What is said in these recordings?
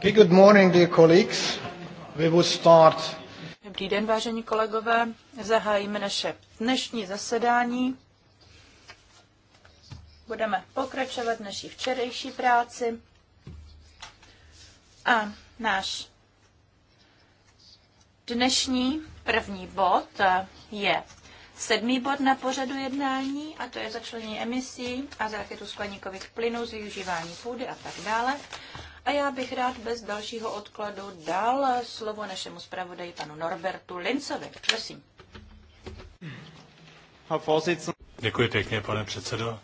Okay, good morning, dear colleagues. We will start. Dobrý den, vážení kolegové. Zahájíme naše dnešní zasedání. Budeme pokračovat v naší včerejší práci. A náš dnešní první bod je Sedmý bod na pořadu jednání, a to je začlenění emisí a záchytu skleníkových plynů z využívání půdy a tak dále. A já bych rád bez dalšího odkladu dal slovo našemu zpravodaji panu Norbertu Lincovi. Prosím. Děkuji pěkně, pane předsedo.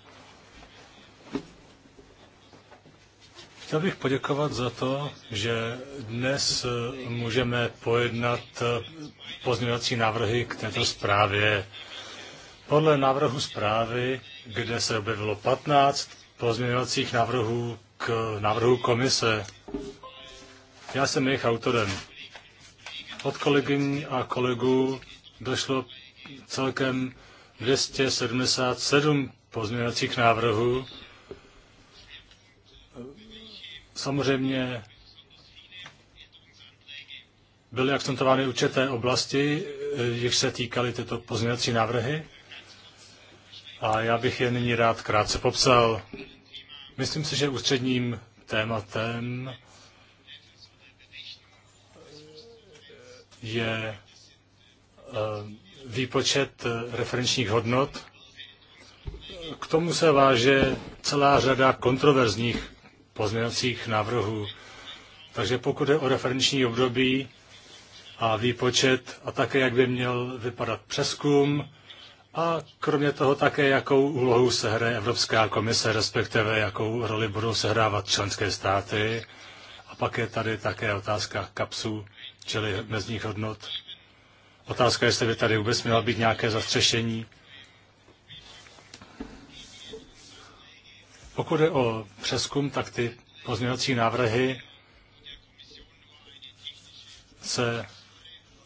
Chtěl bych poděkovat za to, že dnes můžeme pojednat pozměňovací návrhy k této zprávě. Podle návrhu zprávy, kde se objevilo 15 pozměňovacích návrhů, k návrhu komise. Já jsem jejich autorem. Od kolegyň a kolegů došlo celkem 277 pozměňovacích návrhů. Samozřejmě byly akcentovány určité oblasti, jich se týkaly tyto pozměňovací návrhy. A já bych je nyní rád krátce popsal. Myslím si, že ústředním tématem je eh, výpočet eh, referenčních hodnot. K tomu se váže celá řada kontroverzních pozměňovacích návrhů. Takže pokud je o referenční období a výpočet a také, jak by měl vypadat přeskum, a kromě toho také, jakou úlohu se hraje Evropská komise, respektive jakou roli budou sehrávat členské státy. A pak je tady také otázka kapsů, čili mezních hodnot. Otázka, jestli by tady vůbec měla být nějaké zastřešení. Pokud je o přeskum, tak ty pozměňovací návrhy se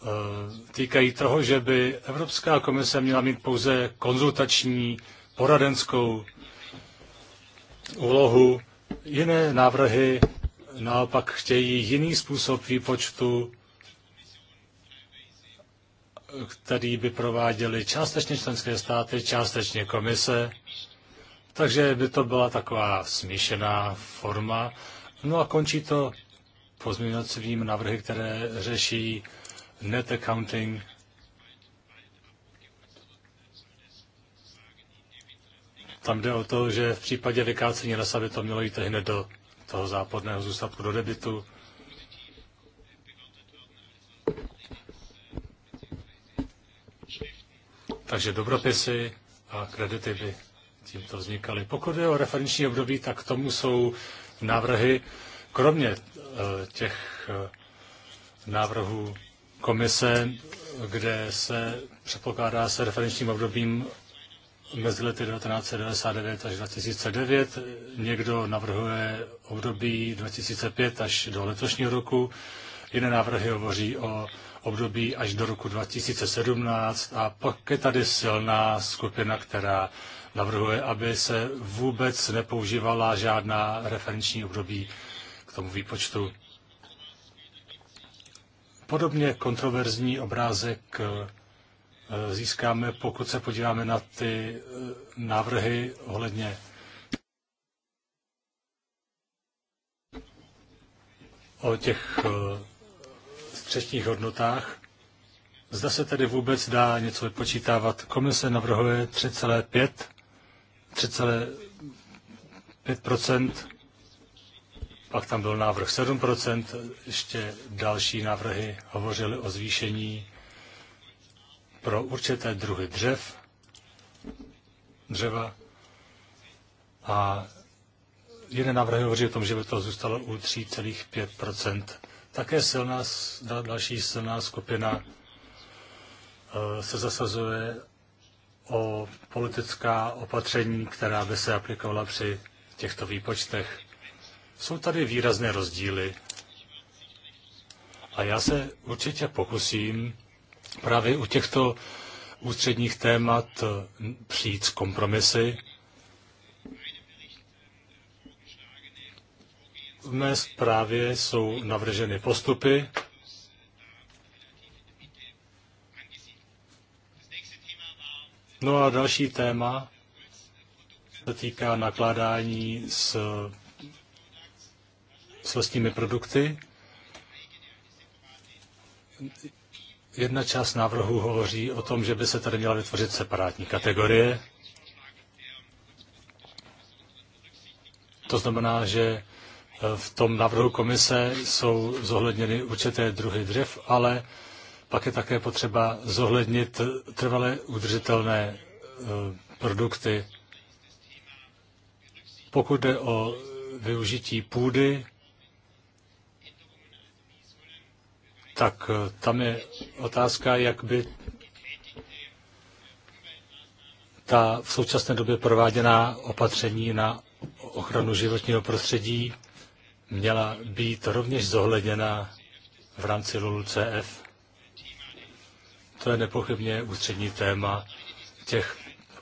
Eh, týkají toho, že by Evropská komise měla mít pouze konzultační, poradenskou úlohu. Jiné návrhy naopak chtějí jiný způsob výpočtu, který by prováděly částečně členské státy, částečně komise. Takže by to byla taková smíšená forma. No a končí to pozměňovacím návrhy, které řeší net accounting, tam jde o to, že v případě vykácení lesa by to mělo jít hned do toho západného zůstatku do debitu. Takže dobropisy a kredity by tímto vznikaly. Pokud je o referenční období, tak k tomu jsou návrhy, kromě eh, těch eh, návrhů komise, kde se předpokládá se referenčním obdobím mezi lety 1999 až 2009. Někdo navrhuje období 2005 až do letošního roku. Jiné návrhy hovoří o období až do roku 2017 a pak je tady silná skupina, která navrhuje, aby se vůbec nepoužívala žádná referenční období k tomu výpočtu. Podobně kontroverzní obrázek eh, získáme, pokud se podíváme na ty eh, návrhy ohledně o těch eh, střešních hodnotách. Zda se tedy vůbec dá něco vypočítávat. Komise navrhuje 3,5 3,5 pak tam byl návrh 7%, ještě další návrhy hovořily o zvýšení pro určité druhy dřev, dřeva a jeden návrh hovoří o tom, že by to zůstalo u 3,5%. Také silná, další silná skupina eh, se zasazuje o politická opatření, která by se aplikovala při těchto výpočtech. Jsou tady výrazné rozdíly a já se určitě pokusím právě u těchto ústředních témat eh, přijít s kompromisy. V mé zprávě jsou navrženy postupy, No a další téma se týká nakládání s s vlastními produkty. Jedna část návrhu hovoří o tom, že by se tady měla vytvořit separátní kategorie. To znamená, že eh, v tom návrhu komise jsou zohledněny určité druhy dřev, ale pak je také potřeba zohlednit trvale udržitelné eh, produkty. Pokud jde o využití půdy, tak eh, tam je otázka, jak by ta v současné době prováděná opatření na ochranu životního prostředí měla být rovněž zohledněna v rámci LULCF. To je nepochybně ústřední téma těch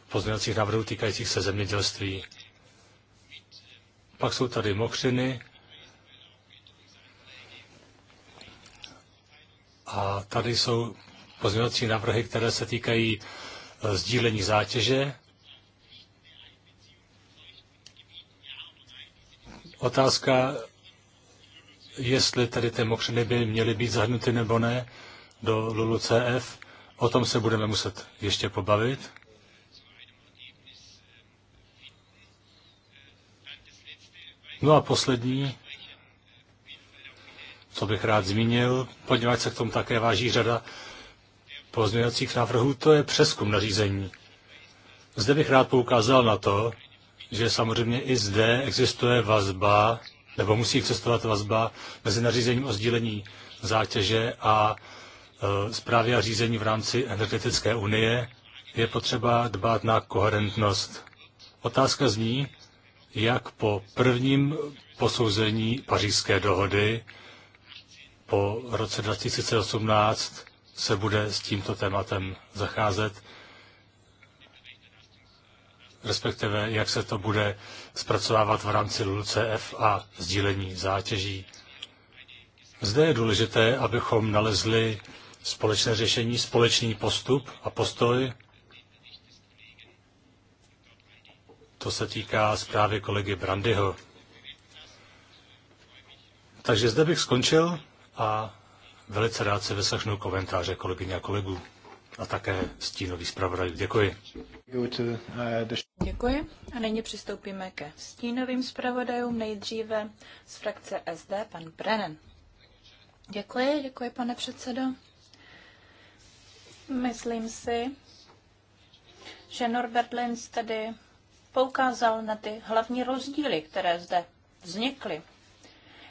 pozměňovacích návrhů týkajících se zemědělství. Pak jsou tady mokřiny, A tady jsou pozměňovací návrhy, které se týkají e, sdílení zátěže, Otázka, jestli tady ty mokřiny by měly být zahrnuty nebo ne do LULU CF. o tom se budeme muset ještě pobavit. No a poslední to bych rád zmínil, poněvadž se k tomu také váží řada pozměňovacích návrhů, to je přeskum nařízení. Zde bych rád poukázal na to, že samozřejmě i zde existuje vazba, nebo musí existovat vazba mezi nařízením o sdílení zátěže a e, zprávě a řízení v rámci energetické unie. Je potřeba dbát na koherentnost. Otázka zní, jak po prvním posouzení pařížské dohody po roce 2018 se bude s tímto tématem zacházet, respektive jak se to bude zpracovávat v rámci LULCF a sdílení zátěží. Zde je důležité, abychom nalezli společné řešení, společný postup a postoj. To se týká zprávy kolegy Brandyho. Takže zde bych skončil a velice rád se vyslechnu komentáře kolegyně a kolegů a také stínový zpravodaj. Děkuji. Děkuji. A nyní přistoupíme ke stínovým zpravodajům. Nejdříve z frakce SD pan Brennan. Děkuji, děkuji pane předsedo. Myslím si, že Norbert Linz tady poukázal na ty hlavní rozdíly, které zde vznikly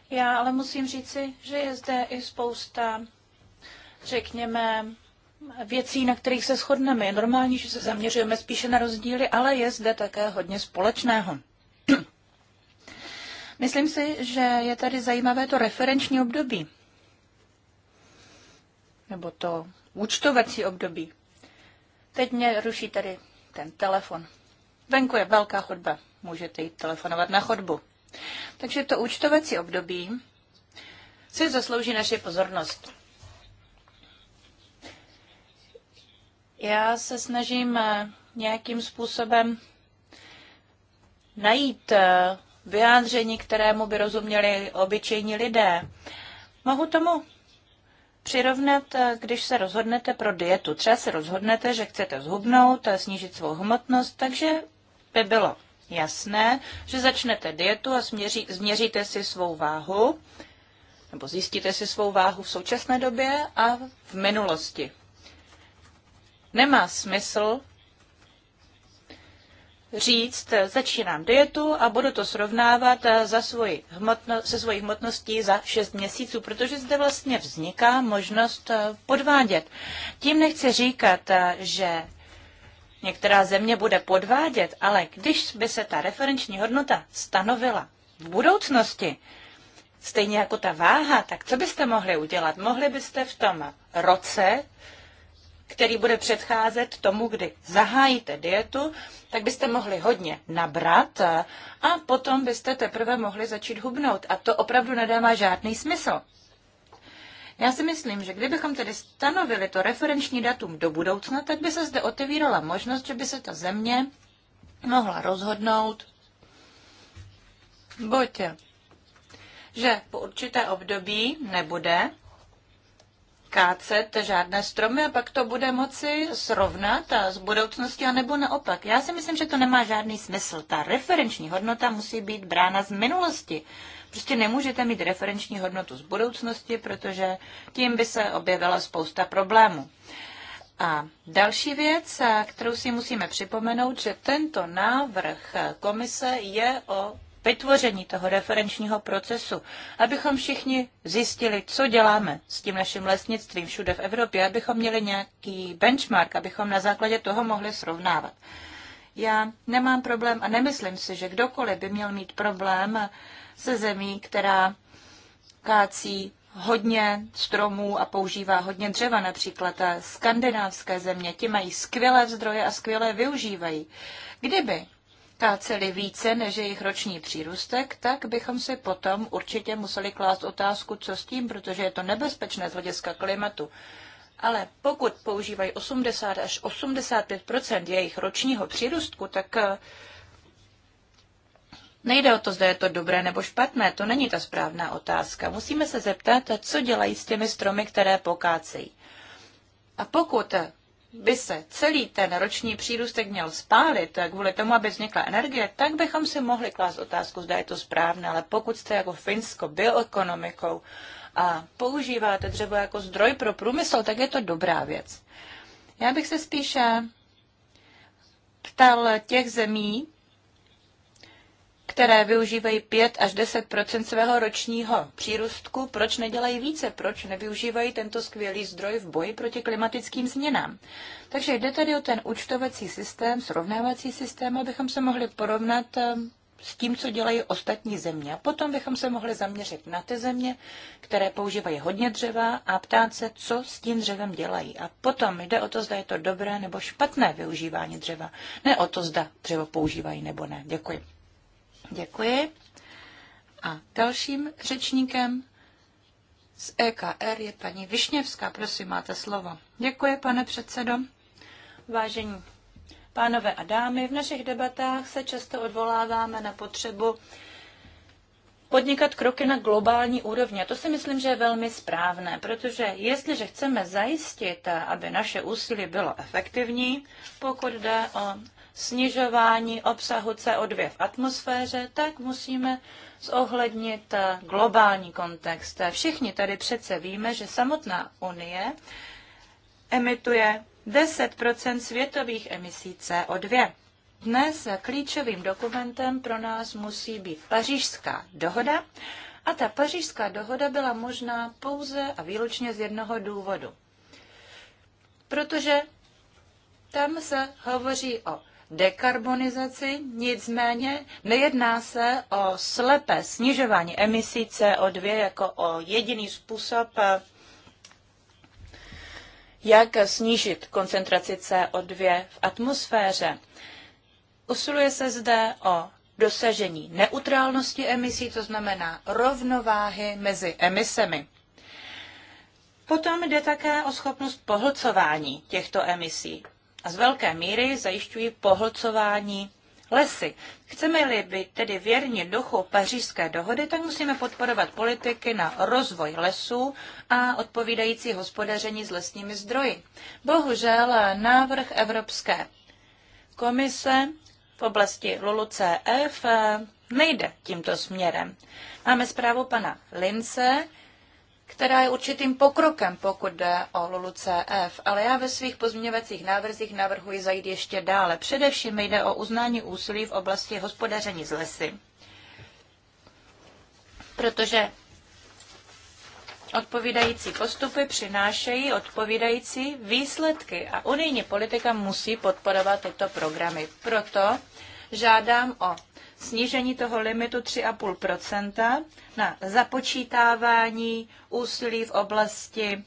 já ale musím říci, že je zde i spousta, řekněme, věcí, na kterých se shodneme. Je normální, že se zaměřujeme spíše na rozdíly, ale je zde také hodně společného. Myslím si, že je tady zajímavé to referenční období, nebo to účtovací období. Teď mě ruší tady ten telefon. Venku je velká chodba, můžete jít telefonovat na chodbu. Takže to účtovací období si zaslouží naši pozornost. Já se snažím eh, nějakým způsobem najít eh, vyjádření, kterému by rozuměli obyčejní lidé. Mohu tomu přirovnat, eh, když se rozhodnete pro dietu. Třeba se rozhodnete, že chcete zhubnout, a snížit svou hmotnost, takže by bylo jasné, že začnete dietu a směří, změříte si svou váhu, nebo zjistíte si svou váhu v současné době a v minulosti. Nemá smysl říct, začínám dietu a budu to srovnávat za svoji hmotno, se svojí hmotností za 6 měsíců, protože zde vlastně vzniká možnost podvádět. Tím nechci říkat, že některá země bude podvádět, ale když by se ta referenční hodnota stanovila v budoucnosti, stejně jako ta váha, tak co byste mohli udělat? Mohli byste v tom roce, který bude předcházet tomu, kdy zahájíte dietu, tak byste mohli hodně nabrat a potom byste teprve mohli začít hubnout. A to opravdu nedává žádný smysl. Já si myslím, že kdybychom tedy stanovili to referenční datum do budoucna, tak by se zde otevírala možnost, že by se ta země mohla rozhodnout buď, že po určité období nebude kácet žádné stromy a pak to bude moci srovnat a s budoucností, nebo naopak. Já si myslím, že to nemá žádný smysl. Ta referenční hodnota musí být brána z minulosti. Prostě nemůžete mít referenční hodnotu z budoucnosti, protože tím by se objevila spousta problémů. A další věc, kterou si musíme připomenout, že tento návrh komise je o vytvoření toho referenčního procesu, abychom všichni zjistili, co děláme s tím naším lesnictvím všude v Evropě, abychom měli nějaký benchmark, abychom na základě toho mohli srovnávat. Já nemám problém a nemyslím si, že kdokoliv by měl mít problém se zemí, která kácí hodně stromů a používá hodně dřeva, například eh, skandinávské země. Ti mají skvělé zdroje a skvělé využívají. Kdyby káceli více než jejich roční přírůstek, tak bychom si potom určitě museli klást otázku, co s tím, protože je to nebezpečné z hlediska klimatu. Ale pokud používají 80 až 85 jejich ročního přírůstku, tak eh, Nejde o to, zda je to dobré nebo špatné, to není ta správná otázka. Musíme se zeptat, co dělají s těmi stromy, které pokácejí. A pokud by se celý ten roční přírůstek měl spálit kvůli tomu, aby vznikla energie, tak bychom si mohli klást otázku, zda je to správné. Ale pokud jste jako Finsko bioekonomikou a používáte dřevo jako zdroj pro průmysl, tak je to dobrá věc. Já bych se spíše ptal těch zemí, které využívají 5 až 10 svého ročního přírůstku, proč nedělají více, proč nevyužívají tento skvělý zdroj v boji proti klimatickým změnám. Takže jde tady o ten účtovací systém, srovnávací systém, abychom se mohli porovnat ehm, s tím, co dělají ostatní země. A potom bychom se mohli zaměřit na ty země, které používají hodně dřeva a ptát se, co s tím dřevem dělají. A potom jde o to, zda je to dobré nebo špatné využívání dřeva. Ne o to, zda dřevo používají nebo ne. Děkuji. Děkuji. A dalším řečníkem z EKR je paní Višněvská. Prosím, máte slovo. Děkuji, pane předsedo. Vážení pánové a dámy, v našich debatách se často odvoláváme na potřebu podnikat kroky na globální úrovni. A to si myslím, že je velmi správné, protože jestliže chceme zajistit, aby naše úsilí bylo efektivní, pokud jde o snižování obsahu CO2 v atmosféře, tak musíme zohlednit eh, globální kontext. Všichni tady přece víme, že samotná Unie emituje 10 světových emisí CO2. Dnes klíčovým dokumentem pro nás musí být pařížská dohoda, a ta pařížská dohoda byla možná pouze a výlučně z jednoho důvodu. Protože tam se hovoří o dekarbonizaci, nicméně nejedná se o slepé snižování emisí CO2 jako o jediný způsob, eh, jak snížit koncentraci CO2 v atmosféře. Usiluje se zde o dosažení neutrálnosti emisí, to znamená rovnováhy mezi emisemi. Potom jde také o schopnost pohlcování těchto emisí a z velké míry zajišťují pohlcování lesy. Chceme-li být tedy věrně duchu pařížské dohody, tak musíme podporovat politiky na rozvoj lesů a odpovídající hospodaření s lesními zdroji. Bohužel návrh Evropské komise v oblasti LULUCF eh, nejde tímto směrem. Máme zprávu pana Lince, která je určitým pokrokem, pokud jde o LULUCF, ale já ve svých pozměňovacích návrzích navrhuji zajít ještě dále. Především jde o uznání úsilí v oblasti hospodaření z lesy, protože odpovídající postupy přinášejí odpovídající výsledky a unijní politika musí podporovat tyto programy. Proto žádám o snížení toho limitu 3,5 na započítávání úsilí v oblasti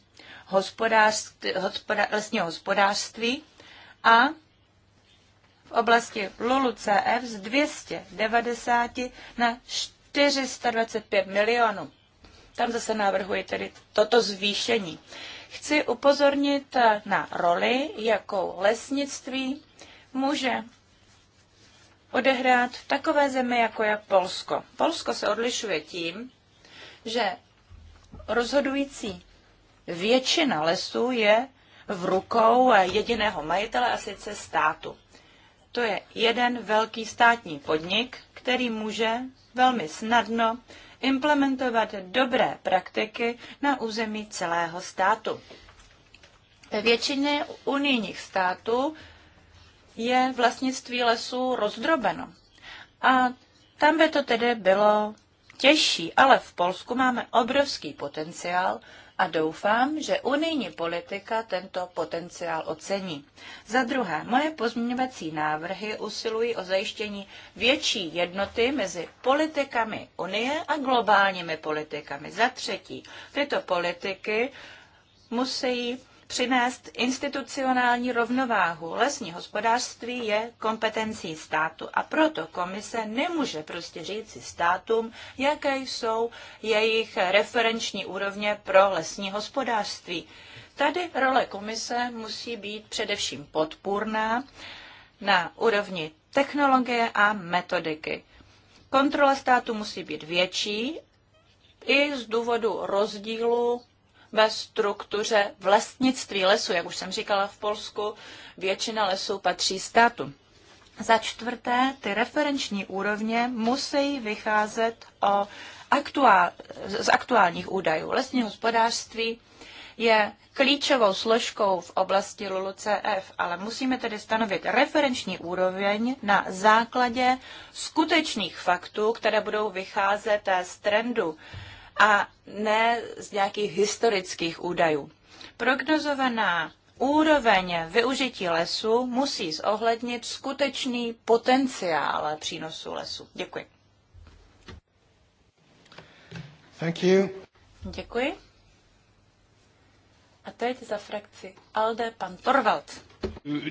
hospodářství, hospoda, lesního hospodářství a v oblasti LULU-CF z 290 na 425 milionů. Tam zase navrhuji tedy toto zvýšení. Chci upozornit na roli, jakou lesnictví může odehrát v takové zemi, jako je Polsko. Polsko se odlišuje tím, že rozhodující většina lesů je v rukou jediného majitele, a sice státu. To je jeden velký státní podnik, který může velmi snadno implementovat dobré praktiky na území celého státu. Ve většině unijních států je vlastnictví lesů rozdrobeno. A tam by to tedy bylo těžší, ale v Polsku máme obrovský potenciál a doufám, že unijní politika tento potenciál ocení. Za druhé, moje pozměňovací návrhy usilují o zajištění větší jednoty mezi politikami Unie a globálními politikami. Za třetí, tyto politiky musí přinést institucionální rovnováhu. Lesní hospodářství je kompetencí státu a proto komise nemůže prostě říci státům, jaké jsou jejich referenční úrovně pro lesní hospodářství. Tady role komise musí být především podpůrná na úrovni technologie a metodiky. Kontrola státu musí být větší i z důvodu rozdílu ve struktuře vlastnictví lesu. Jak už jsem říkala, v Polsku většina lesů patří státu. Za čtvrté, ty referenční úrovně musí vycházet o aktuál, z aktuálních údajů. Lesní hospodářství je klíčovou složkou v oblasti LULUCF, ale musíme tedy stanovit referenční úroveň na základě skutečných faktů, které budou vycházet z trendu a ne z nějakých historických údajů. Prognozovaná úroveň využití lesu musí zohlednit skutečný potenciál přínosu lesu. Děkuji. Thank you. Děkuji. A teď za frakci ALDE pan Torvald.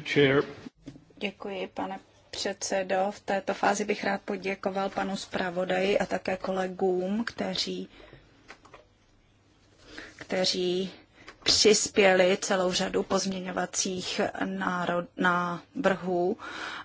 Chair. Děkuji, pane předsedo. V této fázi bych rád poděkoval panu zpravodaji a také kolegům, kteří kteří přispěli celou řadu pozměňovacích návrhů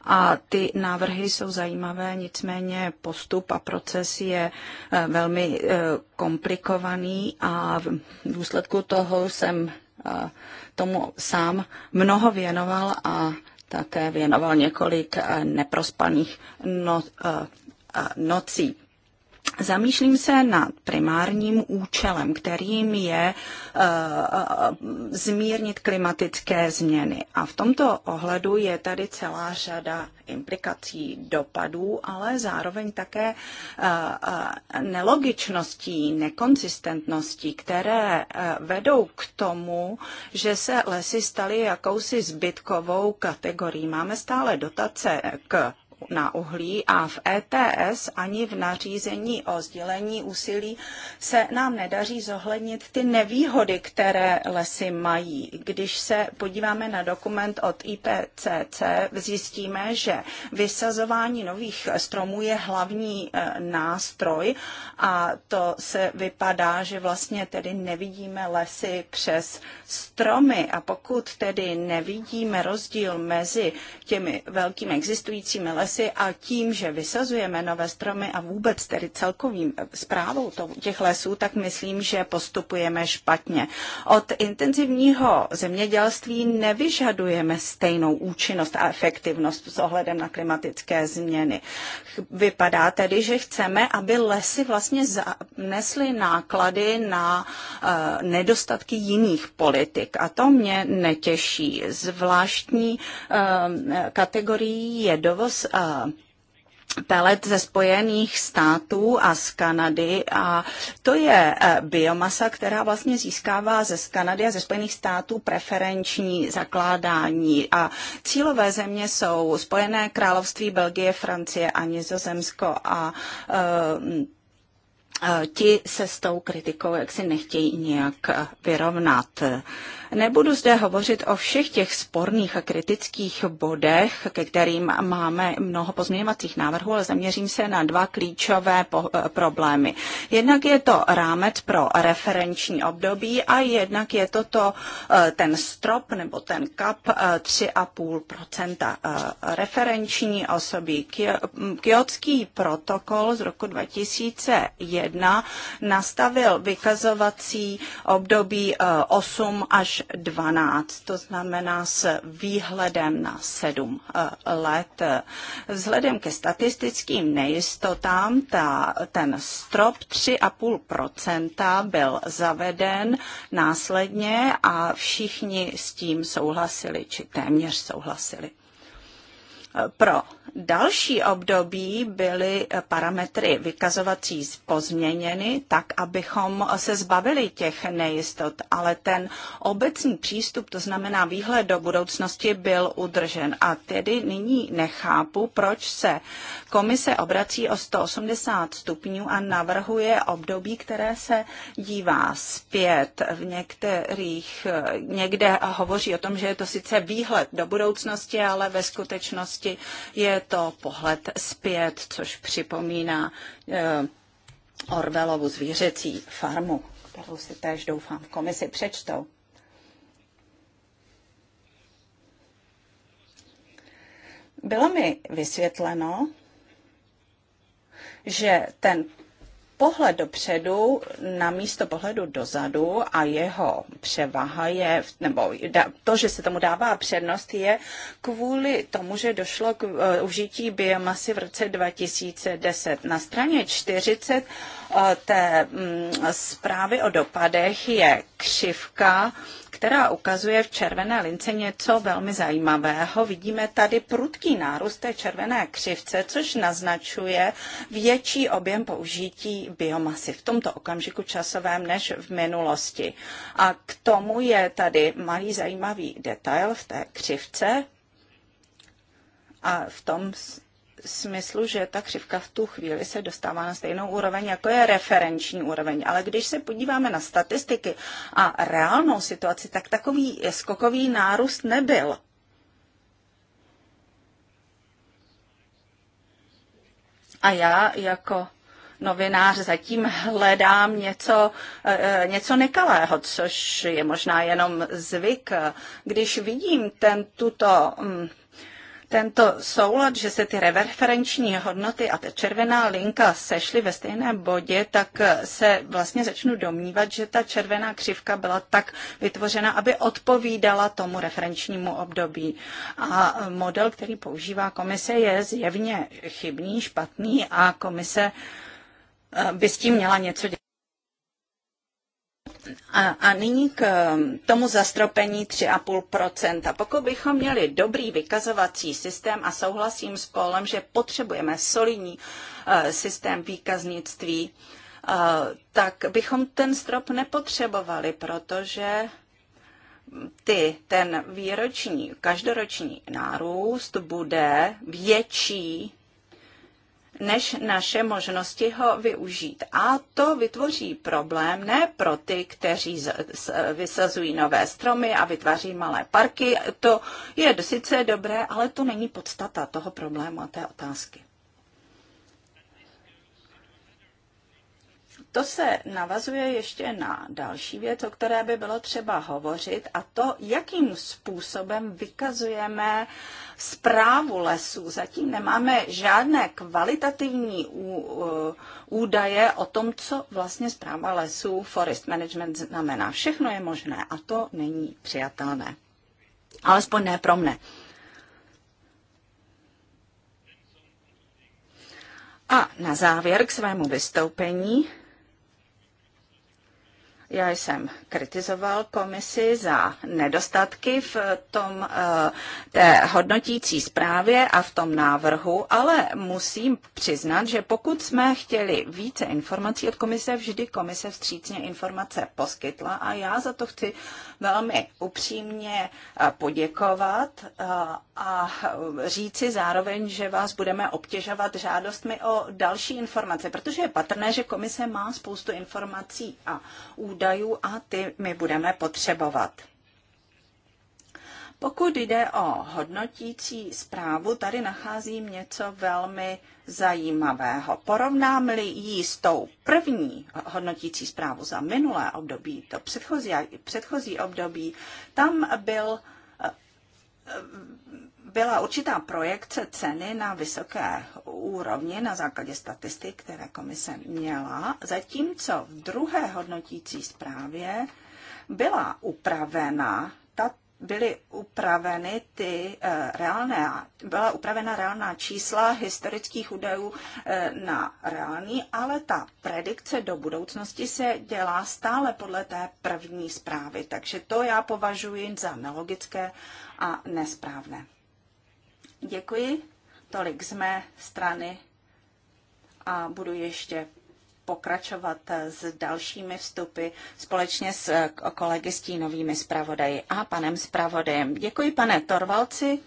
a ty návrhy jsou zajímavé, nicméně postup a proces je eh, velmi eh, komplikovaný a v důsledku toho jsem eh, tomu sám mnoho věnoval a také věnoval několik neprospaných no, nocí. Zamýšlím se nad primárním účelem, kterým je eh, eh, zmírnit klimatické změny. A v tomto ohledu je tady celá řada implikací dopadů, ale zároveň také eh, nelogičností, nekonzistentností, které vedou k tomu, že se lesy staly jakousi zbytkovou kategorií. Máme stále dotace k na uhlí a v ETS ani v nařízení o sdělení úsilí se nám nedaří zohlednit ty nevýhody, které lesy mají. Když se podíváme na dokument od IPCC, zjistíme, že vysazování nových stromů je hlavní e, nástroj a to se vypadá, že vlastně tedy nevidíme lesy přes stromy a pokud tedy nevidíme rozdíl mezi těmi velkými existujícími lesy, lesy a tím, že vysazujeme nové stromy a vůbec tedy celkovým eh, zprávou těch lesů, tak myslím, že postupujeme špatně. Od intenzivního zemědělství nevyžadujeme stejnou účinnost a efektivnost s ohledem na klimatické změny. Vypadá tedy, že chceme, aby lesy vlastně nesly náklady na eh, nedostatky jiných politik a to mě netěší. Zvláštní eh, kategorií je dovoz Eh, pelet ze Spojených států a z Kanady a to je eh, biomasa, která vlastně získává ze Kanady a ze Spojených států preferenční zakládání a cílové země jsou Spojené království, Belgie, Francie a Nizozemsko a uh, ti se s tou kritikou jaksi nechtějí nějak vyrovnat. Nebudu zde hovořit o všech těch sporných a kritických bodech, ke kterým máme mnoho pozměňovacích návrhů, ale zaměřím se na dva klíčové eh, problémy. Jednak je to rámec pro referenční období a jednak je to, to eh, ten strop nebo ten kap 3,5 eh, referenční osoby. Mm, Kyotský protokol z roku 2001 nastavil vykazovací období 8 až až 12, to znamená s výhledem na 7 eh, let. Vzhledem ke statistickým nejistotám ta, ten strop 3,5 byl zaveden následně a všichni s tím souhlasili, či téměř souhlasili. Pro další období byly parametry vykazovací pozměněny tak, abychom se zbavili těch nejistot, ale ten obecný přístup, to znamená výhled do budoucnosti, byl udržen. A tedy nyní nechápu, proč se komise obrací o 180 stupňů a navrhuje období, které se dívá zpět. V některých, někde hovoří o tom, že je to sice výhled do budoucnosti, ale ve skutečnosti minulosti. Je to pohled zpět, což připomíná eh, Orvelovu zvířecí farmu, kterou si též doufám v komisi přečtou. Bylo mi vysvětleno, že ten pohled dopředu na místo pohledu dozadu a jeho převaha je, nebo to, že se tomu dává přednost, je kvůli tomu, že došlo k eh, užití biomasy v roce 2010. Na straně 40 eh, té mm, zprávy o dopadech je křivka která ukazuje v červené lince něco velmi zajímavého. Vidíme tady prudký nárůst té červené křivce, což naznačuje větší objem použití biomasy v tomto okamžiku časovém než v minulosti. A k tomu je tady malý zajímavý detail v té křivce, a v tom smyslu, že ta křivka v tu chvíli se dostává na stejnou úroveň, jako je referenční úroveň. Ale když se podíváme na statistiky a reálnou situaci, tak takový skokový nárůst nebyl. A já jako novinář zatím hledám něco, eh, něco nekalého, což je možná jenom zvyk. Když vidím ten, tuto mm, tento soulad, že se ty referenční hodnoty a ta červená linka sešly ve stejném bodě, tak se vlastně začnu domnívat, že ta červená křivka byla tak vytvořena, aby odpovídala tomu referenčnímu období. A model, který používá komise, je zjevně chybný, špatný a komise by s tím měla něco dělat. A, a nyní k um, tomu zastropení 3,5 Pokud bychom měli dobrý vykazovací systém a souhlasím s Polem, že potřebujeme solidní uh, systém výkaznictví, uh, tak bychom ten strop nepotřebovali, protože ty, ten výroční, každoroční nárůst bude větší než naše možnosti ho využít. A to vytvoří problém ne pro ty, kteří vysazují nové stromy a vytváří malé parky. To je sice dobré, ale to není podstata toho problému a té otázky. To se navazuje ještě na další věc, o které by bylo třeba hovořit, a to, jakým způsobem vykazujeme zprávu lesů. Zatím nemáme žádné kvalitativní údaje o tom, co vlastně zpráva lesů, forest management znamená. Všechno je možné a to není přijatelné. Alespoň ne pro mne. A na závěr k svému vystoupení já jsem kritizoval komisi za nedostatky v tom eh, té hodnotící zprávě a v tom návrhu, ale musím přiznat, že pokud jsme chtěli více informací od komise, vždy komise vstřícně informace poskytla a já za to chci velmi upřímně eh, poděkovat eh, a říci zároveň, že vás budeme obtěžovat žádostmi o další informace, protože je patrné, že komise má spoustu informací a údajů údajů a ty my budeme potřebovat. Pokud jde o hodnotící zprávu, tady nacházím něco velmi zajímavého. Porovnám-li ji s tou první hodnotící zprávu za minulé období, to předchozí, předchozí období, tam byl byla určitá projekce ceny na vysoké úrovni na základě statistik, které komise měla, zatímco v druhé hodnotící zprávě byla upravena byly upraveny ty eh, reálné, byla upravena reálná čísla historických údajů eh, na reální, ale ta predikce do budoucnosti se dělá stále podle té první zprávy. Takže to já považuji za nelogické a nesprávné. Děkuji. Tolik z mé strany a budu ještě pokračovat s dalšími vstupy společně s kolegy stínovými zpravodaji a panem zpravodajem. Děkuji, pane Torvalci.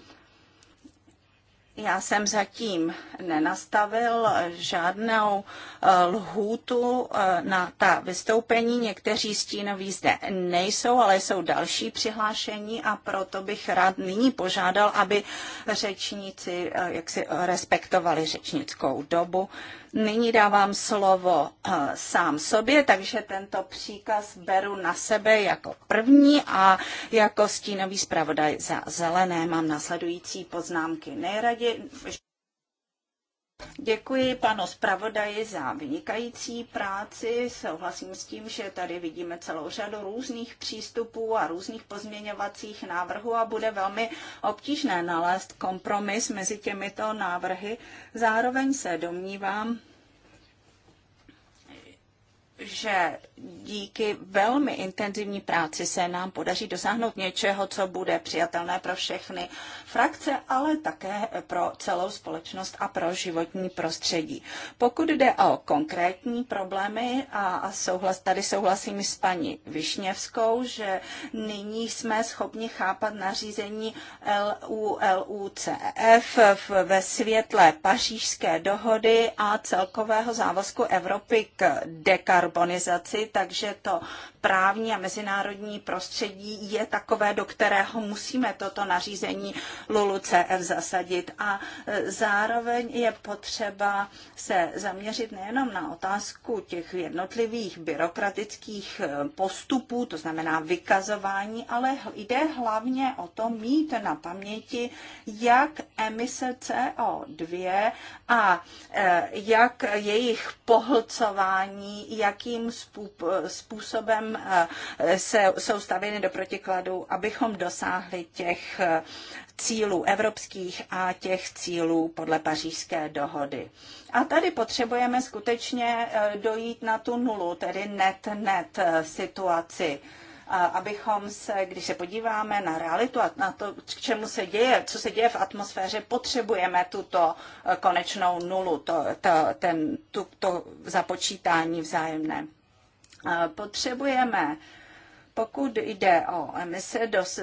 Já jsem zatím nenastavil žádnou eh, lhůtu eh, na ta vystoupení. Někteří stínoví zde nejsou, ale jsou další přihlášení a proto bych rád nyní požádal, aby řečníci eh, jak si respektovali řečnickou dobu. Nyní dávám slovo eh, sám sobě, takže tento příkaz beru na sebe jako první a jako stínový zpravodaj za zelené mám nasledující poznámky. Nejraději Děkuji panu zpravodaji za vynikající práci. Souhlasím s tím, že tady vidíme celou řadu různých přístupů a různých pozměňovacích návrhů a bude velmi obtížné nalézt kompromis mezi těmito návrhy. Zároveň se domnívám, že díky velmi intenzivní práci se nám podaří dosáhnout něčeho, co bude přijatelné pro všechny frakce, ale také pro celou společnost a pro životní prostředí. Pokud jde o konkrétní problémy, a souhlas, tady souhlasím s paní Višněvskou, že nyní jsme schopni chápat nařízení LULUCF ve světle pařížské dohody a celkového závazku Evropy k dekarbonizaci dekarbonizaci, takže to právní a mezinárodní prostředí je takové, do kterého musíme toto nařízení LULUCF zasadit. A e, zároveň je potřeba se zaměřit nejenom na otázku těch jednotlivých byrokratických e, postupů, to znamená vykazování, ale jde hlavně o to mít na paměti, jak emise CO2 a e, jak jejich pohlcování, jakým způsobem Eh, se, jsou stavěny do protikladu, abychom dosáhli těch eh, cílů evropských a těch cílů podle pařížské dohody. A tady potřebujeme skutečně eh, dojít na tu nulu, tedy net-net situaci abychom se, když se podíváme na realitu a na to, k čemu se děje, co se děje v atmosféře, potřebujeme tuto konečnou nulu, to, to, ten, tu, to započítání vzájemné. Potřebujeme pokud jde o emise, dos,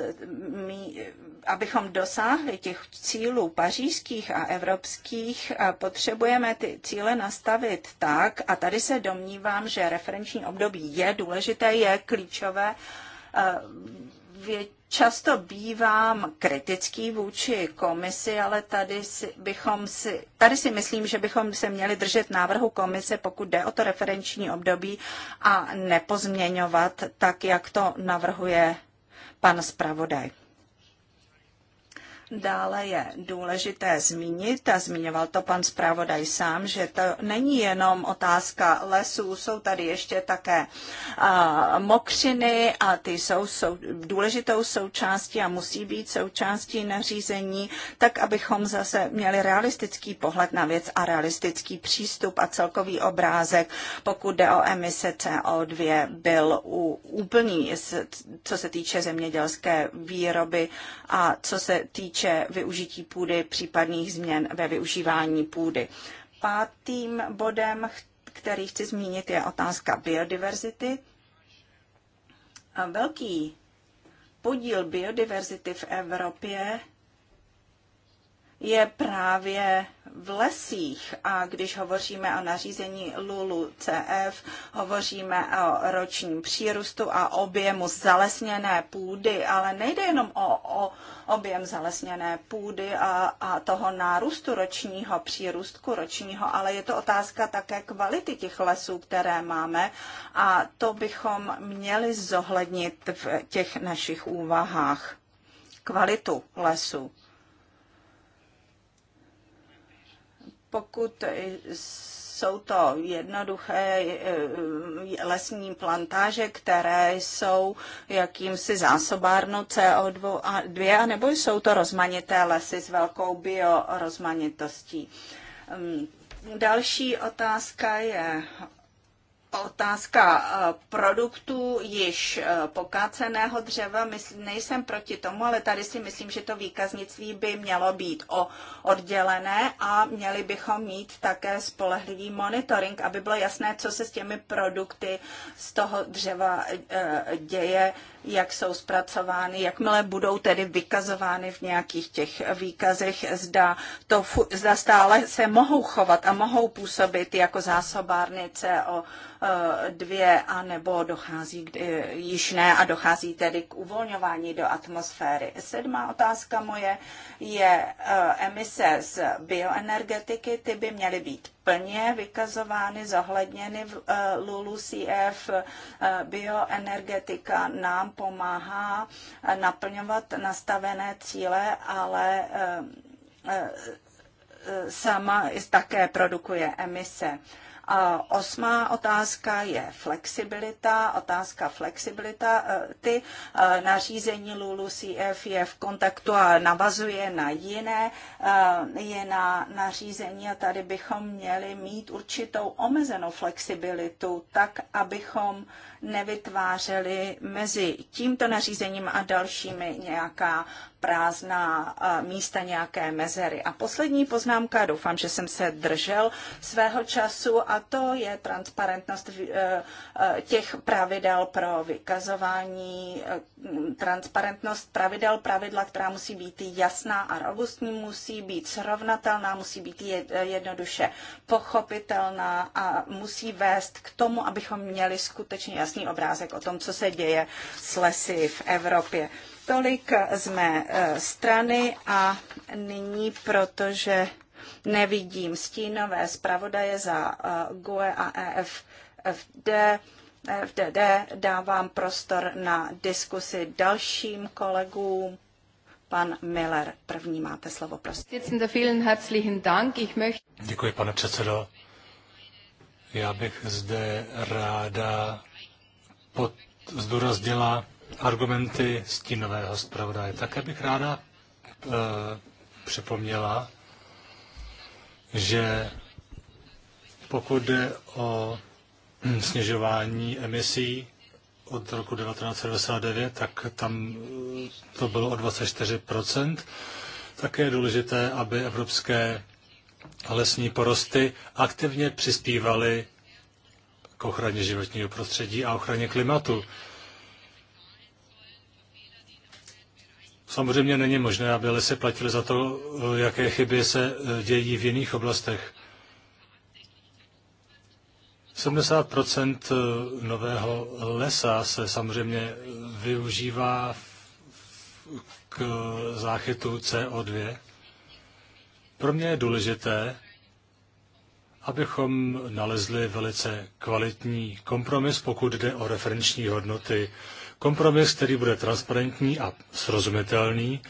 abychom dosáhli těch cílů pařížských a evropských, potřebujeme ty cíle nastavit tak, a tady se domnívám, že referenční období je důležité, je klíčové. Často bývám kritický vůči komisi, ale tady si, bychom si, tady si myslím, že bychom se měli držet návrhu komise, pokud jde o to referenční období a nepozměňovat tak, jak to navrhuje pan zpravodaj. Dále je důležité zmínit, a zmiňoval to pan zpravodaj sám, že to není jenom otázka lesů, jsou tady ještě také a, mokřiny a ty jsou, jsou důležitou součástí a musí být součástí nařízení, tak abychom zase měli realistický pohled na věc a realistický přístup a celkový obrázek, pokud jde o emise CO2, byl u, úplný, co se týče zemědělské výroby a co se týče týče využití půdy, případných změn ve využívání půdy. Pátým bodem, který chci zmínit, je otázka biodiverzity. Velký podíl biodiverzity v Evropě je právě v lesích. A když hovoříme o nařízení LULU CF, hovoříme o ročním přírůstu a objemu zalesněné půdy, ale nejde jenom o, o objem zalesněné půdy a, a toho nárůstu ročního přírůstku ročního, ale je to otázka také kvality těch lesů, které máme a to bychom měli zohlednit v těch našich úvahách. Kvalitu lesů. pokud jsou to jednoduché eh, lesní plantáže, které jsou jakýmsi zásobárnou CO2, a dvě, nebo jsou to rozmanité lesy s velkou biorozmanitostí. Ehm, další otázka je otázka eh, produktů již eh, pokáceného dřeva, nejsem proti tomu, ale tady si myslím, že to výkaznictví by mělo být oddělené a měli bychom mít také spolehlivý monitoring, aby bylo jasné, co se s těmi produkty z toho dřeva eh, děje jak jsou zpracovány, jakmile budou tedy vykazovány v nějakých těch výkazech, zda, to, zda stále se mohou chovat a mohou působit jako zásobárny CO2 eh, a nebo dochází k, eh, již ne a dochází tedy k uvolňování do atmosféry. Sedmá otázka moje je eh, emise z bioenergetiky, ty by měly být plně vykazovány, zahledněny. v eh, LULUCF. Eh, bioenergetika nám pomáhá eh, naplňovat nastavené cíle, ale sama také produkuje emise. A osmá otázka je flexibilita. Otázka flexibilita. E, ty e, nařízení Lulu CF je v kontaktu a navazuje na jiné, je na nařízení a tady bychom měli mít určitou omezenou flexibilitu, tak abychom nevytvářely mezi tímto nařízením a dalšími nějaká prázdná eh, místa, nějaké mezery. A poslední poznámka, doufám, že jsem se držel svého času, a to je transparentnost eh, eh, těch pravidel pro vykazování, transparentnost pravidel, pravidla, která musí být jasná a robustní, musí být srovnatelná, musí být jednoduše pochopitelná a musí vést k tomu, abychom měli skutečně jasné jasný obrázek o tom, co se děje s lesy v Evropě. Tolik z mé eh, strany a nyní, protože nevidím stínové zpravodaje za eh, GUE a EFD, e FDD, dávám prostor na diskusi dalším kolegům. Pan Miller, první máte slovo, prosím. Děkuji, pane předsedo. Já bych zde ráda pod, zdůraznila argumenty stínového zpravodaje. Také bych ráda e, připomněla, že pokud jde o snižování emisí od roku 1999, tak tam eh, to bylo o 24 Také je důležité, aby evropské lesní porosty aktivně přispívaly ochraně životního prostředí a ochraně klimatu. Samozřejmě není možné, aby lesy platily za to, jaké chyby se eh, dějí v jiných oblastech. 70 eh, nového lesa se samozřejmě eh, využívá k záchytu CO2. Pro mě je důležité, abychom nalezli velice kvalitní kompromis, pokud jde o referenční hodnoty. Kompromis, který bude transparentní a srozumitelný,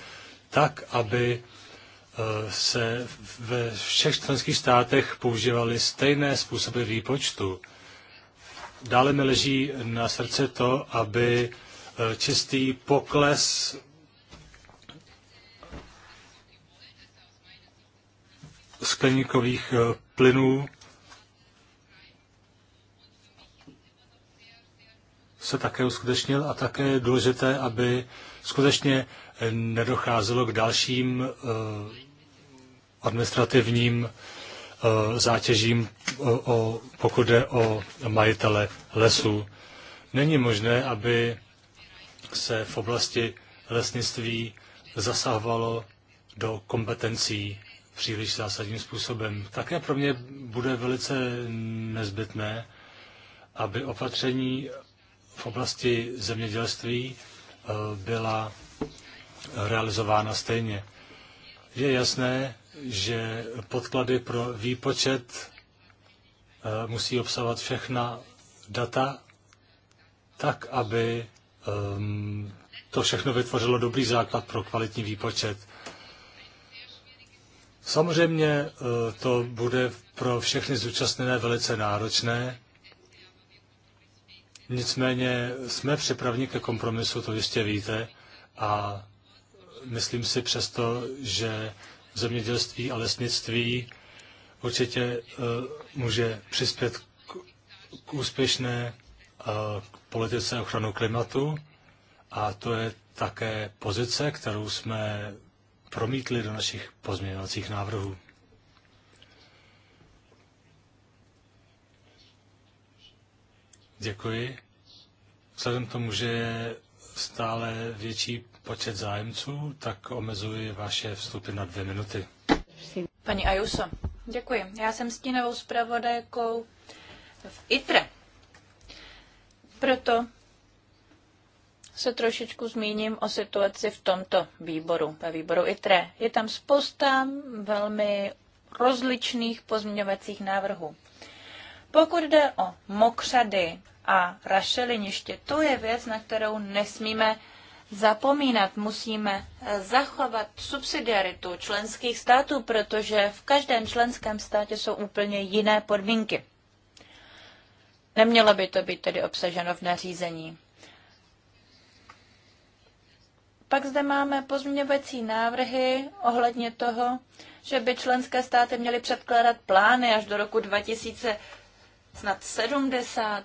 tak, aby e, se ve všech členských státech používaly stejné způsoby výpočtu. Dále mi leží na srdce to, aby e, čistý pokles skleníkových e, plynů se také uskutečnil a také je důležité, aby skutečně nedocházelo k dalším eh, administrativním eh, zátěžím, o, pokud jde o majitele lesů. Není možné, aby se v oblasti lesnictví zasahovalo do kompetencí příliš zásadním způsobem. Také pro mě bude velice nezbytné, aby opatření v oblasti zemědělství eh, byla realizována stejně. Je jasné, že podklady pro výpočet eh, musí obsahovat všechna data, tak, aby ehm, to všechno vytvořilo dobrý základ pro kvalitní výpočet. Samozřejmě eh, to bude pro všechny zúčastněné velice náročné. Nicméně jsme připravni ke kompromisu, to jistě víte, a myslím si přesto, že zemědělství a lesnictví určitě eh, může přispět k úspěšné eh, politice ochranu klimatu a to je také pozice, kterou jsme promítli do našich pozměňovacích návrhů. Děkuji. Vzhledem k tomu, že je stále větší počet zájemců, tak omezuji vaše vstupy na dvě minuty. Paní Ajuso, děkuji. Já jsem stínovou zpravodajkou v ITRE. Proto se trošičku zmíním o situaci v tomto výboru, ve výboru ITRE. Je tam spousta velmi rozličných pozměňovacích návrhů. Pokud jde o mokřady a rašeliniště, to je věc, na kterou nesmíme zapomínat. Musíme zachovat subsidiaritu členských států, protože v každém členském státě jsou úplně jiné podmínky. Nemělo by to být tedy obsaženo v nařízení. Pak zde máme pozměňovací návrhy ohledně toho, že by členské státy měly předkládat plány až do roku 2070.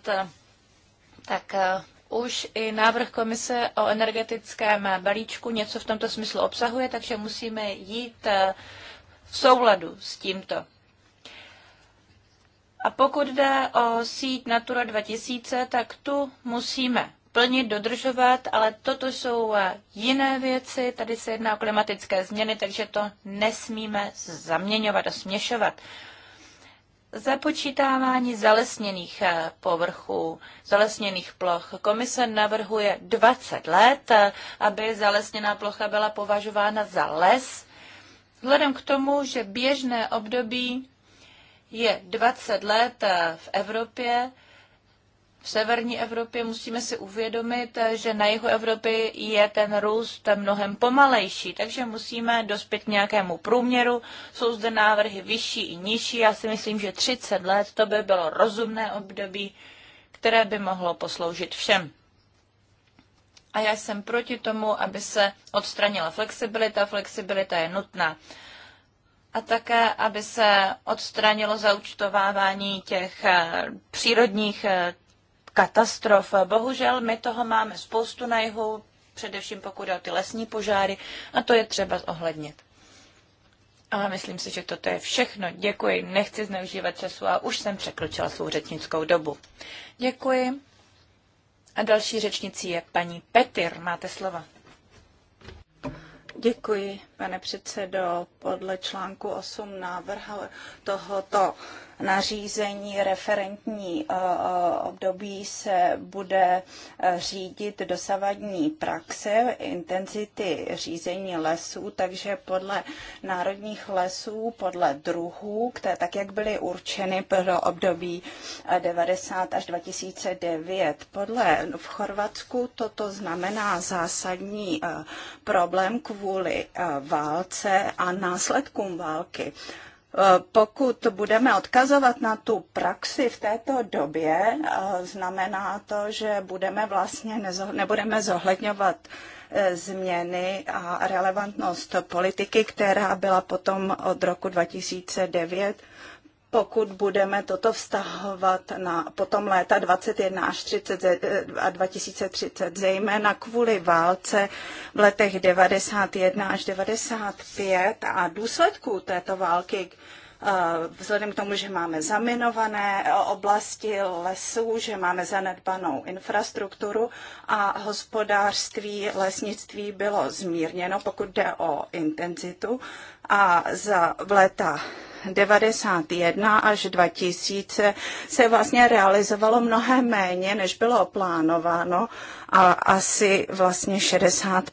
Tak eh, už i návrh komise o energetickém balíčku něco v tomto smyslu obsahuje, takže musíme jít eh, v souladu s tímto. A pokud jde o síť Natura 2000, tak tu musíme plnit, dodržovat, ale toto jsou eh, jiné věci. Tady se jedná o klimatické změny, takže to nesmíme zaměňovat a směšovat. Započítávání zalesněných eh, povrchů, zalesněných ploch. Komise navrhuje 20 let, eh, aby zalesněná plocha byla považována za les. Vzhledem k tomu, že běžné období je 20 let v Evropě, v severní Evropě, musíme si uvědomit, že na jihu Evropy je ten růst mnohem pomalejší, takže musíme dospět k nějakému průměru. Jsou zde návrhy vyšší i nižší. Já si myslím, že 30 let to by bylo rozumné období, které by mohlo posloužit všem. A já jsem proti tomu, aby se odstranila flexibilita. Flexibilita je nutná a také, aby se odstranilo zaučtovávání těch eh, přírodních eh, katastrof. Bohužel my toho máme spoustu na jihu, především pokud jde o ty lesní požáry a to je třeba zohlednit. A myslím si, že toto je všechno. Děkuji, nechci zneužívat času a už jsem překročila svou řečnickou dobu. Děkuji. A další řečnicí je paní Petir. Máte slova. Děkuji, pane předsedo. Podle článku 8 návrhu tohoto nařízení referentní eh, eh, období se bude eh, řídit dosavadní praxe intenzity řízení lesů, takže podle národních lesů, podle druhů, které tak, jak byly určeny pro období 90 až 2009. Podle v Chorvatsku toto znamená zásadní problém kvůli válce a následkům války. Eh, pokud budeme odkazovat na tu praxi v této době, eh, znamená to, že budeme vlastně nebudeme zohledňovat eh, změny a relevantnost politiky, která byla potom od roku 2009 pokud budeme toto vztahovat na potom léta 21 až 30 a 2030, zejména kvůli válce v letech 91 až 95 a důsledků této války, eh, vzhledem k tomu, že máme zaminované oblasti lesů, že máme zanedbanou infrastrukturu a hospodářství, lesnictví bylo zmírněno, pokud jde o intenzitu. A za v letech. 91 až 2000 se vlastně realizovalo mnohem méně, než bylo plánováno a asi vlastně 60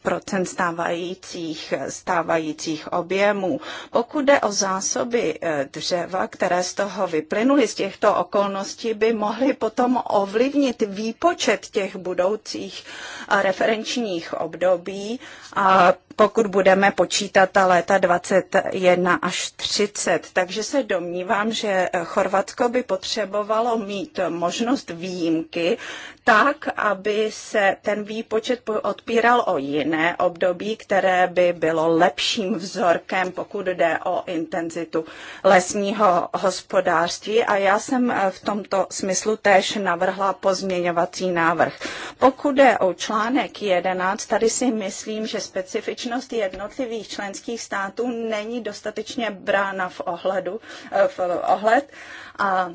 stávajících, stávajících objemů. Pokud jde o zásoby eh, dřeva, které z toho vyplynuly, z těchto okolností by mohly potom ovlivnit výpočet těch budoucích eh, referenčních období a pokud budeme počítat ta léta 21 až 30. Takže se domnívám, že eh, Chorvatsko by potřebovalo mít možnost výjimky tak, aby se ten výpočet odpíral o jiné období, které by bylo lepším vzorkem, pokud jde o intenzitu lesního hospodářství. A já jsem eh, v tomto smyslu též navrhla pozměňovací návrh. Pokud jde o článek 11, tady si myslím, že specifičnost jednotlivých členských států není dostatečně brána v, ohledu, eh, v ohled. A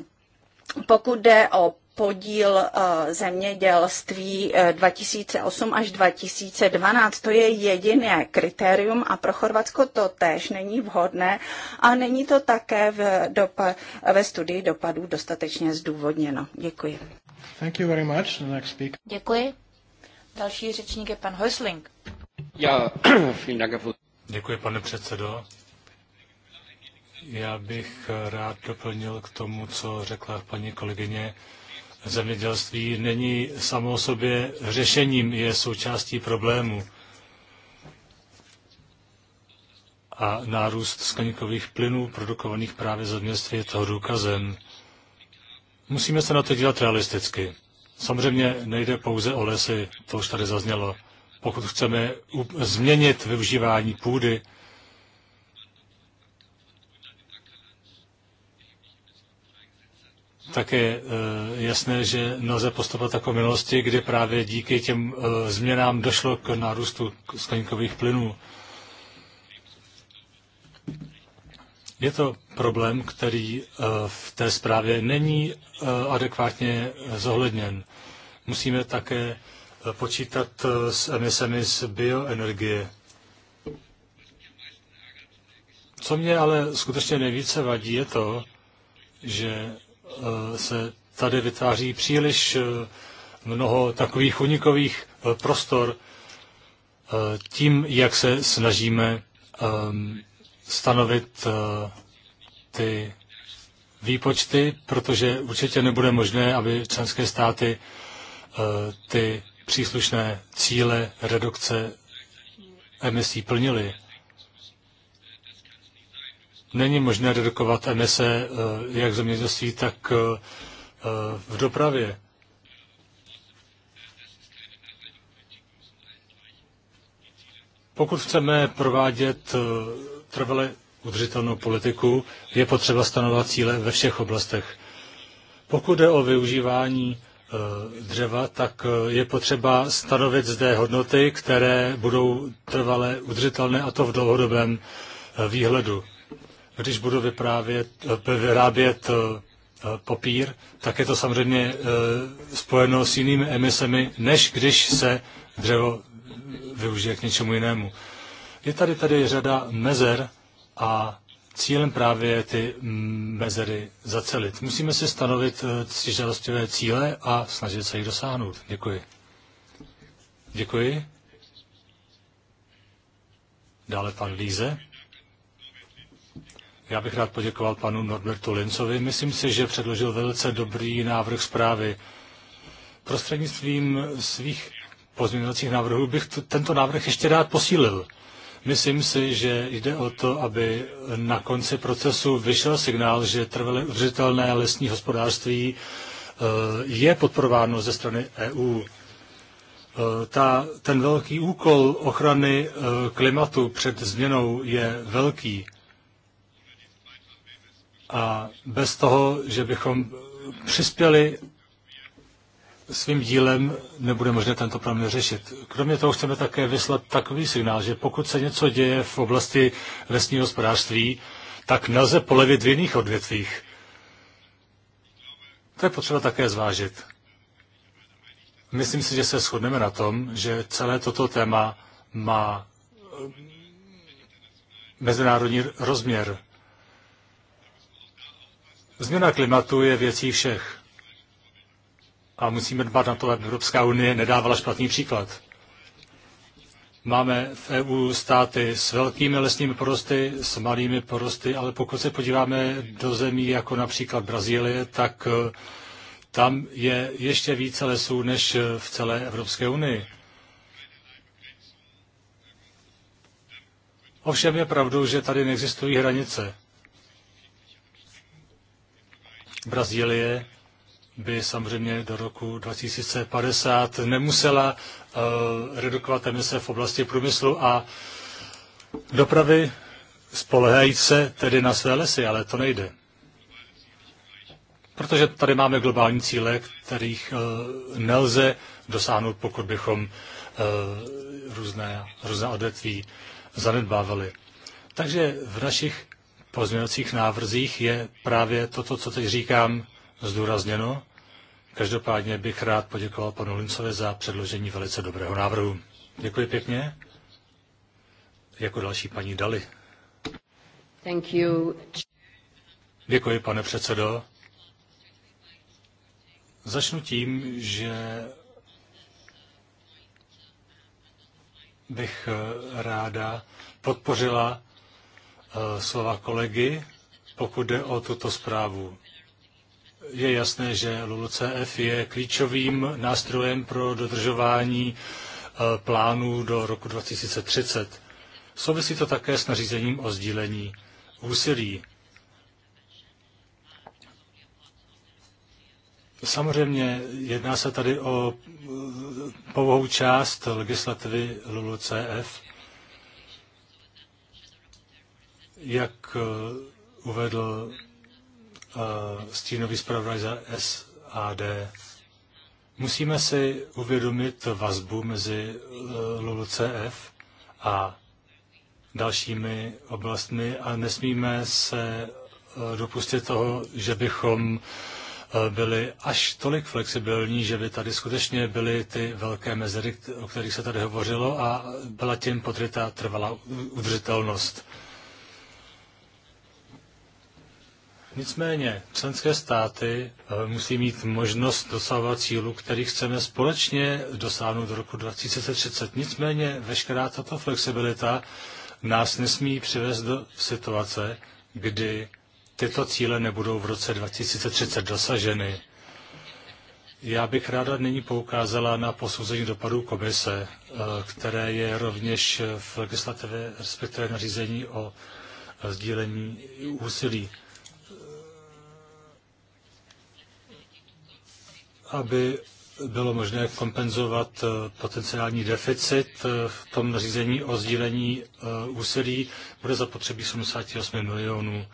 pokud jde o podíl eh, zemědělství 2008 eh, až 2012. To je jediné kritérium a pro Chorvatsko to též není vhodné a není to také v dopa- ve studii dopadů dostatečně zdůvodněno. Děkuji. Thank you very much. The next speaker. Děkuji. Další řečník je pan Häusling. Já, Děkuji, pane předsedo. Já bych rád doplnil k tomu, co řekla paní kolegyně zemědělství není samo o sobě řešením, je součástí problému. A nárůst skleníkových plynů produkovaných právě zemědělství je toho důkazem. Musíme se na to dělat realisticky. Samozřejmě nejde pouze o lesy, to už tady zaznělo. Pokud chceme změnit využívání půdy, tak je eh, jasné, že nelze postupovat jako v minulosti, kdy právě díky těm eh, změnám došlo k nárůstu skleníkových plynů. Je to problém, který eh, v té zprávě není adekvátně zohledněn. Musíme také počítat s emisemi z bioenergie. Co mě ale skutečně nejvíce vadí, je to, že Eh, se tady vytváří příliš eh, mnoho takových unikových eh, prostor tím, jak se snažíme ehm, stanovit ty výpočty, protože určitě nebude možné, aby členské státy ty příslušné cíle redukce emisí plnily není možné redukovat emise eh, jak v zemědělství, tak eh, eh, v dopravě. Pokud chceme provádět trvale udržitelnou politiku, je potřeba stanovat cíle ve všech oblastech. Pokud jde o využívání dřeva, tak je potřeba stanovit zde hodnoty, které budou trvale udržitelné a to v dlouhodobém výhledu když budu vyprávět, eh, vyrábět eh, eh, papír, tak je to samozřejmě spojeno s jinými emisemi, než když se dřevo využije k něčemu jinému. Je tady tady řada mezer a cílem právě je ty mm, mezery zacelit. Musíme si stanovit žádostivé cíle a snažit se jich dosáhnout. Děkuji. Děkuji. Dále pan Líze. Já bych rád poděkoval panu Norbertu Lincovi. Myslím si, že předložil velice dobrý návrh zprávy. Prostřednictvím svých pozměňovacích návrhů bych tento návrh ještě rád posílil. Myslím si, že jde o to, aby na konci procesu vyšel signál, že trvale udržitelné lesní hospodářství eh, je podporováno ze strany EU. Eh, ta, ten velký úkol ochrany eh, klimatu před změnou je velký a bez toho, že bychom přispěli svým dílem, nebude možné tento problém řešit. Kromě toho chceme také vyslat takový signál, že pokud se něco děje v oblasti lesního hospodářství, tak nelze polevit v jiných odvětvích. To je potřeba také zvážit. Myslím si, že se shodneme na tom, že celé toto téma má eh, mezinárodní rozměr. Změna klimatu je věcí všech. A musíme dbát na to, aby Evropská unie nedávala špatný příklad. Máme v EU státy s velkými lesními porosty, s malými porosty, ale pokud se podíváme do zemí jako například Brazílie, tak eh, tam je ještě více lesů než eh, v celé Evropské unii. Ovšem je pravdou, že tady neexistují hranice. Brazílie by samozřejmě do roku 2050 nemusela uh, redukovat emise v oblasti průmyslu a dopravy, spolehají se tedy na své lesy, ale to nejde. Protože tady máme globální cíle, kterých uh, nelze dosáhnout, pokud bychom uh, různé, různé odvětví zanedbávali. Takže v našich pozměňovacích návrzích je právě toto, co teď říkám, zdůrazněno. Každopádně bych rád poděkoval panu Lincovi za předložení velice dobrého návrhu. Děkuji pěkně. Jako další paní Dali. Thank you. Děkuji, pane předsedo. Začnu tím, že bych ráda podpořila Eh, slova kolegy, pokud jde o tuto zprávu. Je jasné, že LULCF je klíčovým nástrojem pro dodržování eh, plánů do roku 2030. Souvisí to také s nařízením o sdílení úsilí. Samozřejmě jedná se tady o eh, povohou část legislativy LULCF. Jak eh, uvedl eh, stínový zpravodaj za SAD, musíme si uvědomit vazbu mezi eh, LULCF a dalšími oblastmi a nesmíme se dopustit toho, že bychom byli až tolik flexibilní, že by tady skutečně byly ty velké mezery, o kterých se tady hovořilo a byla tím podryta trvalá udržitelnost. Nicméně členské státy eh, musí mít možnost dosahovat cílu, který chceme společně dosáhnout do roku 2030. Nicméně veškerá tato flexibilita nás nesmí přivést do situace, kdy tyto cíle nebudou v roce 2030 dosaženy. Já bych ráda nyní poukázala na posouzení dopadů komise, eh, které je rovněž v legislativě, respektive nařízení o sdílení úsilí. aby bylo možné kompenzovat eh, potenciální deficit eh, v tom řízení o sdílení eh, úsilí, bude zapotřebí 78 milionů.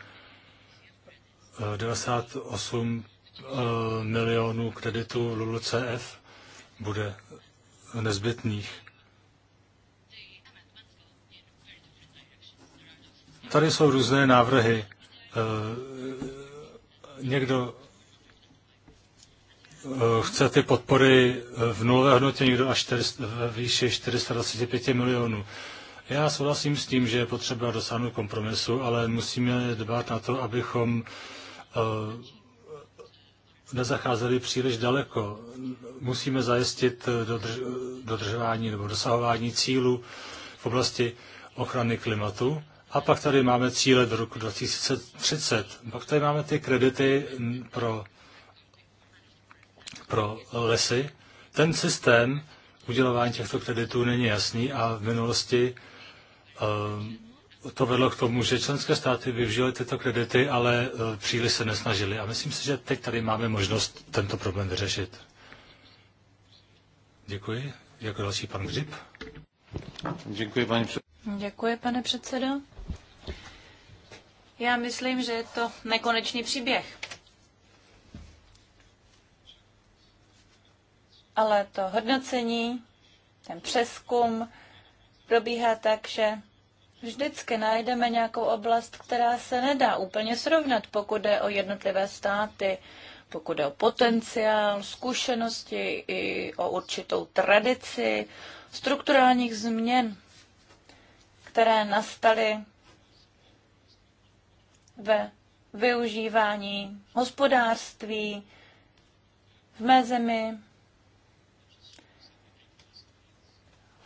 98 milionů kreditů LULCF bude nezbytných. Tady jsou různé návrhy. Někdo Eh, chce ty podpory eh, v nulové hodnotě někdo až 400, ve výši 425 milionů. Já souhlasím s tím, že je potřeba dosáhnout kompromisu, ale musíme dbát na to, abychom eh, nezacházeli příliš daleko. Musíme zajistit dodrž, dodržování nebo dosahování cílů v oblasti ochrany klimatu. A pak tady máme cíle do roku 2030. Pak tady máme ty kredity mm, pro pro lesy. Ten systém udělování těchto kreditů není jasný a v minulosti eh, to vedlo k tomu, že členské státy využily tyto kredity, ale eh, příliš se nesnažili. A myslím si, že teď tady máme možnost tento problém vyřešit. Děkuji. Jako další pan Grip. Děkuji, paní před... Děkuji, pane předsedo. Já myslím, že je to nekonečný příběh. ale to hodnocení, ten přeskum probíhá tak, že vždycky najdeme nějakou oblast, která se nedá úplně srovnat, pokud jde o jednotlivé státy, pokud jde o potenciál, zkušenosti i o určitou tradici strukturálních změn, které nastaly ve využívání hospodářství v mé zemi,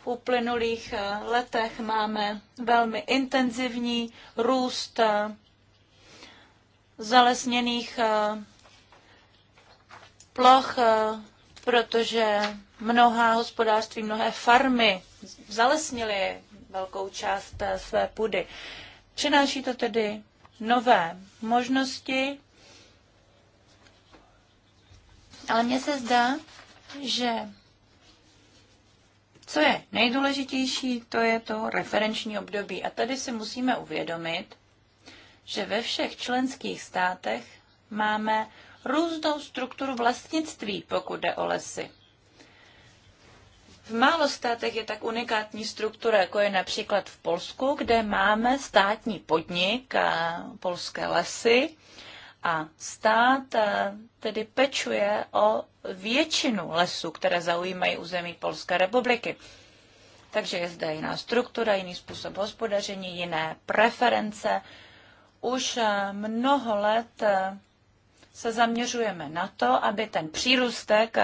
uplynulých eh, letech máme velmi intenzivní růst eh, zalesněných eh, ploch, protože mnohá hospodářství, mnohé farmy zalesnily velkou část své půdy. Přináší to tedy nové možnosti, ale mně se zdá, že co je nejdůležitější, to je to referenční období. A tady si musíme uvědomit, že ve všech členských státech máme různou strukturu vlastnictví, pokud jde o lesy. V málo státech je tak unikátní struktura, jako je například v Polsku, kde máme státní podnik a polské lesy, a stát eh, tedy pečuje o většinu lesů, které zaujímají území Polské republiky. Takže je zde jiná struktura, jiný způsob hospodaření, jiné preference. Už eh, mnoho let eh, se zaměřujeme na to, aby ten přírůstek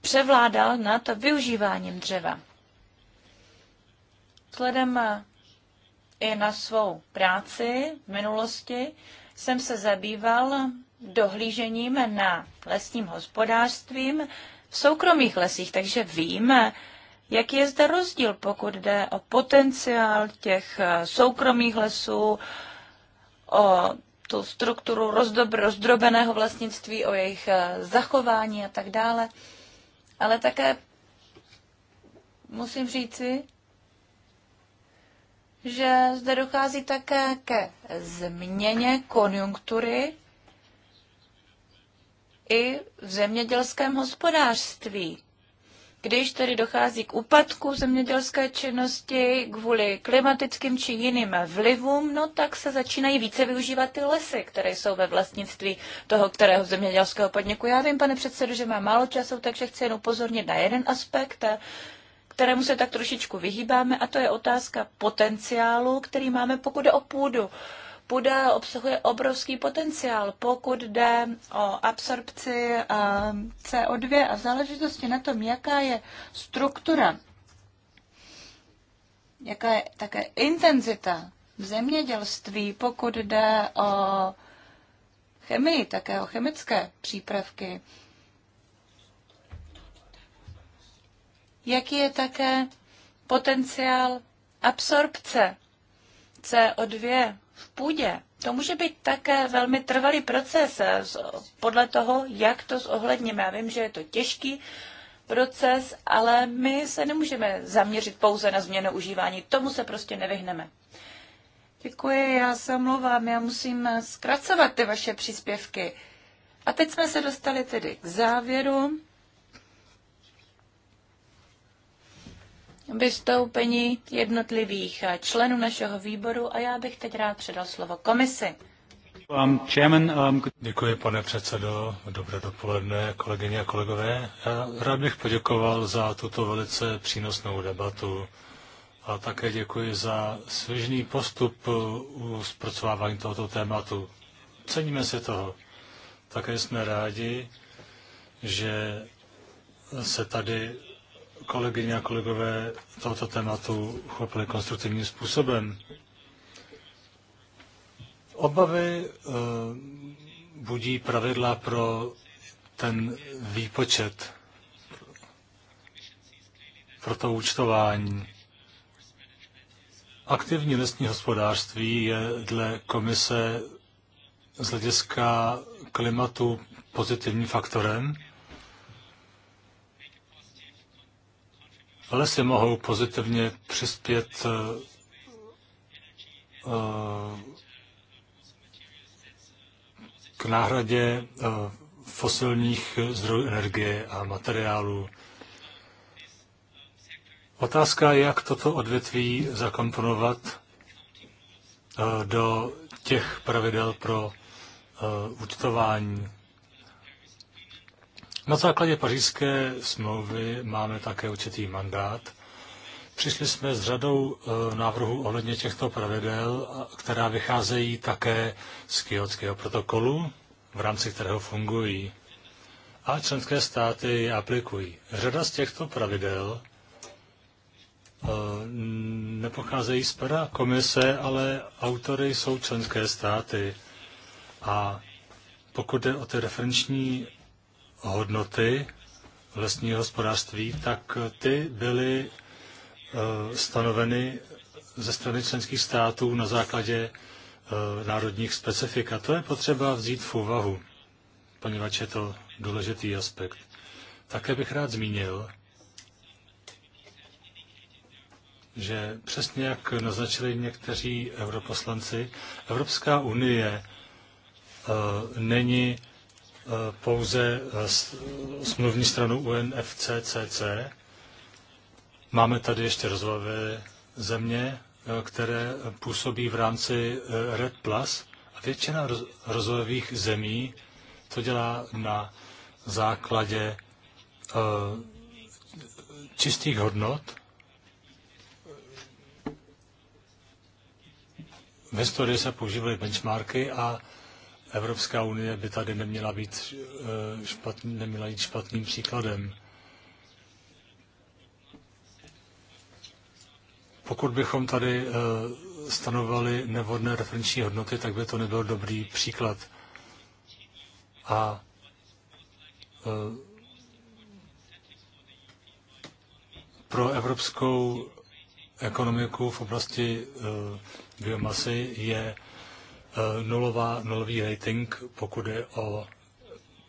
převládal nad využíváním dřeva. Vzhledem i na svou práci v minulosti jsem se zabýval dohlížením na lesním hospodářstvím v soukromých lesích, takže vím, jak je zde rozdíl, pokud jde o potenciál těch eh, soukromých lesů, o tu strukturu rozdob, rozdrobeného vlastnictví, o jejich eh, zachování a tak dále. Ale také musím říci, že zde dochází také ke změně konjunktury i v zemědělském hospodářství. Když tedy dochází k úpadku zemědělské činnosti kvůli klimatickým či jiným vlivům, no tak se začínají více využívat ty lesy, které jsou ve vlastnictví toho, kterého zemědělského podniku. Já vím, pane předsedu, že mám málo času, takže chci jen upozornit na jeden aspekt, kterému se tak trošičku vyhýbáme, a to je otázka potenciálu, který máme, pokud jde o půdu. Půda obsahuje obrovský potenciál, pokud jde o absorpci eh, CO2 a v záležitosti na tom, jaká je struktura, jaká je také intenzita v zemědělství, pokud jde o chemii, také o chemické přípravky, jaký je také potenciál absorpce CO2 v půdě. To může být také velmi trvalý proces eh, podle toho, jak to zohledníme. Já vím, že je to těžký proces, ale my se nemůžeme zaměřit pouze na změnu užívání. Tomu se prostě nevyhneme. Děkuji, já se omlouvám, já musím eh, zkracovat ty vaše příspěvky. A teď jsme se dostali tedy k závěru. vystoupení jednotlivých členů našeho výboru a já bych teď rád předal slovo komisi. Um, chairman, um... Děkuji, pane předsedo. Dobré dopoledne, kolegyně a kolegové. Já rád bych poděkoval za tuto velice přínosnou debatu a také děkuji za svěžný postup u zpracovávání tohoto tématu. Ceníme si toho. Také jsme rádi, že se tady kolegyně a kolegové tohoto tématu chopili konstruktivním způsobem. Obavy eh, budí pravidla pro ten výpočet, pro to účtování. Aktivní lesní hospodářství je dle komise z hlediska klimatu pozitivním faktorem Lesy mohou pozitivně přispět eh, eh, k náhradě eh, fosilních zdrojů energie a materiálů. Otázka je, jak toto odvětví zakomponovat do těch pravidel pro účtování. Na základě pařížské smlouvy máme také určitý mandát. Přišli jsme s řadou eh, návrhů ohledně těchto pravidel, která vycházejí také z Kyotského protokolu, v rámci kterého fungují. A členské státy je aplikují. Řada z těchto pravidel eh, nepocházejí z pera komise, ale autory jsou členské státy. A pokud jde o ty referenční hodnoty lesního hospodářství, tak ty byly eh, stanoveny ze strany členských států na základě eh, národních specifik. A to je potřeba vzít v úvahu, poněvadž je to důležitý aspekt. Také bych rád zmínil, že přesně jak naznačili někteří europoslanci, Evropská unie eh, není Eh, pouze eh, eh, smluvní stranu UNFCCC. Máme tady ještě rozvojové země, které působí v rámci Red Plus. A většina rozvojových zemí to dělá na základě čistých hodnot. V historii se používaly benchmarky a Evropská unie by tady neměla být eh, špatný, neměla jít špatným příkladem. Pokud bychom tady eh, stanovali nevhodné referenční hodnoty, tak by to nebyl dobrý příklad. A eh, pro evropskou ekonomiku v oblasti biomasy je Eh, nulová, nulový rating, pokud je o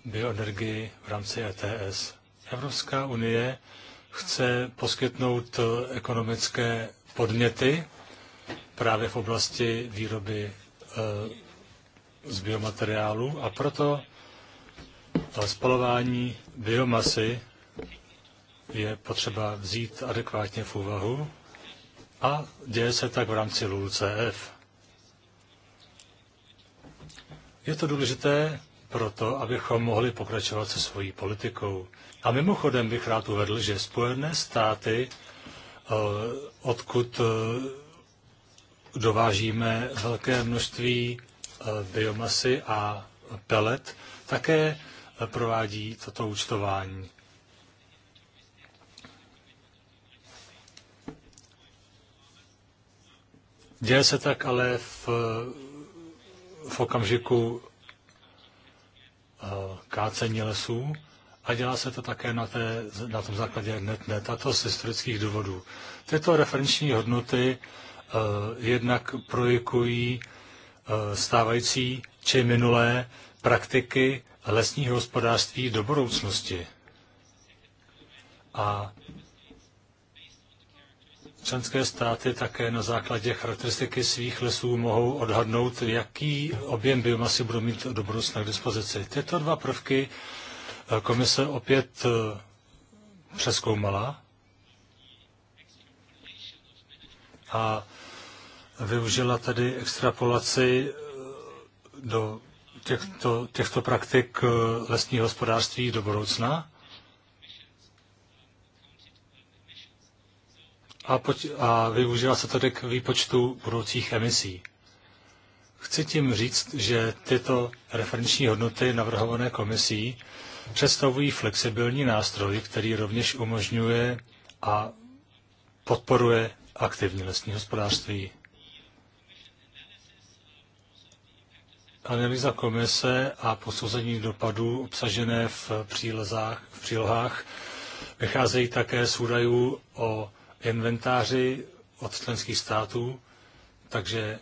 bioenergii v rámci ETS. Evropská unie chce poskytnout eh, ekonomické podněty právě v oblasti výroby eh, z biomateriálu a proto spalování biomasy je potřeba vzít adekvátně v úvahu a děje se tak v rámci LULCF. Je to důležité proto, abychom mohli pokračovat se svojí politikou. A mimochodem bych rád uvedl, že Spojené státy, eh, odkud eh, dovážíme velké množství eh, biomasy a pelet, také provádí toto účtování. Děje se tak ale v v okamžiku eh, kácení lesů a dělá se to také na, té, na tom základě net, net a to z historických důvodů. Tyto referenční hodnoty uh, jednak projekují uh, stávající či minulé praktiky lesního hospodářství do budoucnosti. A Členské státy také na základě charakteristiky svých lesů mohou odhadnout, jaký objem biomasy budou mít do budoucna k dispozici. Tyto dva prvky eh, komise opět eh, přeskoumala a využila tedy extrapolaci eh, do těchto, těchto praktik lesního hospodářství do budoucna. a, poč- a využívá se tedy k výpočtu budoucích emisí. Chci tím říct, že tyto referenční hodnoty navrhované komisí představují flexibilní nástroj, který rovněž umožňuje a podporuje aktivní lesní hospodářství. Analýza komise a posouzení dopadů obsažené v, v přílohách vycházejí také z údajů o inventáři od členských států, takže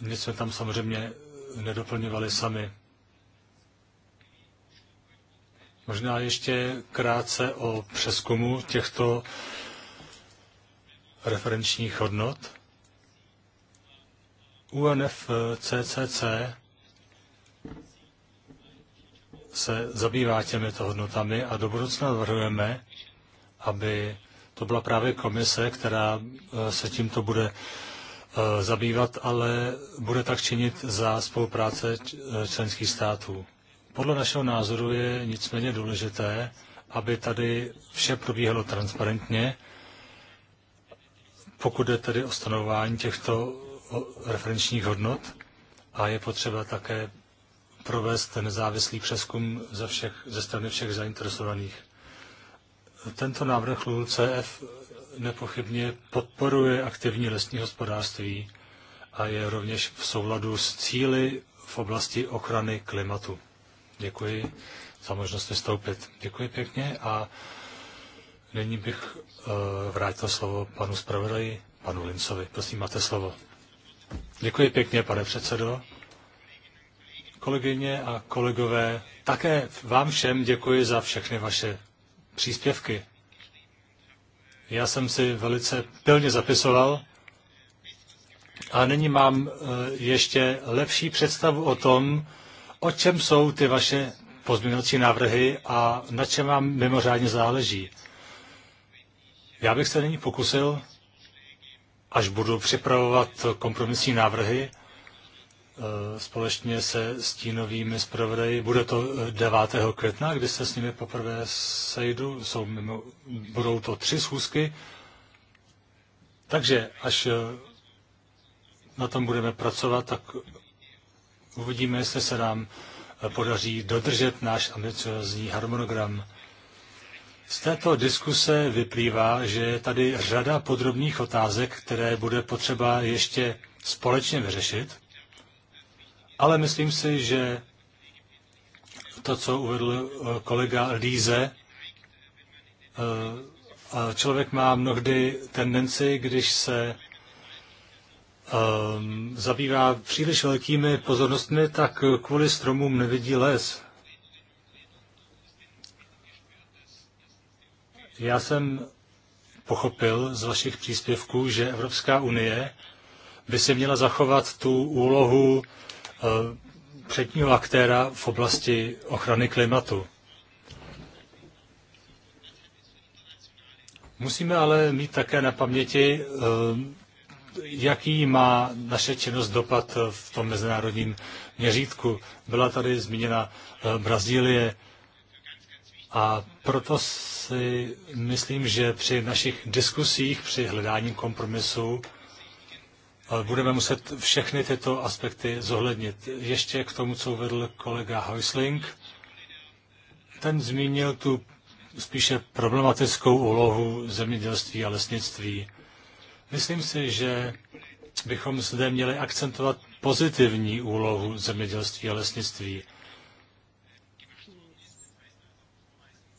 nic jsme tam samozřejmě nedoplňovali sami. Možná ještě krátce o přeskumu těchto referenčních hodnot. UNFCCC se zabývá těmito hodnotami a do budoucna navrhujeme, aby to byla právě komise, která eh, se tímto bude eh, zabývat, ale bude tak činit za spolupráce eh, členských států. Podle našeho názoru je nicméně důležité, aby tady vše probíhalo transparentně, pokud je tedy o stanovování těchto referenčních hodnot a je potřeba také provést nezávislý přeskum ze, všech, ze strany všech zainteresovaných. Tento návrh LULCF nepochybně podporuje aktivní lesní hospodářství a je rovněž v souladu s cíly v oblasti ochrany klimatu. Děkuji za možnost vystoupit. Děkuji pěkně a nyní bych eh, vrátil slovo panu zpravodaji, panu Lincovi. Prosím, máte slovo. Děkuji pěkně, pane předsedo. Kolegyně a kolegové, také vám všem děkuji za všechny vaše příspěvky. Já jsem si velice pilně zapisoval a nyní mám eh, ještě lepší představu o tom, o čem jsou ty vaše pozměňovací návrhy a na čem vám mimořádně záleží. Já bych se nyní pokusil, až budu připravovat kompromisní návrhy, Eh, společně se stínovými zpravodaji. Bude to 9. Eh, května, kdy se s nimi poprvé sejdu. Jsou mimo, budou to tři schůzky. Takže až eh, na tom budeme pracovat, tak uvidíme, jestli se nám podaří dodržet náš ambiciozní harmonogram. Z této diskuse vyplývá, že je tady řada podrobných otázek, které bude potřeba ještě společně vyřešit. Ale myslím si, že to, co uvedl eh, kolega Líze, eh, člověk má mnohdy tendenci, když se ehm, zabývá příliš velkými pozornostmi, tak kvůli stromům nevidí les. Já jsem pochopil z vašich příspěvků, že Evropská unie by si měla zachovat tu úlohu předního eh, aktéra v oblasti ochrany klimatu. Musíme ale mít také na paměti, eh, jaký má naše činnost dopad v tom mezinárodním měřítku. Byla tady zmíněna eh, Brazílie a proto si myslím, že při našich diskusích, při hledání kompromisu budeme muset všechny tyto aspekty zohlednit. Ještě k tomu, co uvedl kolega Heusling. Ten zmínil tu spíše problematickou úlohu zemědělství a lesnictví. Myslím si, že bychom zde měli akcentovat pozitivní úlohu zemědělství a lesnictví.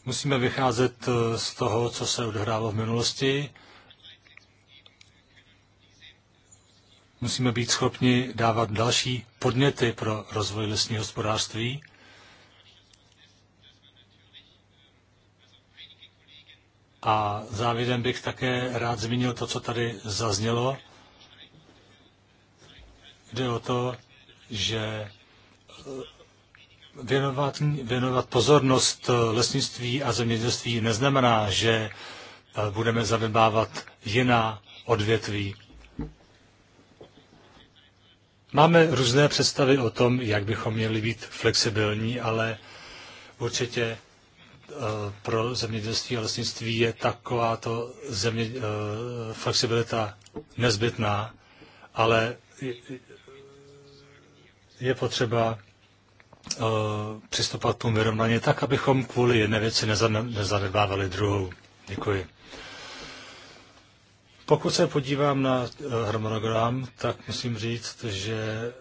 Musíme vycházet eh, z toho, co se odhrálo v minulosti, Musíme být schopni dávat další podněty pro rozvoj lesního hospodářství. A závěrem bych také rád zmínil to, co tady zaznělo. Jde o to, že eh, věnovat, věnovat pozornost eh, lesnictví a zemědělství neznamená, že eh, budeme zanedbávat jiná odvětví. Máme různé představy o tom, jak bychom měli být flexibilní, ale určitě eh, pro zemědělství a lesnictví je takováto země, eh, flexibilita nezbytná, ale je potřeba eh, přistupovat tomu vyrovnaně tak, abychom kvůli jedné věci nezanedbávali druhou. Děkuji. Pokud se podívám na eh, harmonogram, tak musím říct, že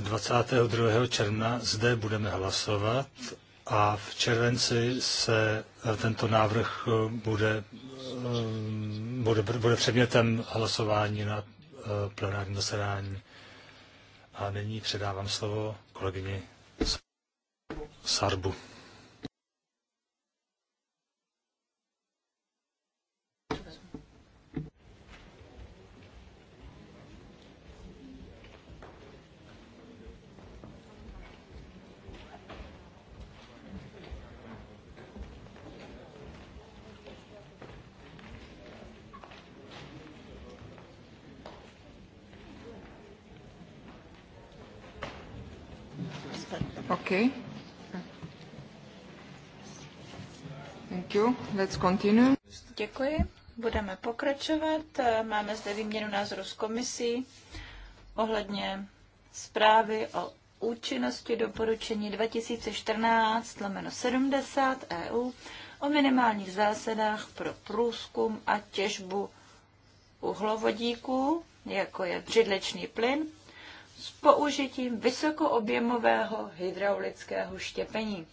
22. června zde budeme hlasovat a v červenci se eh, tento návrh eh, bude, bude, bude předmětem hlasování na plenárním zasedání. A nyní předávám slovo kolegyni Sarbu. Okay. Thank you. Let's continue. Děkuji. Budeme pokračovat. Máme zde výměnu názoru s komisí ohledně zprávy o účinnosti doporučení 2014 lomeno 70 EU o minimálních zásadách pro průzkum a těžbu uhlovodíků, jako je břidlečný plyn s použitím vysokoobjemového hydraulického štěpení.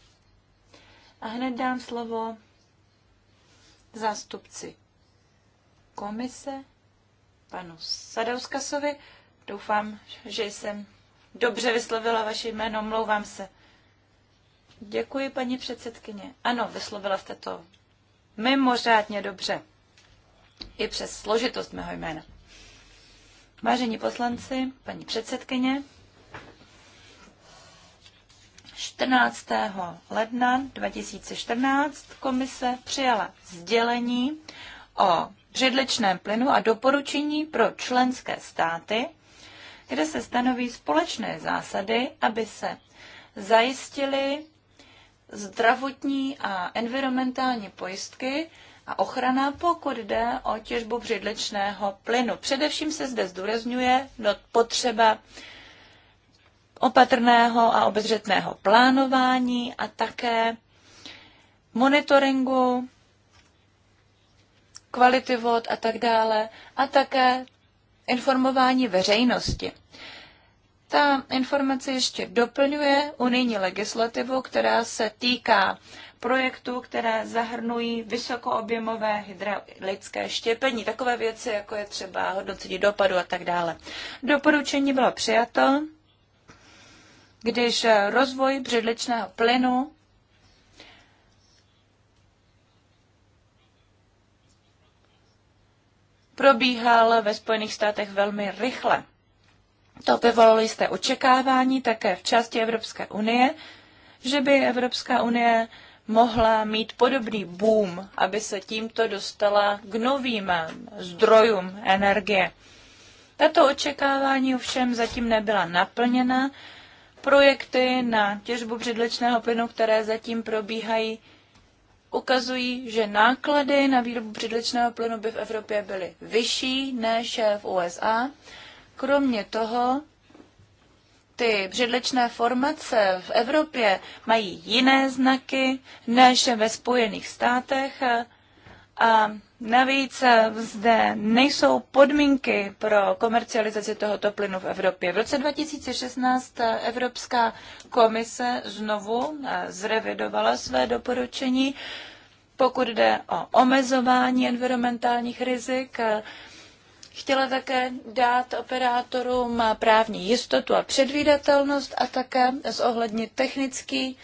A hned dám slovo zástupci komise, panu Sadauskasovi. Doufám, že jsem dobře vyslovila vaše jméno, mlouvám se. Děkuji, paní předsedkyně. Ano, vyslovila jste to mimořádně dobře. I přes složitost mého jména. Vážení poslanci, paní předsedkyně, 14. ledna 2014 komise přijala sdělení o břidličném plynu a doporučení pro členské státy, kde se stanoví společné zásady, aby se zajistily zdravotní a environmentální pojistky a ochrana, pokud jde o těžbu břidličného plynu. Především se zde zdůrazňuje potřeba opatrného a obezřetného plánování a také monitoringu kvality vod a tak dále a také informování veřejnosti. Ta informace ještě doplňuje unijní legislativu, která se týká projektů, které zahrnují vysokoobjemové hydraulické štěpení, takové věci, jako je třeba hodnocení dopadu a tak dále. Doporučení bylo přijato, když rozvoj břidličného plynu probíhal ve Spojených státech velmi rychle. To vyvolalo jisté očekávání také v části Evropské unie, že by Evropská unie mohla mít podobný boom, aby se tímto dostala k novým zdrojům energie. Tato očekávání ovšem zatím nebyla naplněna. Projekty na těžbu břidličného plynu, které zatím probíhají, ukazují, že náklady na výrobu břidličného plynu by v Evropě byly vyšší než v USA. Kromě toho ty břidličné formace v Evropě mají jiné znaky než ve Spojených státech a navíc zde nejsou podmínky pro komercializaci tohoto plynu v Evropě. V roce 2016 Evropská komise znovu zrevidovala své doporučení, pokud jde o omezování environmentálních rizik Chtěla také dát operátorům právní jistotu a předvídatelnost a také zohlednit technický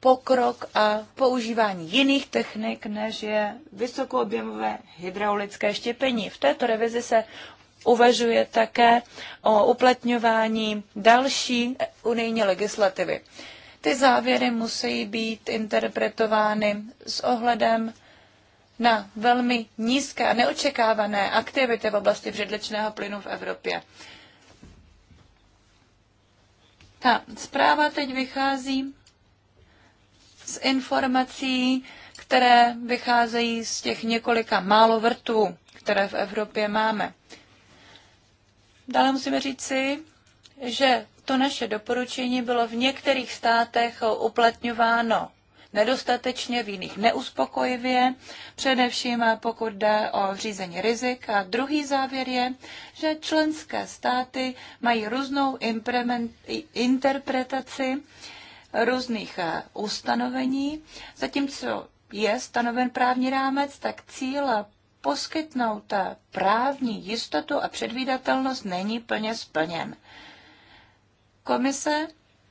pokrok a používání jiných technik, než je vysokoobjemové hydraulické štěpení. V této revizi se uvažuje také o uplatňování další unijní legislativy. Ty závěry musí být interpretovány s ohledem na velmi nízké a neočekávané aktivity v oblasti břidličného plynu v Evropě. Ta zpráva teď vychází z informací, které vycházejí z těch několika málo vrtů, které v Evropě máme. Dále musíme říci, že to naše doporučení bylo v některých státech uplatňováno nedostatečně, v jiných neuspokojivě, především pokud jde o řízení rizik. A druhý závěr je, že členské státy mají různou interpretaci různých eh, ustanovení, zatímco je stanoven právní rámec, tak cíl poskytnout eh, právní jistotu a předvídatelnost není plně splněn. Komise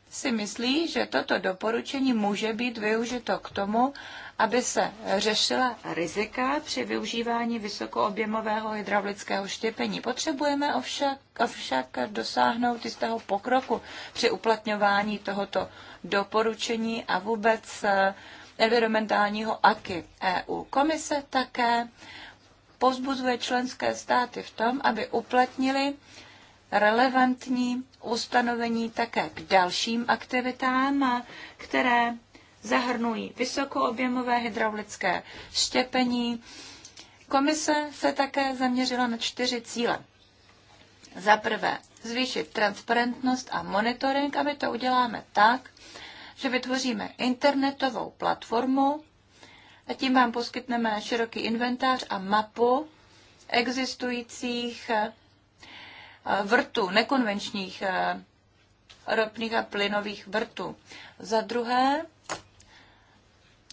si myslí, že toto doporučení může být využito k tomu, aby se řešila rizika při využívání vysokoobjemového hydraulického štěpení. Potřebujeme ovšak, ovšak dosáhnout jistého pokroku při uplatňování tohoto doporučení a vůbec eh, environmentálního AKY EU. Komise také pozbuzuje členské státy v tom, aby uplatnili relevantní ustanovení také k dalším aktivitám, které zahrnují vysokoobjemové hydraulické štěpení. Komise se také zaměřila na čtyři cíle. Za prvé, zvýšit transparentnost a monitoring a my to uděláme tak, že vytvoříme internetovou platformu a tím vám poskytneme široký inventář a mapu existujících vrtů, nekonvenčních eh, ropných a plynových vrtů. Za druhé,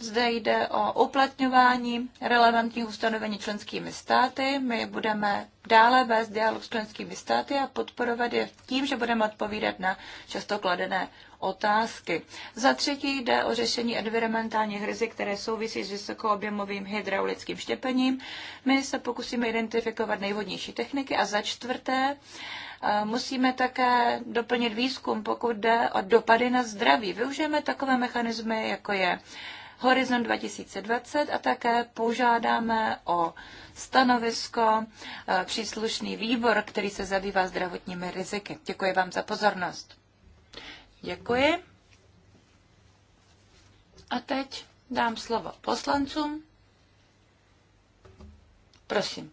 zde jde o uplatňování relevantních ustanovení členskými státy. My budeme dále vést dialog s členskými státy a podporovat je tím, že budeme odpovídat na často kladené otázky. Za třetí jde o řešení environmentálních rizik, které souvisí s vysokoobjemovým hydraulickým štěpením. My se pokusíme identifikovat nejvhodnější techniky a za čtvrté eh, musíme také doplnit výzkum, pokud jde o dopady na zdraví. Využijeme takové mechanismy, jako je Horizon 2020 a také požádáme o stanovisko e, příslušný výbor, který se zabývá zdravotními riziky. Děkuji vám za pozornost. Děkuji. A teď dám slovo poslancům. Prosím.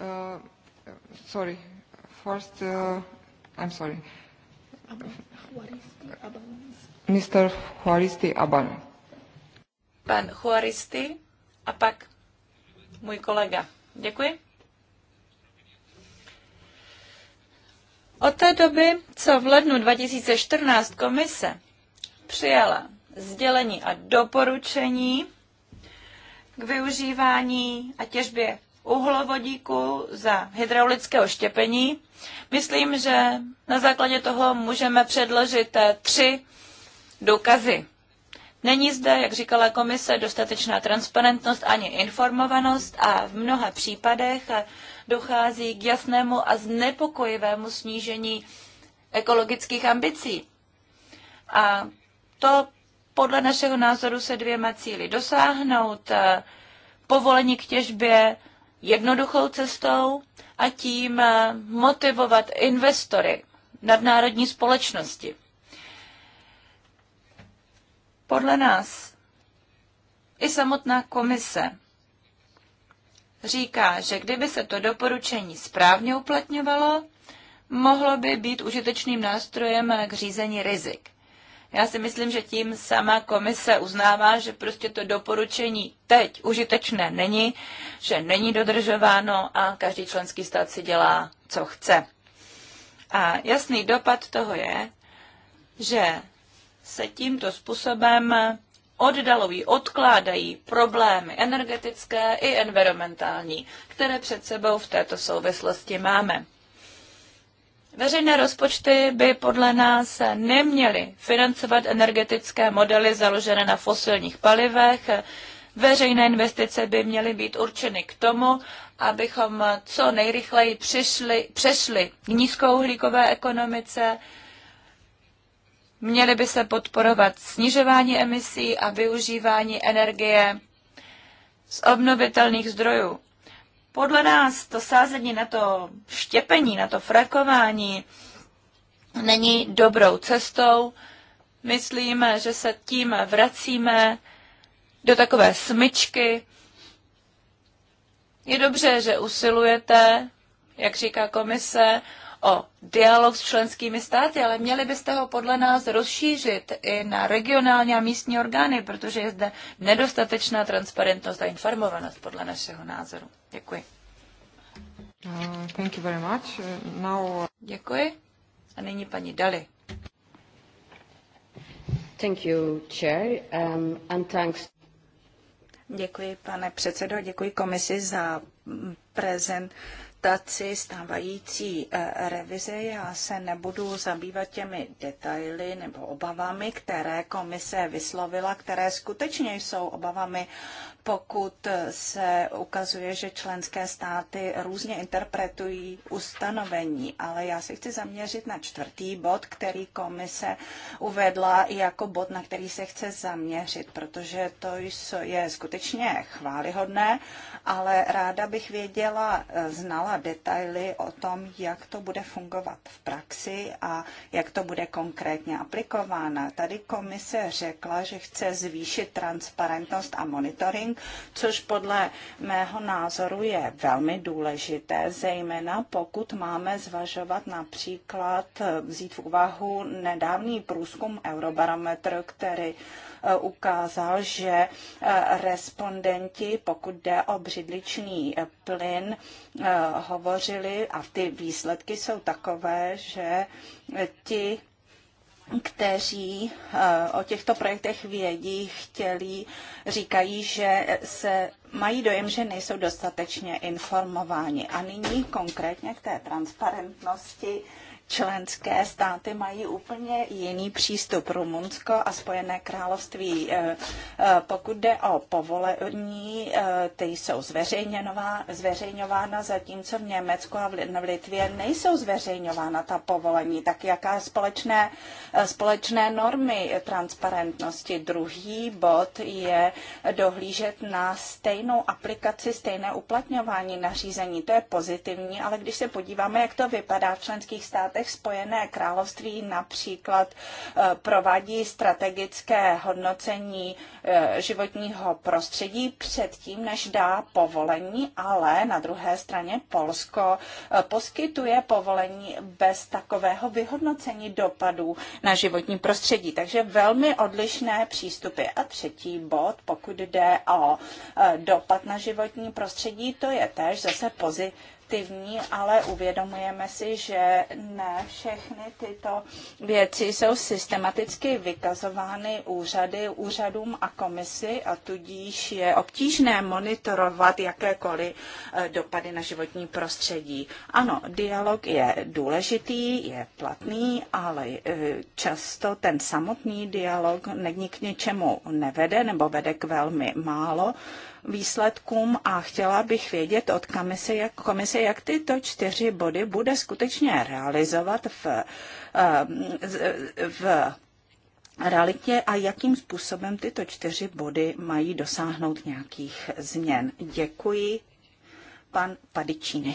Uh, sorry. First, uh, I'm sorry. what is the, Mr. Juaristi Aban. Pan Juaristi a pak můj kolega. Děkuji. Od té doby, co v lednu 2014 komise přijala sdělení a doporučení k využívání a těžbě uhlovodíku za hydraulického štěpení. Myslím, že na základě toho můžeme předložit eh, tři důkazy. Není zde, jak říkala komise, dostatečná transparentnost ani informovanost a v mnoha případech dochází k jasnému a znepokojivému snížení ekologických ambicí. A to podle našeho názoru se dvěma cíly dosáhnout eh, povolení k těžbě jednoduchou cestou a tím eh, motivovat investory nadnárodní společnosti. Podle nás i samotná komise říká, že kdyby se to doporučení správně uplatňovalo, mohlo by být užitečným nástrojem k řízení rizik. Já si myslím, že tím sama komise uznává, že prostě to doporučení teď užitečné není, že není dodržováno a každý členský stát si dělá, co chce. A jasný dopad toho je, že se tímto způsobem oddalují, odkládají problémy energetické i environmentální, které před sebou v této souvislosti máme. Veřejné rozpočty by podle nás neměly financovat energetické modely založené na fosilních palivech. Veřejné investice by měly být určeny k tomu, abychom co nejrychleji přišli, přešli k nízkouhlíkové ekonomice, Měly by se podporovat snižování emisí a využívání energie z obnovitelných zdrojů. Podle nás to sázení na to štěpení, na to frakování není dobrou cestou. Myslíme, že se tím vracíme do takové smyčky. Je dobře, že usilujete, jak říká komise, o dialog s členskými státy, ale měli byste ho podle nás rozšířit i na regionální a místní orgány, protože je zde nedostatečná transparentnost a informovanost podle našeho názoru. Děkuji. Uh, thank you very much. Uh, now... Uh, děkuji. A nyní paní Dali. Thank you, Chair, um, and thanks. Děkuji, pane předsedo, děkuji komisi za prezent adaptaci stávající eh, revize. Já se nebudu zabývat těmi detaily nebo obavami, které komise vyslovila, které skutečně jsou obavami pokud se ukazuje, že členské státy různě interpretují ustanovení. Ale já se chci zaměřit na čtvrtý bod, který komise uvedla jako bod, na který se chce zaměřit, protože to je skutečně chválihodné, ale ráda bych věděla, eh, znala detaily o tom, jak to bude fungovat v praxi a jak to bude konkrétně aplikováno. Tady komise řekla, že chce zvýšit transparentnost a monitoring reporting, což podle mého názoru je velmi důležité, zejména pokud máme zvažovat například eh, vzít v úvahu nedávný průzkum Eurobarometr, který eh, ukázal, že eh, respondenti, pokud jde o břidličný plyn, hovořili a ty výsledky jsou takové, že ti kteří eh, o těchto projektech vědí, chtěli, říkají, že se mají dojem, že nejsou dostatečně informováni. A nyní konkrétně k té transparentnosti členské státy mají úplně jiný přístup. Rumunsko a Spojené království, eh, eh, pokud jde o povolení, eh, ty jsou zveřejňována, zatímco v Německu a v Litvě nejsou zveřejňována ta povolení. Tak jaká společné, společné normy transparentnosti? Druhý bod je dohlížet na stejnou aplikaci, stejné uplatňování nařízení. To je pozitivní, ale když se podíváme, jak to vypadá v členských státech, státech Spojené království například e, provádí strategické hodnocení e, životního prostředí předtím, než dá povolení, ale na druhé straně Polsko e, poskytuje povolení bez takového vyhodnocení dopadů na životní prostředí. Takže velmi odlišné přístupy. A třetí bod, pokud jde o dopad na životní prostředí, to je též zase pozitivní aktivní, ale uvědomujeme si, že ne všechny tyto věci jsou systematicky vykazovány úřady, úřadům a komisi a tudíž je obtížné monitorovat jakékoliv eh, dopady na životní prostředí. Ano, dialog je důležitý, je platný, ale eh, často ten samotný dialog není k ničemu nevede nebo vede k velmi málo výsledkům a chtěla bych vědět od komise, jak, komise, jak tyto čtyři body bude skutečně realizovat v, eh, v realitě a jakým způsobem tyto čtyři body mají dosáhnout nějakých změn. Děkuji, pan Padičíny.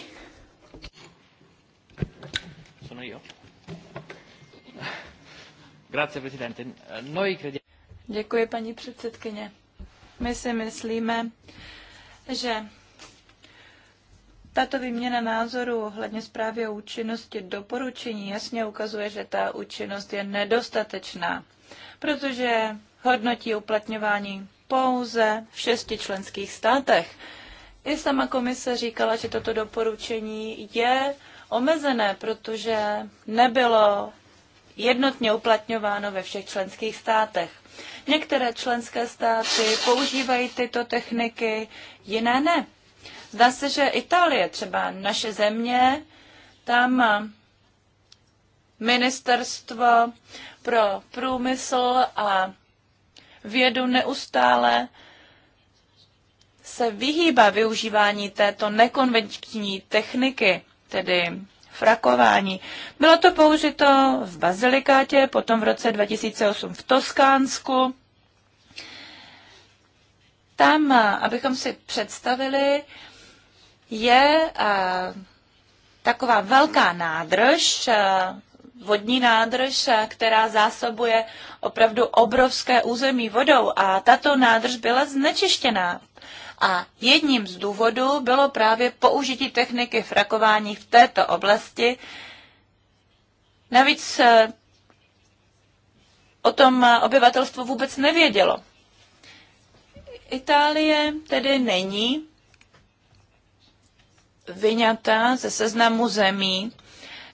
Děkuji, paní předsedkyně. My si myslíme, že tato výměna názorů ohledně zprávy o účinnosti doporučení jasně ukazuje, že ta účinnost je nedostatečná, protože hodnotí uplatňování pouze v šesti členských státech. I sama komise říkala, že toto doporučení je omezené, protože nebylo jednotně uplatňováno ve všech členských státech. Některé členské státy používají tyto techniky, jiné ne. Zdá se, že Itálie, třeba naše země, tam ministerstvo pro průmysl a vědu neustále se vyhýbá využívání této nekonvenční techniky, tedy frakování. Bylo to použito v Bazilikátě, potom v roce 2008 v Toskánsku. Tam, abychom si představili, je taková velká nádrž, vodní nádrž, která zásobuje opravdu obrovské území vodou a tato nádrž byla znečištěná. A jedním z důvodů bylo právě použití techniky frakování v této oblasti. Navíc eh, o tom obyvatelstvo vůbec nevědělo. Itálie tedy není vyňata ze seznamu zemí,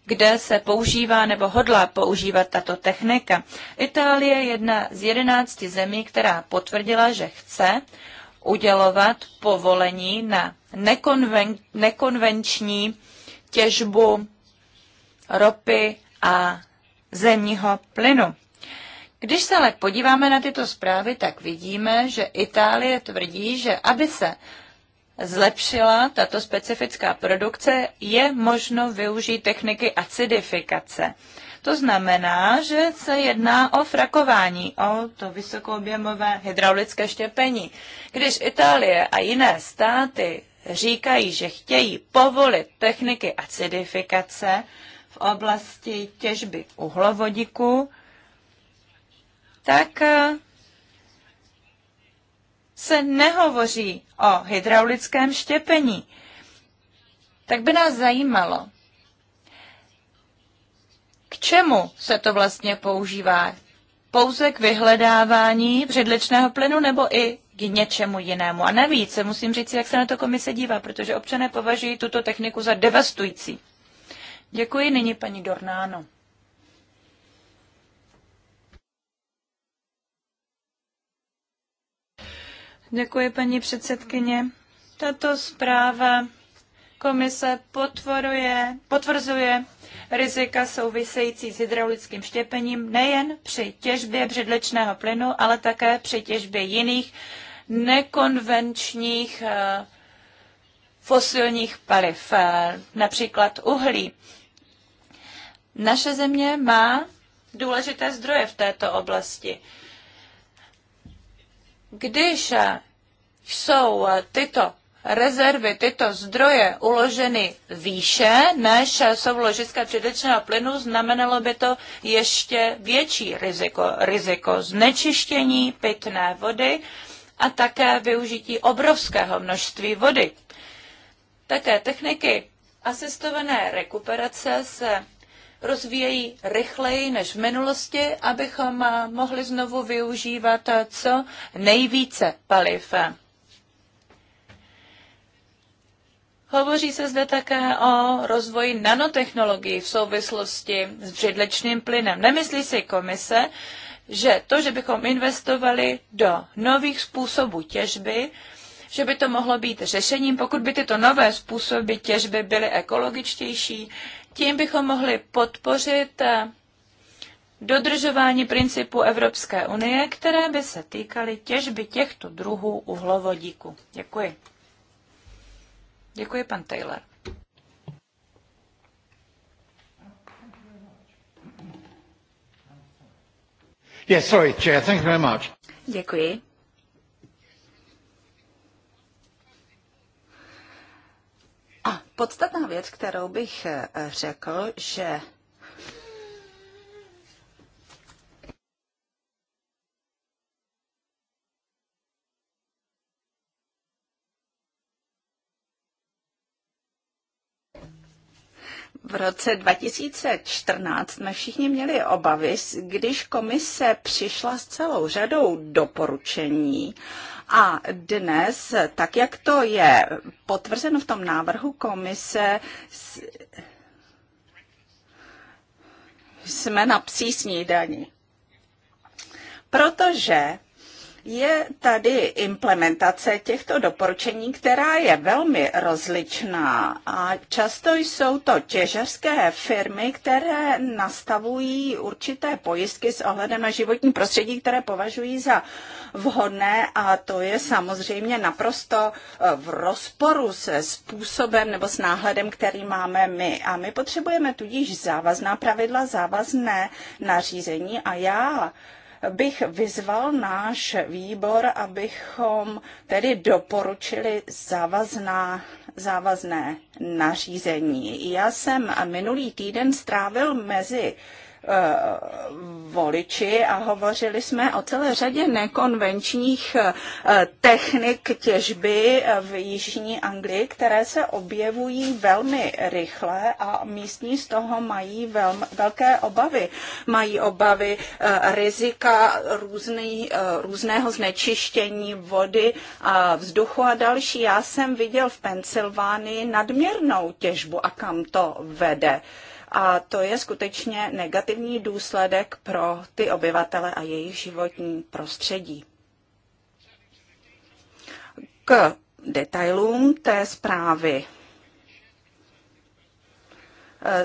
kde se používá nebo hodlá používat tato technika. Itálie je jedna z jedenácti zemí, která potvrdila, že chce udělovat povolení na nekonven, nekonvenční těžbu ropy a zemního plynu. Když se ale podíváme na tyto zprávy, tak vidíme, že Itálie tvrdí, že aby se zlepšila tato specifická produkce, je možno využít techniky acidifikace. To znamená, že se jedná o frakování, o to vysokoobjemové hydraulické štěpení. Když Itálie a jiné státy říkají, že chtějí povolit techniky acidifikace v oblasti těžby uhlovodíku, tak eh, se nehovoří o hydraulickém štěpení. Tak by nás zajímalo, k čemu se to vlastně používá? Pouze k vyhledávání předličného plynu nebo i k něčemu jinému? A navíc se musím říct, jak se na to komise dívá, protože občané považují tuto techniku za devastující. Děkuji, nyní paní Dornáno. Děkuji, paní předsedkyně. Tato zpráva komise potvoruje, potvrzuje rizika související s hydraulickým štěpením nejen při těžbě břidličného plynu, ale také při těžbě jiných nekonvenčních eh, fosilních paliv, eh, například uhlí. Naše země má důležité zdroje v této oblasti. Když eh, jsou tyto rezervy, tyto zdroje uloženy výše, než jsou ložiska předečného plynu, znamenalo by to ještě větší riziko. Riziko znečištění pitné vody a také využití obrovského množství vody. Také techniky asistované rekuperace se rozvíjejí rychleji než v minulosti, abychom mohli znovu využívat co nejvíce paliv. Hovoří se zde také o rozvoji nanotechnologií v souvislosti s břidlečným plynem. Nemyslí si komise, že to, že bychom investovali do nových způsobů těžby, že by to mohlo být řešením, pokud by tyto nové způsoby těžby byly ekologičtější, tím bychom mohli podpořit eh, dodržování principů Evropské unie, které by se týkaly těžby těchto druhů uhlovodíku. Děkuji. Děkuji, pan Taylor. Yes, sorry, Chair. Thank you very much. Děkuji. A podstatná věc, kterou bych eh, řekl, že v roce 2014 jsme všichni měli obavy, když komise přišla s celou řadou doporučení a dnes, tak jak to je potvrzeno v tom návrhu komise, jsme na přísní daní. Protože je tady implementace těchto doporučení, která je velmi rozličná a často jsou to těžařské firmy, které nastavují určité pojistky s ohledem na životní prostředí, které považují za vhodné a to je samozřejmě naprosto eh, v rozporu se způsobem nebo s náhledem, který máme my. A my potřebujeme tudíž závazná pravidla, závazné nařízení a já bych vyzval náš výbor, abychom tedy doporučili závazná, závazné nařízení. Já jsem minulý týden strávil mezi Eh, voliči a hovořili jsme o celé řadě nekonvenčních eh, technik těžby eh, v Jižní Anglii, které se objevují velmi rychle a místní z toho mají vel, velké obavy. Mají obavy rizika různý, různého znečištění vody, a vzduchu a další. Já jsem viděl v Pensylvánii nadměrnou těžbu a kam to vede a to je skutečně negativní důsledek pro ty obyvatele a jejich životní prostředí. K detailům té zprávy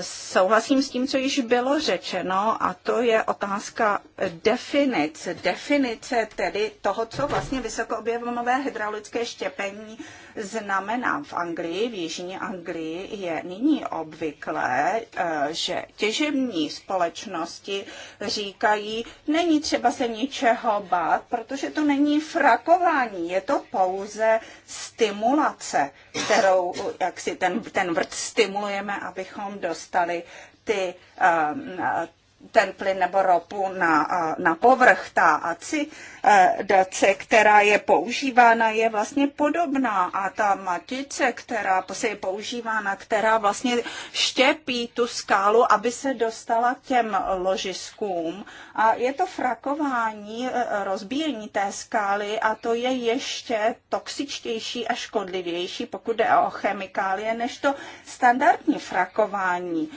Souhlasím s tím, co již bylo řečeno, a to je otázka definic. Definice tedy toho, co vlastně vysokoobjevomové hydraulické štěpení znamená v Anglii, v jižní Anglii je nyní obvyklé, eh, že těžební společnosti říkají, není třeba se ničeho bát, protože to není frakování, je to pouze stimulace kterou jak si ten, ten vrt stimulujeme, abychom dostali ty, eh, ten plyn nebo ropu na, na povrch. Ta acidace, e, která je používána, je vlastně podobná a ta matice, která se je používána, která vlastně štěpí tu skálu, aby se dostala k těm ložiskům. A je to frakování, e, rozbíjení té skály a to je ještě toxičtější a škodlivější, pokud jde o chemikálie, než to standardní frakování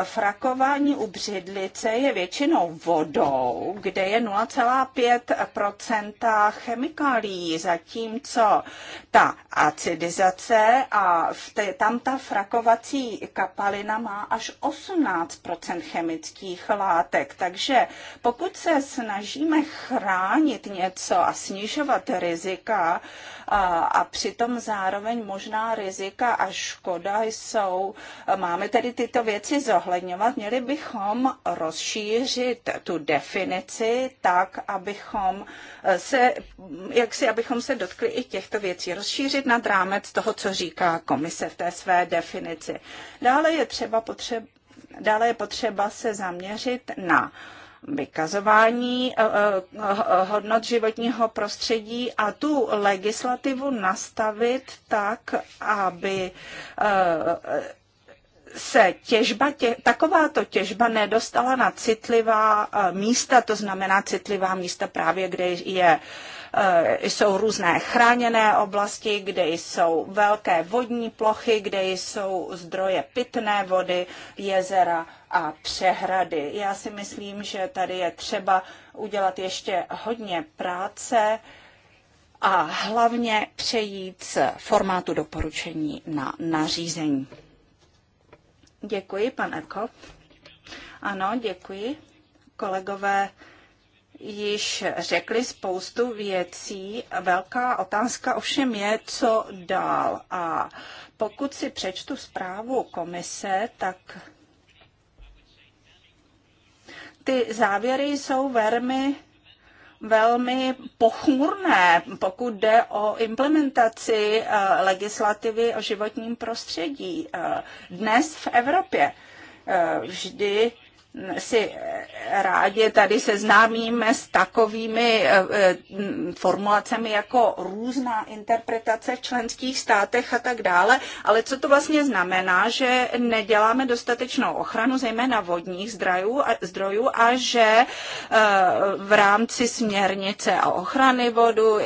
e, frakování u břidly silice je většinou vodou, kde je 0,5 chemikálí, zatímco ta acidizace a tam ta frakovací kapalina má až 18 chemických látek. Takže pokud se snažíme chránit něco a snižovat rizika, a, a přitom zároveň možná rizika a škoda jsou, máme tedy tyto věci zohledňovat, měli bychom rozšířit tu definici tak, abychom se, jak si, abychom se dotkli i těchto věcí, rozšířit nad rámec toho, co říká komise v té své definici. Dále je třeba potřeba, dále je potřeba se zaměřit na vykazování eh, eh, hodnot životního prostředí a tu legislativu nastavit tak, aby eh, se těžba, tě, takováto těžba nedostala na citlivá e, místa, to znamená citlivá místa právě, kde je e, jsou různé chráněné oblasti, kde jsou velké vodní plochy, kde jsou zdroje pitné vody, jezera a přehrady. Já si myslím, že tady je třeba udělat ještě hodně práce a hlavně přejít z formátu doporučení na nařízení. Děkuji, pan Eko. Ano, děkuji. Kolegové již řekli spoustu věcí. Velká otázka ovšem je, co dál. A pokud si přečtu zprávu komise, tak ty závěry jsou velmi velmi pochmurné, pokud jde o implementaci eh, legislativy o životním prostředí eh, dnes v Evropě. Eh, vždy si rádi tady seznámíme s takovými eh, eh, formulacemi jako různá interpretace v členských státech a tak dále, ale co to vlastně znamená, že neděláme dostatečnou ochranu, zejména vodních zdrojů a, zdrojů a že eh, v rámci směrnice a ochrany vodu,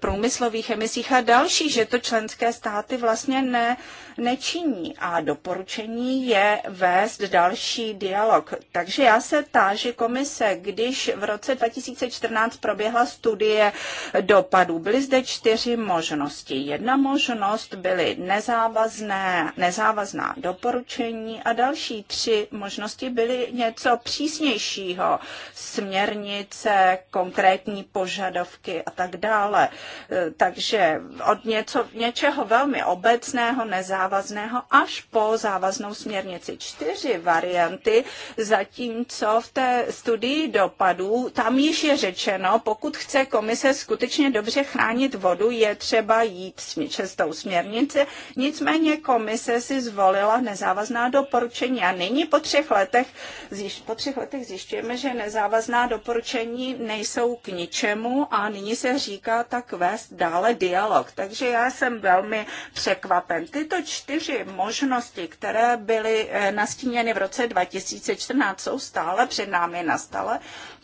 průmyslových emisích a další, že to členské státy vlastně ne nečiní. A doporučení je vést další dialog. Takže já se táži komise, když v roce 2014 proběhla studie dopadů, byly zde čtyři možnosti. Jedna možnost byly nezávazné, nezávazná doporučení a další tři možnosti byly něco přísnějšího, směrnice, konkrétní požadavky a tak dále. E, takže od něco, něčeho velmi obecného, nezávazného závazného až po závaznou směrnici. Čtyři varianty, zatímco v té studii dopadů, tam již je řečeno, pokud chce komise skutečně dobře chránit vodu, je třeba jít čestou směrnici. Nicméně komise si zvolila nezávazná doporučení a nyní po třech letech, zjiš, po třech letech zjišťujeme, že nezávazná doporučení nejsou k ničemu a nyní se říká tak vést dále dialog. Takže já jsem velmi překvapen. Tyto čtyři možnosti, které byly eh, nastíněny v roce 2014, jsou stále před námi na stole?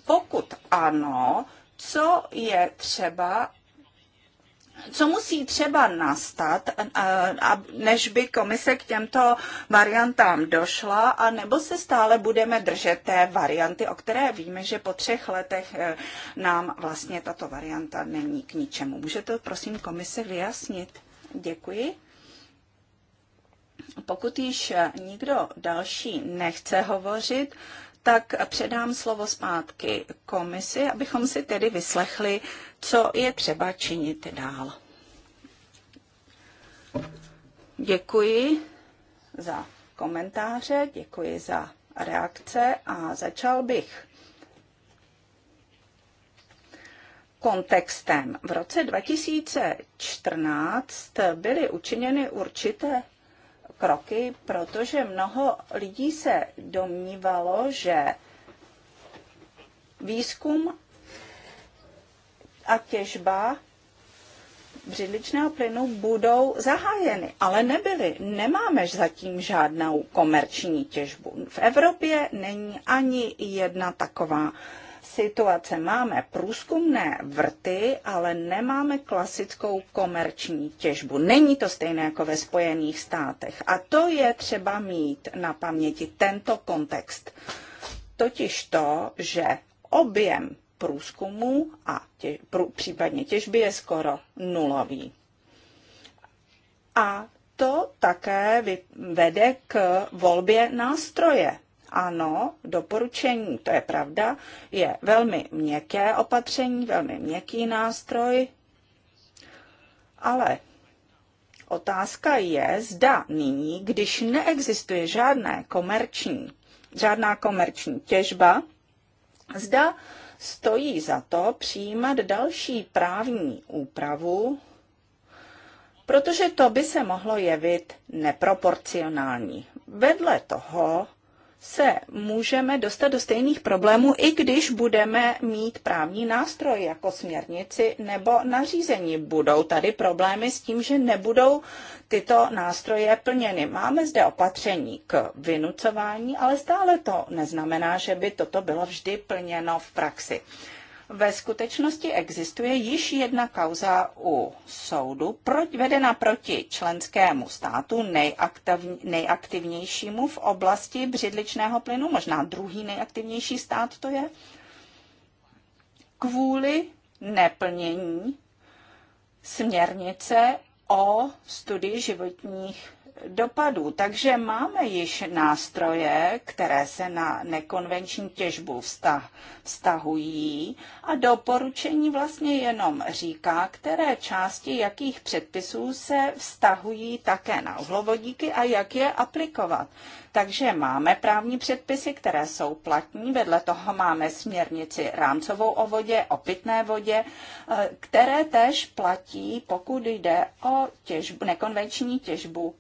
Pokud ano, co je třeba co musí třeba nastat, eh, než by komise k těmto variantám došla, a nebo se stále budeme držet té varianty, o které víme, že po třech letech eh, nám vlastně tato varianta není k ničemu. Můžete prosím komise vyjasnit? Děkuji. Pokud již eh, nikdo další nechce hovořit, tak předám slovo zpátky komisi, abychom si tedy vyslechli, co je třeba činit dál. Děkuji za komentáře, děkuji za reakce a začal bych kontextem. V roce 2014 byly učiněny určité kroky, protože mnoho lidí se domnívalo, že výzkum a těžba břidličného plynu budou zahájeny, ale nebyly. Nemáme zatím žádnou komerční těžbu. V Evropě není ani jedna taková situace. Máme průzkumné vrty, ale nemáme klasickou komerční těžbu. Není to stejné jako ve Spojených státech. A to je třeba mít na paměti tento kontext. Totiž to, že objem průzkumu a tě, prů, případně těžby je skoro nulový. A to také vede k volbě nástroje ano, doporučení, to je pravda, je velmi měkké opatření, velmi měkký nástroj, ale otázka je, zda nyní, když neexistuje žádné komerční, žádná komerční těžba, zda stojí za to přijímat další právní úpravu, protože to by se mohlo jevit neproporcionální. Vedle toho se můžeme dostat do stejných problémů, i když budeme mít právní nástroj jako směrnici nebo nařízení. Budou tady problémy s tím, že nebudou tyto nástroje plněny. Máme zde opatření k vynucování, ale stále to neznamená, že by toto bylo vždy plněno v praxi. Ve skutečnosti existuje již jedna kauza u soudu proč, vedena proti členskému státu nejaktivnějšímu v oblasti břidličného plynu, možná druhý nejaktivnější stát to je, kvůli neplnění směrnice o studii životních dopadů. Takže máme již nástroje, které se na nekonvenční těžbu vztah, vztahují a doporučení vlastně jenom říká, které části jakých předpisů se vztahují také na uhlovodíky a jak je aplikovat. Takže máme právní předpisy, které jsou platní, vedle toho máme směrnici rámcovou o vodě, o pitné vodě, eh, které též platí, pokud jde o těžbu, nekonvenční těžbu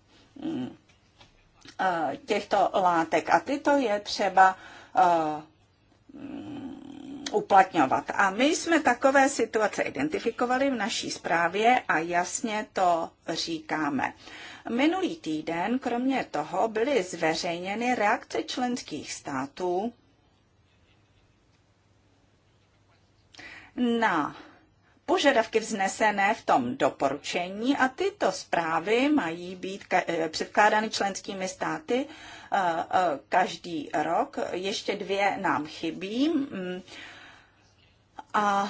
Eh, těchto látek. A tyto je třeba eh, uplatňovat. A my jsme takové situace identifikovali v naší zprávě a jasně to říkáme. Minulý týden, kromě toho, byly zveřejněny reakce členských států na požadavky vznesené v tom doporučení a tyto zprávy mají být eh, předkládány členskými státy eh, eh, každý rok. Ještě dvě nám chybí. Mm. A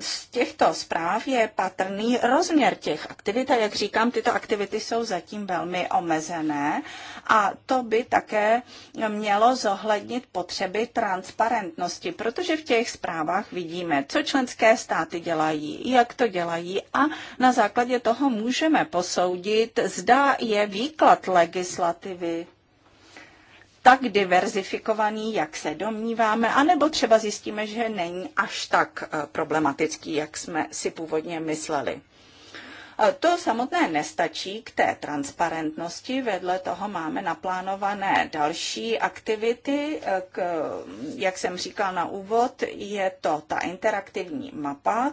z těchto zpráv je patrný rozměr těch aktivit a jak říkám, tyto aktivity jsou zatím velmi omezené a to by také mělo zohlednit potřeby transparentnosti, protože v těch zprávách vidíme, co členské státy dělají, jak to dělají a na základě toho můžeme posoudit, zda je výklad legislativy tak diverzifikovaný, jak se domníváme, anebo třeba zjistíme, že není až tak eh, problematický, jak jsme si původně mysleli. Eh, to samotné nestačí k té transparentnosti. Vedle toho máme naplánované další aktivity. Eh, k, jak jsem říkal na úvod, je to ta interaktivní mapa,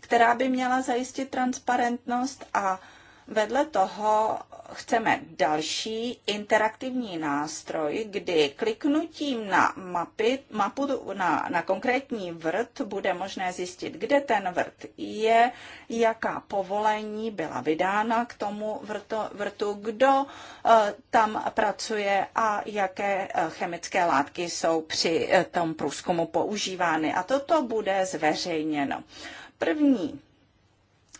která by měla zajistit transparentnost a vedle toho chceme další interaktivní nástroj, kdy kliknutím na mapy, mapu na, na konkrétní vrt bude možné zjistit, kde ten vrt je, jaká povolení byla vydána k tomu vrto, vrtu, kdo eh, tam pracuje a jaké eh, chemické látky jsou při eh, tom průzkumu používány. A toto bude zveřejněno. První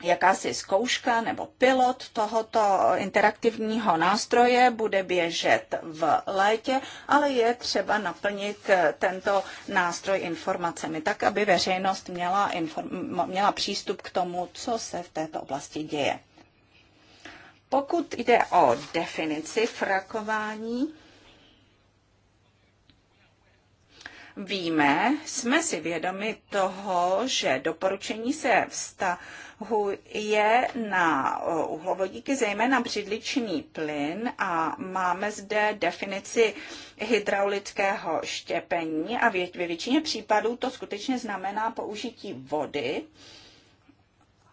jakási zkouška nebo pilot tohoto interaktivního nástroje bude běžet v létě, ale je třeba naplnit eh, tento nástroj informacemi tak, aby veřejnost měla, inform- měla přístup k tomu, co se v této oblasti děje. Pokud jde o definici frakování, víme, jsme si vědomi toho, že doporučení se vztahuje je na uhlovodíky, zejména břidličný plyn a máme zde definici hydraulického štěpení a ve většině případů to skutečně znamená použití vody,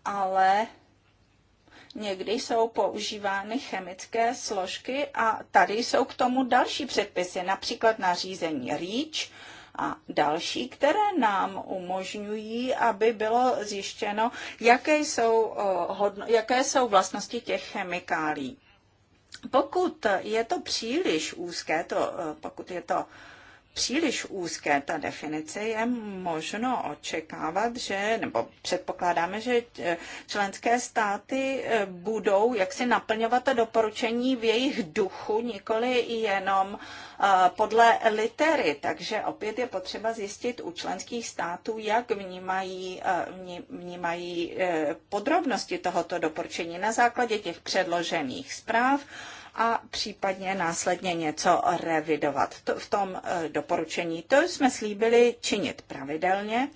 ale někdy jsou používány chemické složky a tady jsou k tomu další předpisy, například nařízení REACH, a další, které nám umožňují, aby bylo zjištěno, jaké jsou, hodno, jaké jsou vlastnosti těch chemikálí. Pokud je to příliš úzké, to, pokud je to příliš úzké ta definice, je možno očekávat, že, nebo předpokládáme, že e, členské státy e, budou jaksi naplňovat ta doporučení v jejich duchu, nikoli jenom e, podle litery. Takže opět je potřeba zjistit u členských států, jak vnímají, vnímají podrobnosti tohoto doporučení na základě těch předložených zpráv a případně následně něco revidovat. To, v tom eh, doporučení to jsme slíbili činit pravidelně,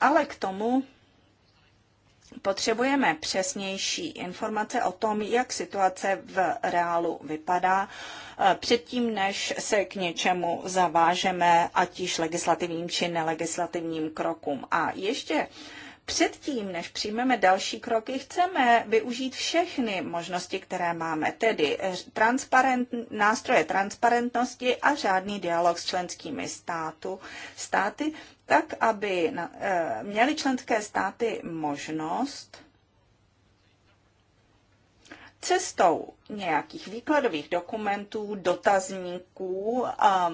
ale k tomu Potřebujeme přesnější informace o tom, jak situace v reálu vypadá, eh, předtím, než se k něčemu zavážeme, ať již legislativním či nelegislativním krokům. A ještě předtím, než přijmeme další kroky, chceme využít všechny možnosti, které máme, tedy eh, transparent, nástroje transparentnosti a řádný dialog s členskými státu, státy, tak, aby eh, měly členské státy možnost cestou nějakých výkladových dokumentů, dotazníků, eh,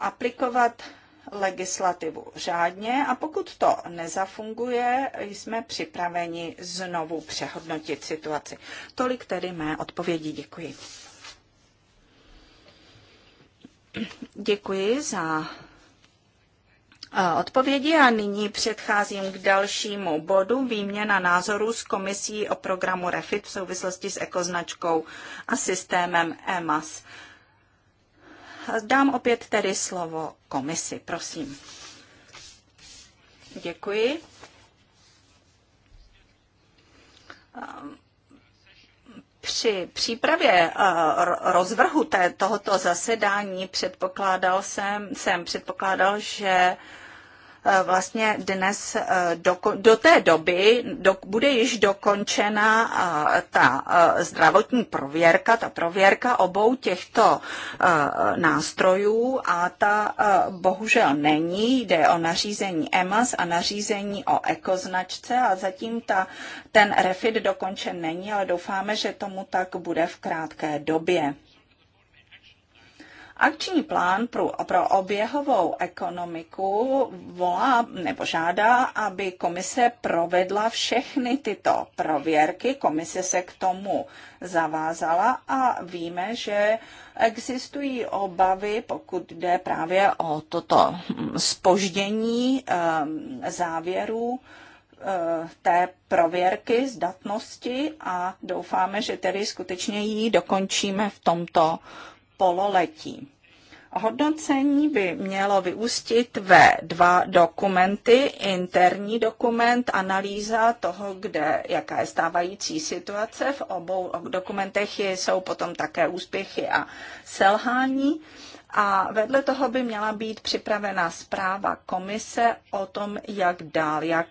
aplikovat legislativu řádně a pokud to nezafunguje, jsme připraveni znovu přehodnotit situaci. Tolik tedy mé odpovědi. Děkuji. Děkuji za eh, odpovědi a nyní předcházím k dalšímu bodu výměna názorů s komisí o programu REFIT v souvislosti s ekoznačkou a systémem EMAS. Dám opět tedy slovo komisi, prosím. Děkuji. Při přípravě eh, rozvrhu té, tohoto zasedání předpokládal jsem, jsem předpokládal, že Eh, vlastně dnes eh, do, do té doby do, bude již dokončena eh, ta zdravotní prověrka, ta prověrka obou těchto nástrojů a ta bohužel není. Jde o nařízení EMAS a nařízení o ekoznačce a zatím ta, ten refit dokončen není, ale doufáme, že tomu tak bude v krátké době. Akční plán pro, pro oběhovou ekonomiku volá nebo žádá, aby komise provedla všechny tyto prověrky. Komise se k tomu zavázala a víme, že existují obavy, pokud jde právě o toto spoždění ehm, závěrů eh, té prověrky zdatnosti a doufáme, že tedy skutečně ji dokončíme v tomto pololetí. Hodnocení by mělo vyústit ve dva dokumenty. Interní dokument, analýza toho, kde, jaká je stávající situace. V obou dokumentech jsou potom také úspěchy a selhání. A vedle toho by měla být připravena zpráva komise o tom, jak dál, jak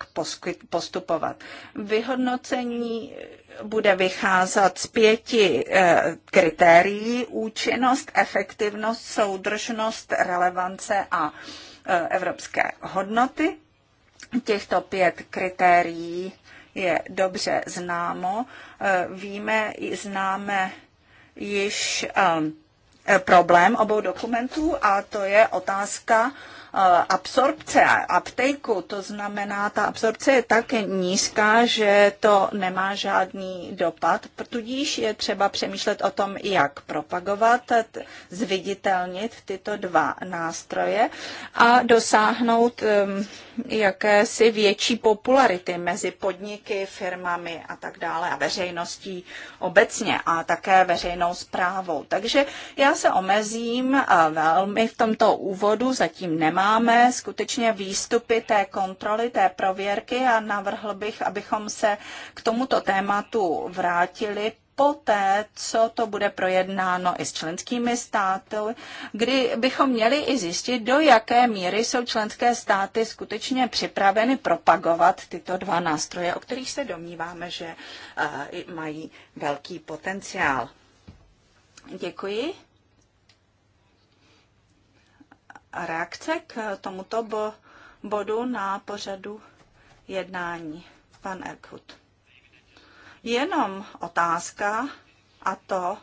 postupovat. Vyhodnocení bude vycházet z pěti eh, kritérií účinnost, efektivnost, soudržnost, relevance a eh, evropské hodnoty. Těchto pět kritérií je dobře známo. Eh, víme, známe již Eh, problém obou dokumentů a to je otázka Eh, absorpce a uptakeu, to znamená, ta absorpce je tak nízká, že to nemá žádný dopad, tudíž je třeba přemýšlet o tom, jak propagovat, zviditelnit tyto dva nástroje a dosáhnout eh, jakési větší popularity mezi podniky, firmami a tak dále a veřejností obecně a také veřejnou zprávou. Takže já se omezím velmi v tomto úvodu, zatím nemám máme skutečně výstupy té kontroly, té prověrky a navrhl bych, abychom se k tomuto tématu vrátili poté, co to bude projednáno i s členskými státy, kdy bychom měli i zjistit, do jaké míry jsou členské státy skutečně připraveny propagovat tyto dva nástroje, o kterých se domníváme, že eh, mají velký potenciál. Děkuji reakce k tomuto bo, bodu na pořadu jednání, pan Erkut. Jenom otázka a to,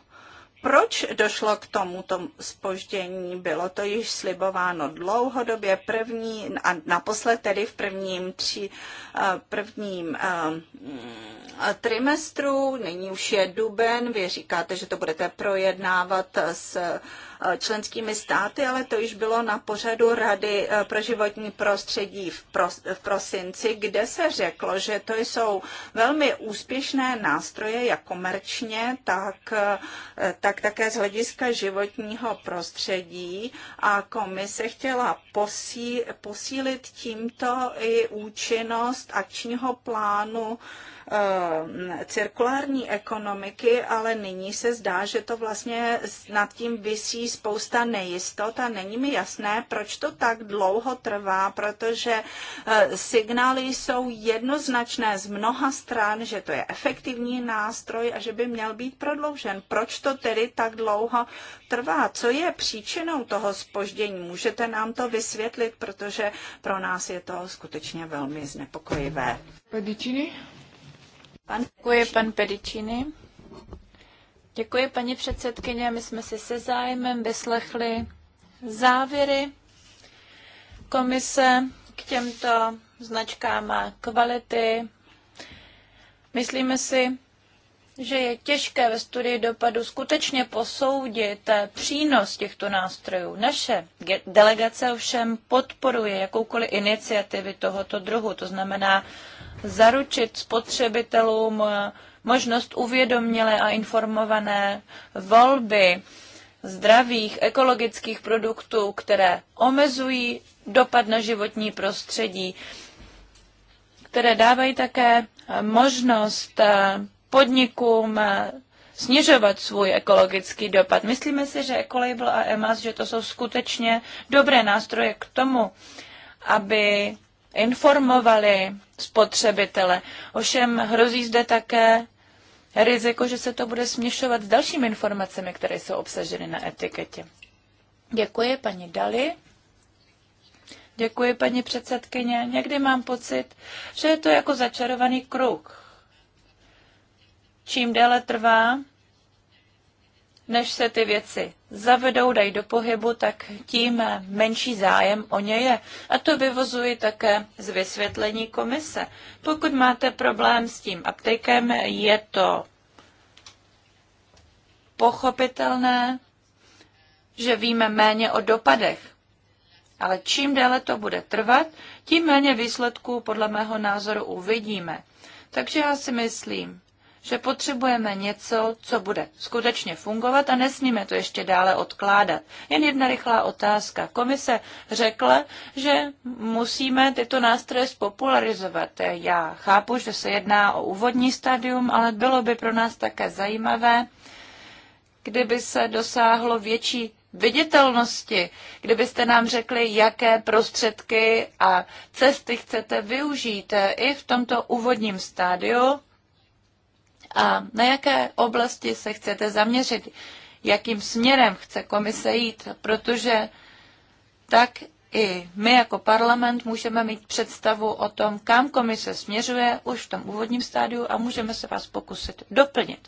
proč došlo k tomuto spoždění? Bylo to již slibováno dlouhodobě, první a naposled tedy v prvním, tři, eh, prvním eh, trimestru, nyní už je duben, vy říkáte, že to budete projednávat s Eh, členskými státy, ale to již bylo na pořadu Rady eh, pro životní prostředí v, pros, v prosinci, kde se řeklo, že to jsou velmi úspěšné nástroje, jak komerčně, tak, eh, tak také z hlediska životního prostředí a komise chtěla posí, posílit tímto i účinnost akčního plánu Eh, cirkulární ekonomiky, ale nyní se zdá, že to vlastně nad tím vysí spousta nejistot a není mi jasné, proč to tak dlouho trvá, protože eh, signály jsou jednoznačné z mnoha stran, že to je efektivní nástroj a že by měl být prodloužen. Proč to tedy tak dlouho trvá? Co je příčinou toho spoždění? Můžete nám to vysvětlit, protože pro nás je to skutečně velmi znepokojivé. Pedicini? Pan... Děkuji, pan Pedicini. Děkuji, paní předsedkyně. My jsme si se zájmem vyslechli závěry komise k těmto značkám a kvality. Myslíme si, že je těžké ve studii dopadu skutečně posoudit přínos těchto nástrojů. Naše delegace ovšem podporuje jakoukoliv iniciativy tohoto druhu, to znamená zaručit spotřebitelům eh, možnost uvědomělé a informované volby zdravých ekologických produktů, které omezují dopad na životní prostředí, které dávají také eh, možnost eh, podnikům snižovat svůj ekologický dopad. Myslíme si, že Ecolabel a EMAS, že to jsou skutečně dobré nástroje k tomu, aby informovali spotřebitele. Ovšem hrozí zde také riziko, že se to bude směšovat s dalšími informacemi, které jsou obsaženy na etiketě. Děkuji paní Dali. Děkuji paní předsedkyně. Někdy mám pocit, že je to jako začarovaný kruh. Čím déle trvá, než se ty věci zavedou, dají do pohybu, tak tím menší zájem o ně je. A to vyvozuji také z vysvětlení komise. Pokud máte problém s tím aptekem, je to pochopitelné, že víme méně o dopadech. Ale čím déle to bude trvat, tím méně výsledků podle mého názoru uvidíme. Takže já si myslím, že potřebujeme něco, co bude skutečně fungovat a nesmíme to ještě dále odkládat. Jen jedna rychlá otázka. Komise řekla, že musíme tyto nástroje spopularizovat. Já chápu, že se jedná o úvodní stadium, ale bylo by pro nás také zajímavé, kdyby se dosáhlo větší viditelnosti, kdybyste nám řekli, jaké prostředky a cesty chcete využít i v tomto úvodním stádiu, a na jaké oblasti se chcete zaměřit, jakým směrem chce komise jít, protože tak i my jako parlament můžeme mít představu o tom, kam komise směřuje už v tom úvodním stádiu a můžeme se vás pokusit doplnit.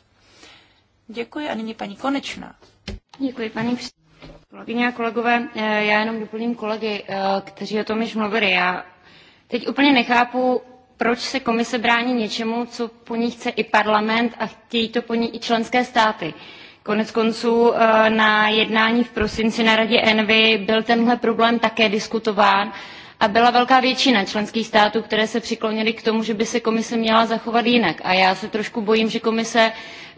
Děkuji a nyní paní Konečná. Děkuji paní Kolegyně a kolegové, eh, já jenom doplním kolegy, eh, kteří o tom již mluvili. Já teď úplně nechápu, proč se komise brání něčemu, co po ní chce i parlament a chtějí to po ní i členské státy. Konec konců eh, na jednání v prosinci na radě Envy byl tenhle problém také diskutován a byla velká většina členských států, které se přiklonily k tomu, že by se komise měla zachovat jinak. A já se trošku bojím, že komise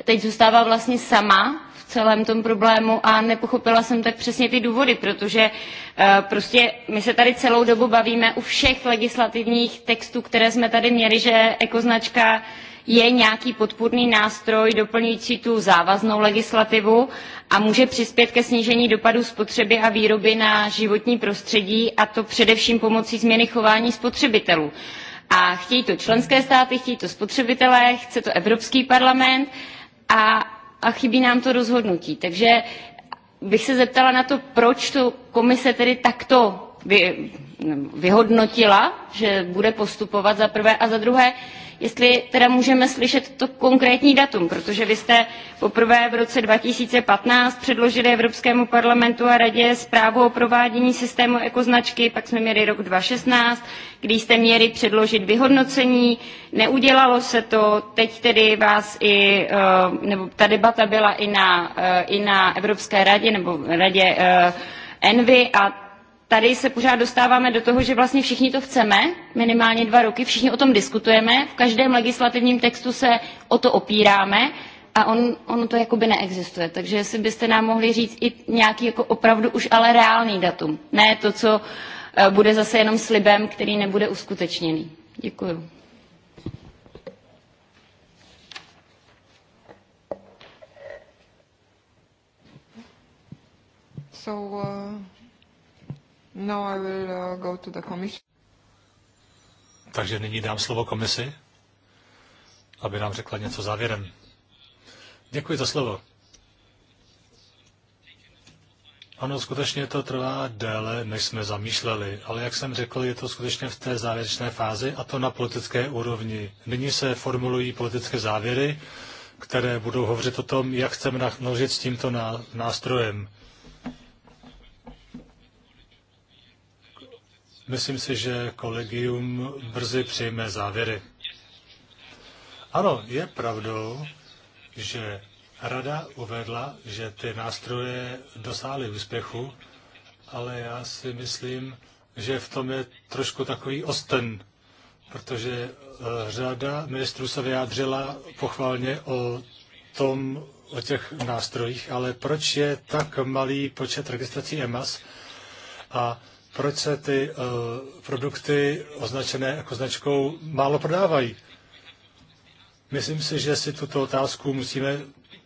teď zůstává vlastně sama celém tom problému a nepochopila jsem tak přesně ty důvody, protože eh, prostě my se tady celou dobu bavíme u všech legislativních textů, které jsme tady měli, že ekoznačka je nějaký podpůrný nástroj doplňující tu závaznou legislativu a může přispět ke snížení dopadu spotřeby a výroby na životní prostředí a to především pomocí změny chování spotřebitelů. A chtějí to členské státy, chtějí to spotřebitelé, chce to Evropský parlament a a chybí nám to rozhodnutí. Takže bych se zeptala na to, proč to komise tedy takto vy, vyhodnotila, že bude postupovat za prvé a za druhé, jestli teda můžeme slyšet to konkrétní datum, protože vy jste poprvé v roce 2015 předložili Evropskému parlamentu a radě zprávu o provádění systému ekoznačky, pak jsme měli rok 2016, kdy jste měli předložit vyhodnocení, neudělalo se to, teď tedy vás i, eh, nebo ta debata byla i na, eh, i na Evropské radě nebo radě eh, Envy a tady se pořád dostáváme do toho, že vlastně všichni to chceme, minimálně dva roky, všichni o tom diskutujeme, v každém legislativním textu se o to opíráme a on, ono to jakoby neexistuje. Takže jestli byste nám mohli říct i nějaký jako opravdu už ale reálný datum, ne to, co eh, bude zase jenom slibem, který nebude uskutečněný. Děkuju. So, uh... No, I will uh, go to the commission. Takže nyní dám slovo komisi, aby nám řekla něco závěrem. Děkuji za slovo. Ano, skutečně to trvá déle, než jsme zamýšleli, ale jak jsem řekl, je to skutečně v té závěrečné fázi a to na politické úrovni. Nyní se formulují politické závěry, které budou hovořit o tom, jak chceme naložit s tímto nástrojem. Myslím si, že kolegium brzy přijme závěry. Ano, je pravdou, že rada uvedla, že ty nástroje dosáhly úspěchu, ale já si myslím, že v tom je trošku takový osten, protože eh, řada ministrů se vyjádřila pochválně o tom, o těch nástrojích, ale proč je tak malý počet registrací EMAS a proč se ty uh, produkty označené jako značkou málo prodávají. Myslím si, že si tuto otázku musíme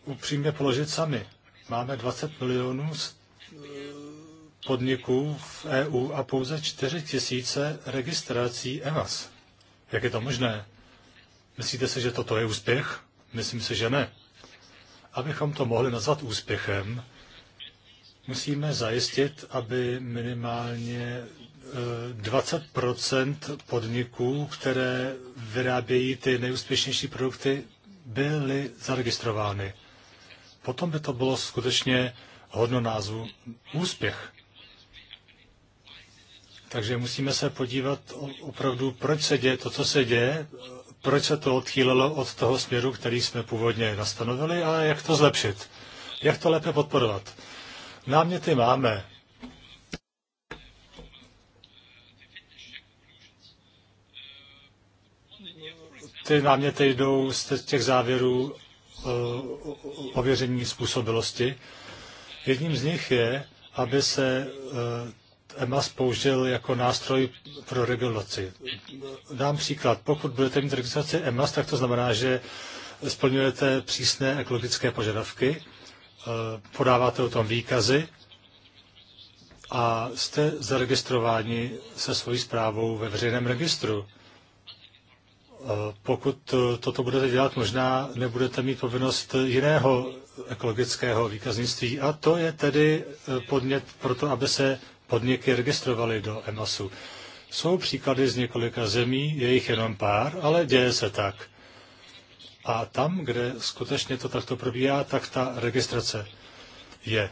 upřímně položit sami. Máme 20 milionů eh, podniků v EU a pouze 4 tisíce registrací EMAS. Jak je to možné? Myslíte si, že toto je úspěch? Myslím si, že ne. Abychom to mohli nazvat úspěchem, Musíme zajistit, aby minimálně 20 e, podniků, které vyrábějí ty nejúspěšnější produkty, byly zaregistrovány. Potom by to bylo skutečně hodno názvu úspěch. Takže musíme se podívat opravdu, proč se děje to, co se děje, proč se to odchýlilo od toho směru, který jsme původně nastanovili a jak to zlepšit. Jak to lépe podporovat. Náměty máme. Ty náměty jdou z těch závěrů eh, ověření způsobilosti. Jedním z nich je, aby se eh, EMAS použil jako nástroj pro regulaci. Dám příklad. Pokud budete mít registraci EMAS, tak to znamená, že splňujete přísné ekologické požadavky Eh, podáváte o tom výkazy a jste zaregistrováni se svojí zprávou ve veřejném registru. Eh, pokud toto budete dělat, možná nebudete mít povinnost jiného ekologického výkaznictví a to je tedy eh, podnět pro to, aby se podniky registrovaly do EMASu. Jsou příklady z několika zemí, je jich jenom pár, ale děje se tak. A tam, kde skutečně to takto probíhá, tak ta registrace je.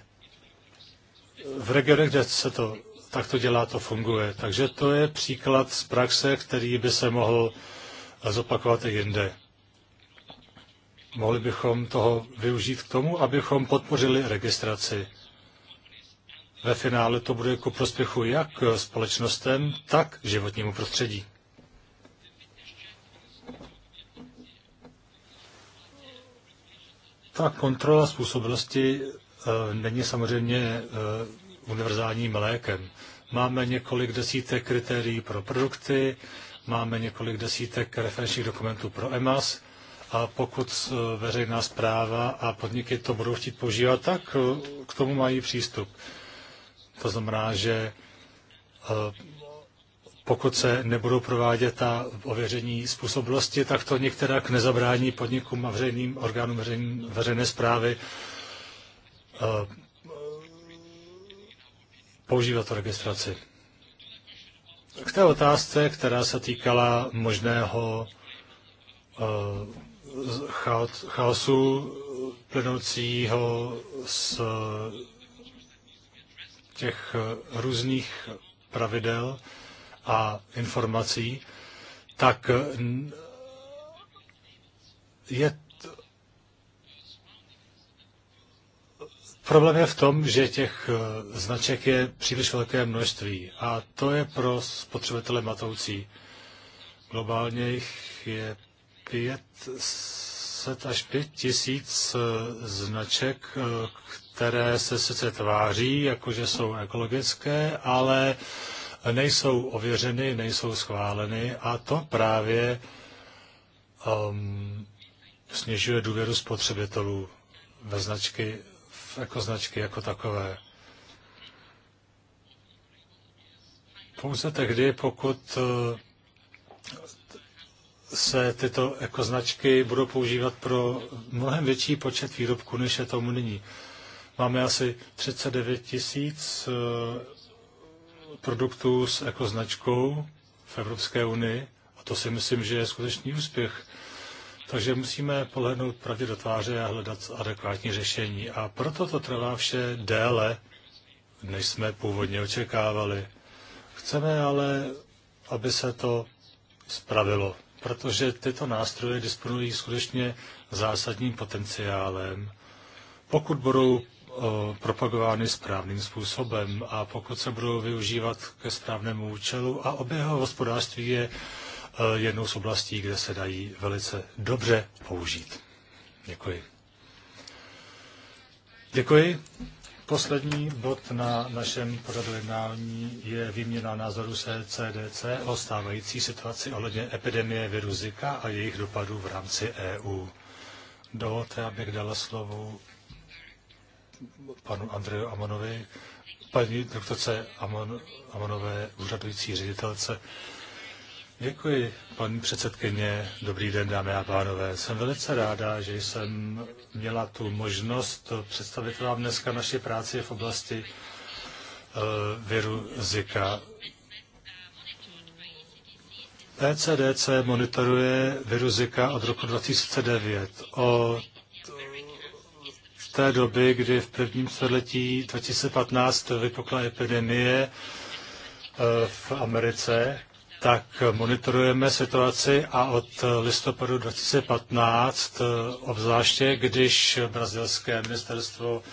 V regionech, kde se to takto dělá, to funguje. Takže to je příklad z praxe, který by se mohl zopakovat i jinde. Mohli bychom toho využít k tomu, abychom podpořili registraci. Ve finále to bude ku prospěchu jak společnostem, tak životnímu prostředí. Ta kontrola způsobilosti eh, není samozřejmě eh, univerzálním lékem. Máme několik desítek kritérií pro produkty, máme několik desítek referenčních dokumentů pro EMAS a pokud eh, veřejná zpráva a podniky to budou chtít používat, tak k tomu mají přístup. To znamená, že pokud se nebudou provádět ta ověření způsobilosti, tak to některak nezabrání podnikům a veřejným orgánům veřejný, veřejné zprávy eh, používat registraci. K té otázce, která se týkala možného eh, chaosu plynoucího z těch různých pravidel, a informací, tak je Problém je v tom, že těch e, značek je příliš velké množství a to je pro spotřebitele matoucí. Globálně jich je 500 až 5 tisíc e, značek, e, které se sice tváří, jakože jsou ekologické, ale nejsou ověřeny, nejsou schváleny a to právě um, snižuje důvěru spotřebitelů ve značky, v ekoznačky jako takové. Pouze tehdy, pokud uh, se tyto ekoznačky budou používat pro mnohem větší počet výrobků, než je tomu nyní. Máme asi 39 tisíc produktů s ekoznačkou v Evropské unii a to si myslím, že je skutečný úspěch. Takže musíme pohlednout pravdě do tváře a hledat adekvátní řešení. A proto to trvá vše déle, než jsme původně očekávali. Chceme ale, aby se to spravilo, protože tyto nástroje disponují skutečně zásadním potenciálem. Pokud budou propagovány správným způsobem a pokud se budou využívat ke správnému účelu a oběho hospodářství je e, jednou z oblastí, kde se dají velice dobře použít. Děkuji. Děkuji. Poslední bod na našem pořadu jednání je výměna názoru se CDC o stávající situaci ohledně epidemie viru Zika a jejich dopadů v rámci EU. Dovolte, abych dala slovo panu Andreju Amanovi, paní doktorce Aman, Amanové, úřadující ředitelce. Děkuji, paní předsedkyně. Dobrý den, dámy a pánové. Jsem velice ráda, že jsem měla tu možnost představit vám dneska naši práci v oblasti eh, viru Zika. ECDC monitoruje viru Zika od roku 2009. O té doby, kdy v prvním století 2015 vypukla epidemie eh, v Americe, tak monitorujeme situaci a od listopadu 2015, eh, obzvláště když brazilské ministerstvo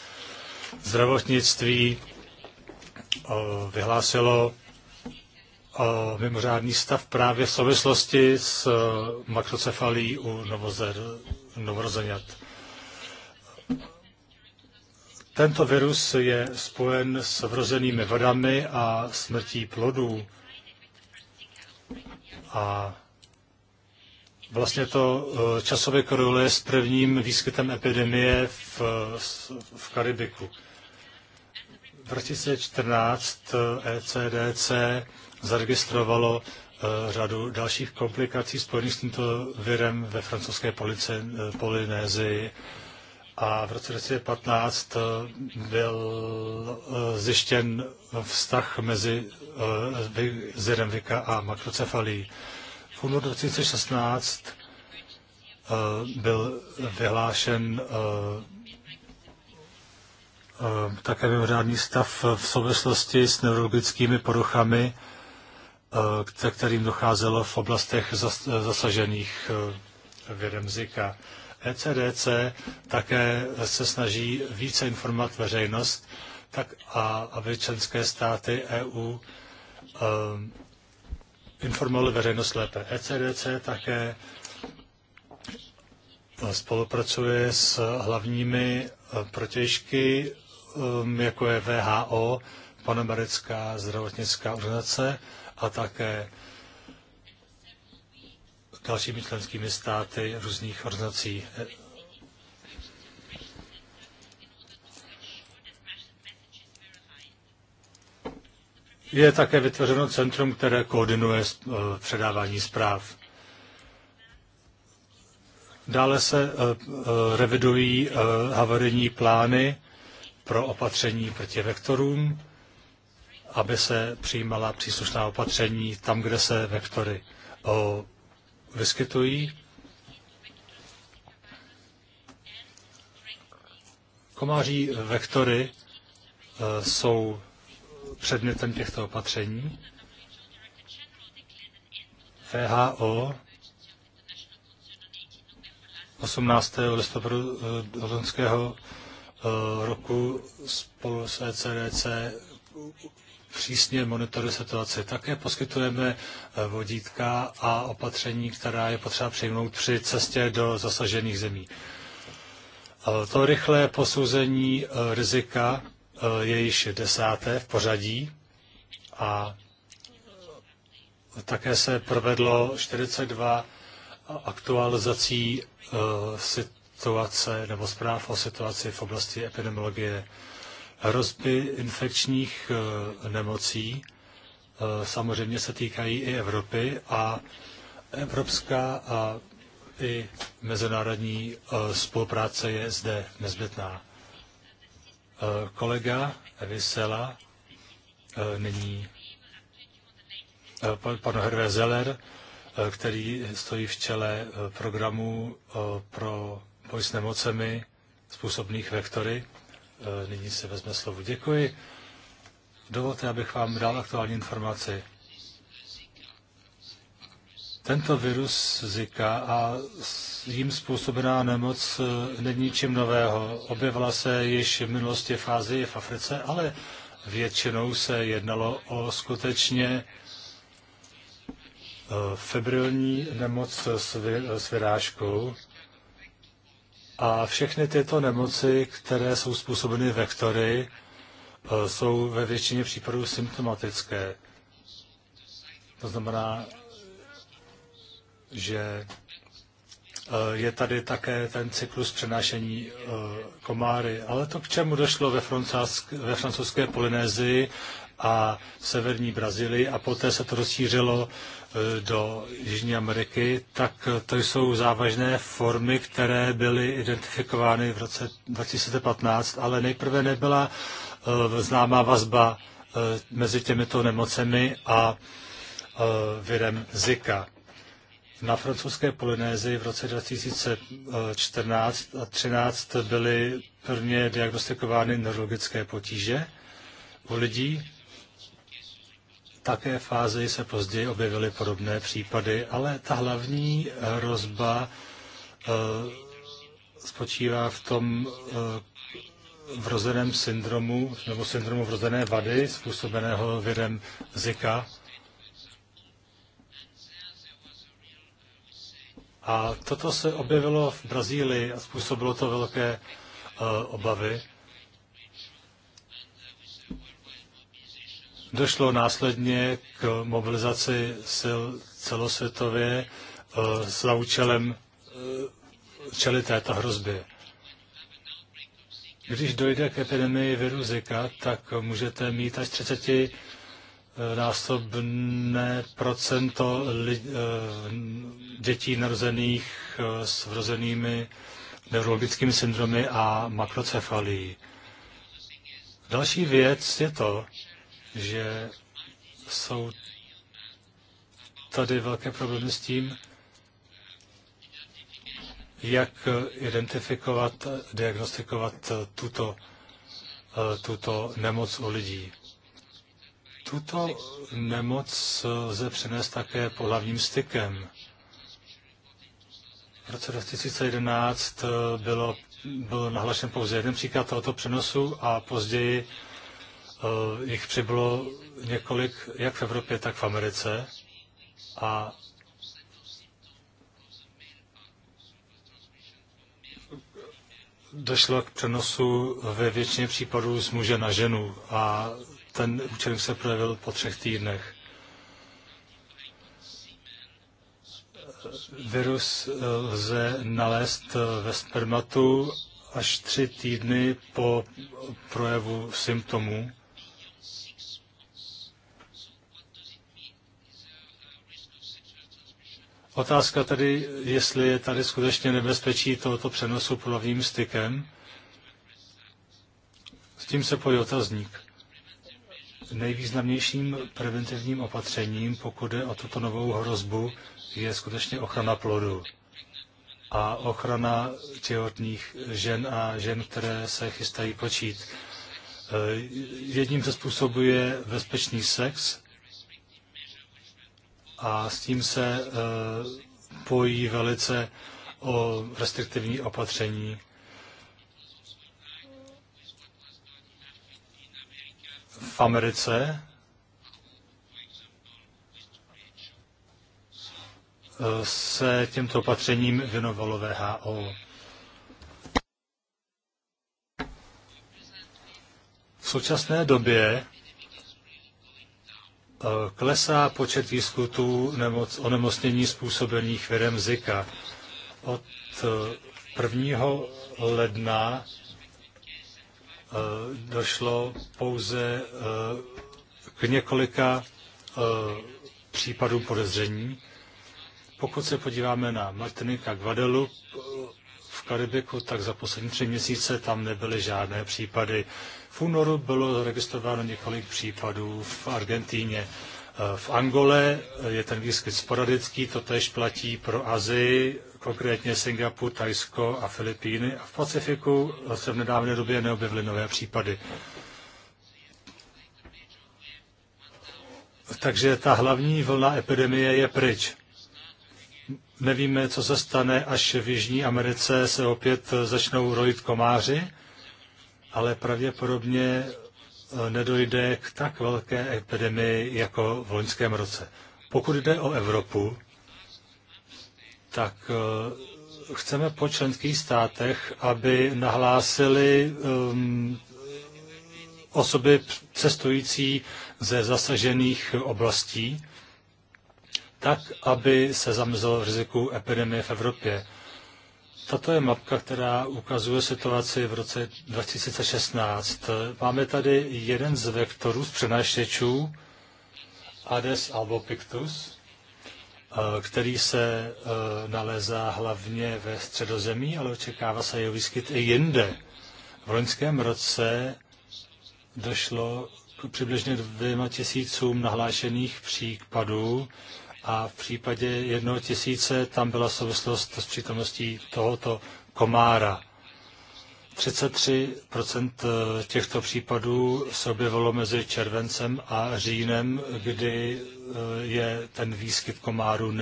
zdravotnictví eh, vyhlásilo mimořádný stav právě v souvislosti s makrocefalí u novorozenat. Tento virus je spojen s vrozenými vadami a smrtí plodů. A vlastně to eh, časově koreluje s prvním výskytem epidemie v, v Karibiku. V roce 2014 ECDC eh, e zaregistrovalo eh, řadu dalších komplikací spojených s tímto virem ve francouzské polici, Polynézii a v roce 2015 eh, byl eh, zjištěn vztah mezi eh, zirem Vika a makrocefalí. V únoru 2016 byl vyhlášen také mimořádný stav v souvislosti s neurologickými poruchami, ke kterým docházelo v oblastech zasažených virem Zika. ECDC také se snaží více informovat veřejnost, tak a aby členské státy EU um, eh, veřejnost lépe. ECDC také eh, spolupracuje s hlavními eh, protěžky, um, jako je VHO, Panamerická zdravotnická organizace a také dalšími členskými státy různých organizací. Je také vytvořeno centrum, které koordinuje eh, předávání zpráv. Dále se eh, eh, revidují havarijní plány pro opatření proti vektorům, aby se přijímala příslušná opatření tam, kde se vektory vyskytují. Komáří vektory eh, jsou předmětem těchto opatření. VHO e 18. listopadu eh, loňského eh, roku spolu s ECDC přísně monitoruje situaci. Také poskytujeme eh, vodítka a opatření, která je potřeba přijmout při cestě do zasažených zemí. Eh, to rychlé posouzení eh, rizika je již desáté v pořadí a také se provedlo 42 aktualizací situace nebo zpráv o situaci v oblasti epidemiologie Hrozby infekčních eh, nemocí eh, samozřejmě se týkají i Evropy a evropská a i mezinárodní eh, spolupráce je zde nezbytná. Kolega Vysela, nyní pan Hervé Zeller, který stojí v čele programu pro boj s nemocemi způsobných vektory, E, nyní se vezme slovo. Děkuji. Dovolte, abych vám dal aktuální informaci. Tento virus Zika a jím způsobená nemoc e, není ničím nového. Objevila se již v minulosti v Ázii, v Africe, ale většinou se jednalo o skutečně e, febrilní nemoc s, s vyrážkou. A všechny tyto nemoci, které jsou způsobeny vektory, e, jsou ve většině případů symptomatické. To znamená, že e, je tady také ten cyklus přenášení e, komáry. Ale to, k čemu došlo ve, francouzské, ve francouzské Polynézii, a severní Brazílii a poté se to rozšířilo eh, do Jižní Ameriky, tak eh, to jsou závažné formy, které byly identifikovány v roce 2015, ale nejprve nebyla eh, známá vazba mezi těmito nemocemi a virem Zika. Na francouzské Polynézii v roce 2014 a 2013 byly prvně diagnostikovány neurologické potíže u lidí také fázi se později objevily podobné případy, ale ta hlavní eh, hrozba eh, spočívá v tom eh, vrozeném syndromu nebo syndromu vrozené vady způsobeného virem Zika. A toto se objevilo v Brazílii a způsobilo to velké obavy. Došlo následně k mobilizaci sil celosvětově eh, s účelem eh, čeli této hrozbě. Když dojde k epidemii viru Zika, tak můžete mít až 30 eh, násobné procento dětí narozených s vrozenými neurologickými syndromy a makrocefalií. Další věc je to, že jsou tady velké problémy s tím, jak identifikovat, diagnostikovat tuto, tuto nemoc u lidí. Tuto nemoc lze přenést také pohlavním stykem. V roce 2011 bylo, byl nahlašen pouze jeden příklad tohoto přenosu a později Eh, jich přibylo několik jak v Evropě, tak v Americe a došlo k přenosu ve většině případů z muže na ženu a ten účinek se projevil po třech týdnech. Virus eh, lze nalézt eh, ve spermatu až tři týdny po projevu symptomů Otázka tedy, jestli je tady skutečně nebezpečí tohoto přenosu plavým stykem. S tím se pojí otazník. Nejvýznamnějším preventivním opatřením, pokud je o tuto novou hrozbu, je skutečně ochrana plodu a ochrana těhotných žen a žen, které se chystají počít. E, jedním ze způsobů je bezpečný sex, a s tím se eh, pojí velice o restriktivní opatření. V Americe se těmto opatřením věnovalo VHO. V současné době klesá počet výskutů nemoc, onemocnění způsobených virem Zika. Od 1. E, ledna e, došlo pouze e, k několika případům podezření. Pokud se podíváme na Martinika a v Karibiku, tak za poslední tři měsíce tam nebyly žádné případy. V únoru bylo zaregistrováno několik případů v Argentíně. Eh, v Angole eh, je ten výskyt sporadický, to tež platí pro Azii, konkrétně Singapur, Tajsko a Filipíny. A v Pacifiku se v nedávné době neobjevily nové případy. Takže ta hlavní vlna epidemie je pryč. Nevíme, co se stane, až v Jižní Americe se opět začnou rojit komáři, ale pravděpodobně eh, nedojde k tak velké epidemii jako v loňském roce. Pokud jde o Evropu, tak eh, chceme po členských státech, aby nahlásili um, osoby cestující ze zasažených oblastí, tak, aby se zamezilo riziku epidemie v Evropě. Tato je mapka, která ukazuje situaci v roce 2016. Máme tady jeden z vektorů z přenášečů Ades albopictus, eh, který se eh, nalézá hlavně ve středozemí, ale očekává se jeho výskyt i jinde. V loňském roce došlo k přibližně dvěma tisícům nahlášených případů a v případě jednoho tisíce tam byla souvislost s přítomností tohoto komára. 33 eh, těchto případů se objevilo mezi červencem a říjnem, kdy eh, je ten výskyt komáru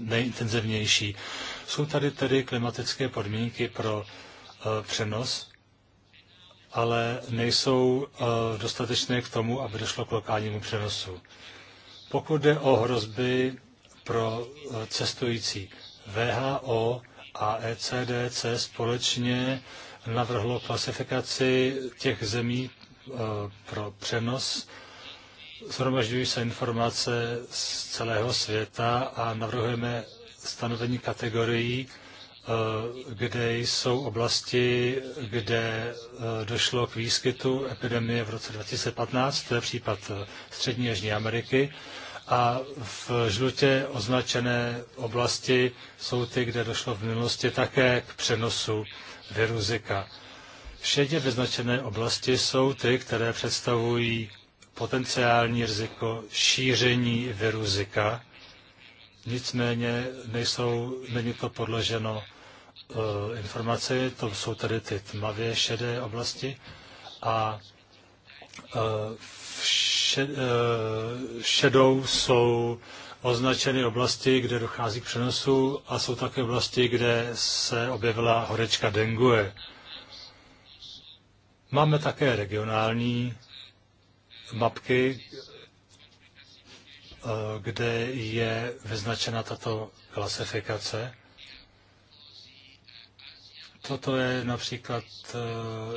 nejintenzivnější. Jsou tady tedy klimatické podmínky pro eh, přenos, ale nejsou dostatečné k tomu, aby došlo k lokálnímu přenosu. Pokud jde o hrozby pro eh, cestující. VHO a ECDC společně navrhlo klasifikaci těch zemí eh, pro přenos. Zhromažďují se informace z celého světa a navrhujeme stanovení kategorií, eh, kde jsou oblasti, kde došlo k výskytu epidemie v roce 2015, to je případ Střední Jižní Ameriky a v žlutě označené oblasti jsou ty, kde došlo v minulosti také k přenosu viru Zika. vyznačené oblasti jsou ty, které představují potenciální riziko šíření viru Zika, nicméně nejsou, není to podloženo e, informace, to jsou tady ty tmavě šedé oblasti a e, Eh, šedou jsou označeny oblasti, kde dochází k přenosu a jsou také oblasti, kde se objevila horečka dengue. Máme také regionální mapky, eh, kde je vyznačena tato klasifikace. Toto je například eh,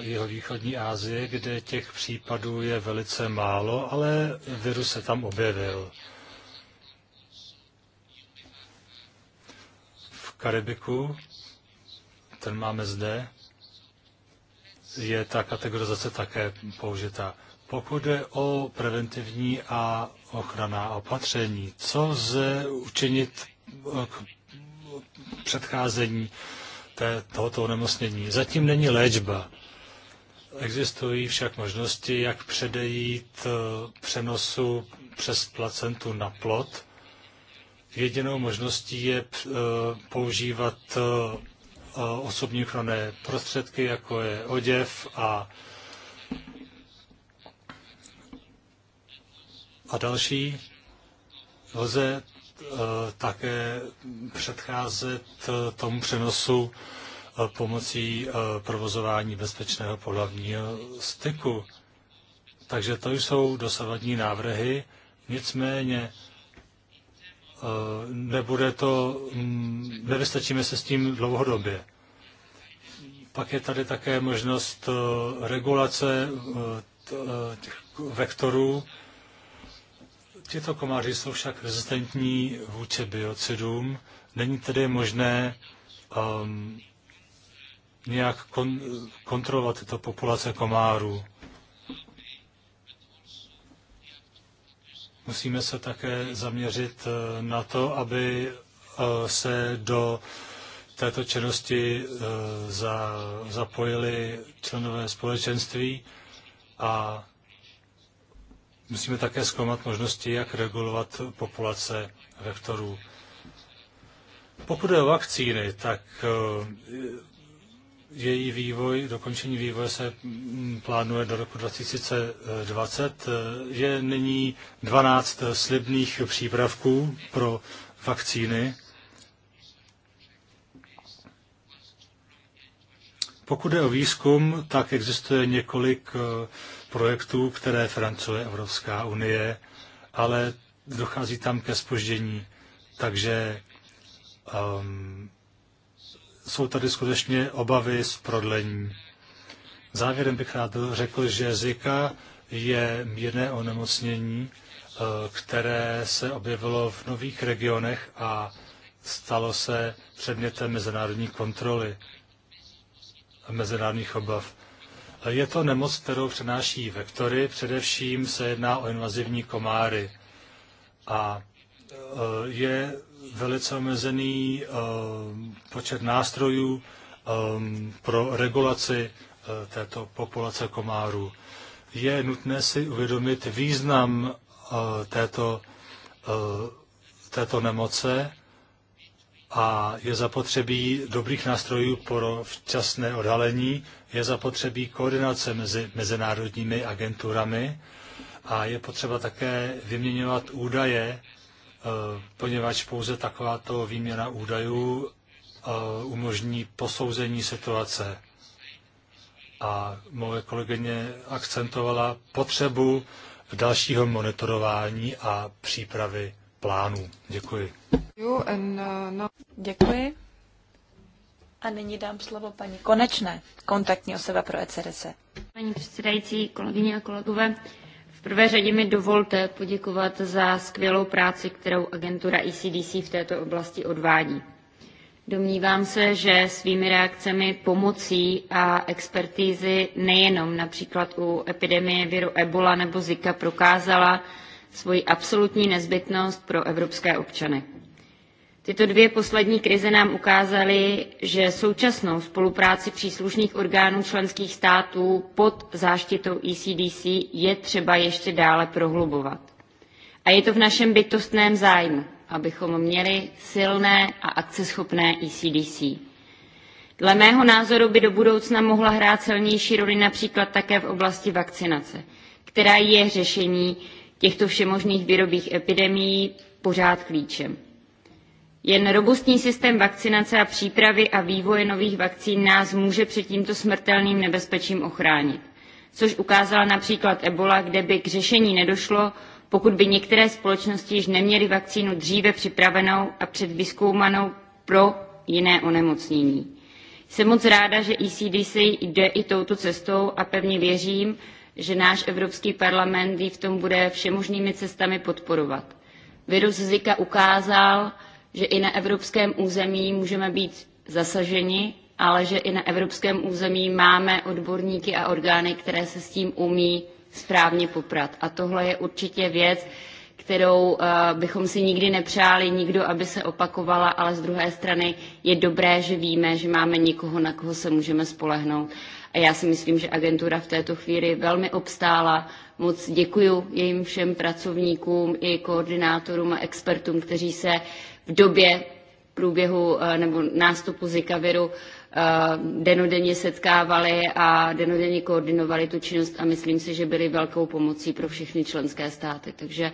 jeho východní Asie, kde těch případů je velice málo, ale virus se tam objevil. V Karibiku, ten máme zde, je ta kategorizace také použita. Pokud je o preventivní a ochranná opatření, co lze učinit k předcházení té, tohoto onemocnění. Zatím není léčba. Existují však možnosti, jak předejít eh, přenosu přes placentu na plod. Jedinou možností je eh, používat eh, osobní ochranné prostředky, jako je oděv a, a další. Lze Eh, také předcházet eh, tomu přenosu eh, pomocí provozování bezpečného pohlavního styku. Takže to jsou dosavadní návrhy, nicméně nebude to, mm, nevystačíme se s tím dlouhodobě. Pak je tady také možnost regulace těch vektorů, Tyto komáři jsou však rezistentní vůči biocidům. Není tedy možné um, nějak kon, kontrolovat tyto populace komárů. Musíme se také zaměřit eh, na to, aby eh, se do této činnosti eh, za, zapojili členové společenství a Musíme také zkoumat možnosti, jak regulovat populace vektorů. Pokud je o vakcíny, tak eh, její vývoj, dokončení vývoje se mm, plánuje do roku 2020. Eh, je nyní 12 slibných přípravků pro vakcíny. Pokud je o výzkum, tak existuje několik eh, projektů, které francuje Evropská unie, ale dochází tam ke spoždění. Takže um, jsou tady skutečně obavy z prodlení. Závěrem bych rád řekl, že Zika je mírné onemocnění, uh, které se objevilo v nových regionech a stalo se předmětem mezinárodní kontroly a mezinárodních obav. Je to nemoc, kterou přenáší vektory, především se jedná o invazivní komáry. A eh, je velice omezený eh, počet nástrojů eh, pro regulaci této populace komárů. Je nutné si uvědomit význam této, této nemoce a je zapotřebí dobrých nástrojů pro včasné odhalení, je zapotřebí koordinace mezi mezinárodními agenturami a je potřeba také vyměňovat údaje, e, poněvadž pouze takováto výměna údajů e, umožní posouzení situace. A moje kolegyně akcentovala potřebu dalšího monitorování a přípravy plánů. Děkuji. Děkuji. A nyní dám slovo paní Konečné, kontaktní osoba pro ECDC. Paní předsedající, kolegyně a kolegové, v prvé řadě mi dovolte poděkovat za skvělou práci, kterou agentura ECDC v této oblasti odvádí. Domnívám se, že svými reakcemi, pomocí a expertízy nejenom například u epidemie viru Ebola nebo Zika prokázala svoji absolutní nezbytnost pro evropské občany. Tyto dvě poslední krize nám ukázaly, že současnou spolupráci příslušných orgánů členských států pod záštitou ECDC je třeba ještě dále prohlubovat. A je to v našem bytostném zájmu, abychom měli silné a akceschopné ECDC. Dle mého názoru by do budoucna mohla hrát silnější roli například také v oblasti vakcinace, která je řešení těchto všemožných výrobých epidemií pořád klíčem. Jen robustní systém vakcinace a přípravy a vývoje nových vakcín nás může před tímto smrtelným nebezpečím ochránit, což ukázala například Ebola, kde by k řešení nedošlo, pokud by některé společnosti již neměly vakcínu dříve připravenou a předvyzkoumanou pro jiné onemocnění. Jsem moc ráda, že ECDC jde i touto cestou a pevně věřím, že náš Evropský parlament ji v tom bude všemožnými cestami podporovat. Virus Zika ukázal, že i na evropském území můžeme být zasaženi, ale že i na evropském území máme odborníky a orgány, které se s tím umí správně poprat. A tohle je určitě věc, kterou eh, bychom si nikdy nepřáli, nikdo, aby se opakovala, ale z druhé strany je dobré, že víme, že máme někoho, na koho se můžeme spolehnout. A já si myslím, že agentura v této chvíli velmi obstála. Moc děkuji jejím všem pracovníkům i koordinátorům a expertům, kteří se v době průběhu eh, nebo nástupu Zika viru Eh, denodenně setkávali a denodenně koordinovali tu činnost a myslím si, že byli velkou pomocí pro všechny členské státy. Takže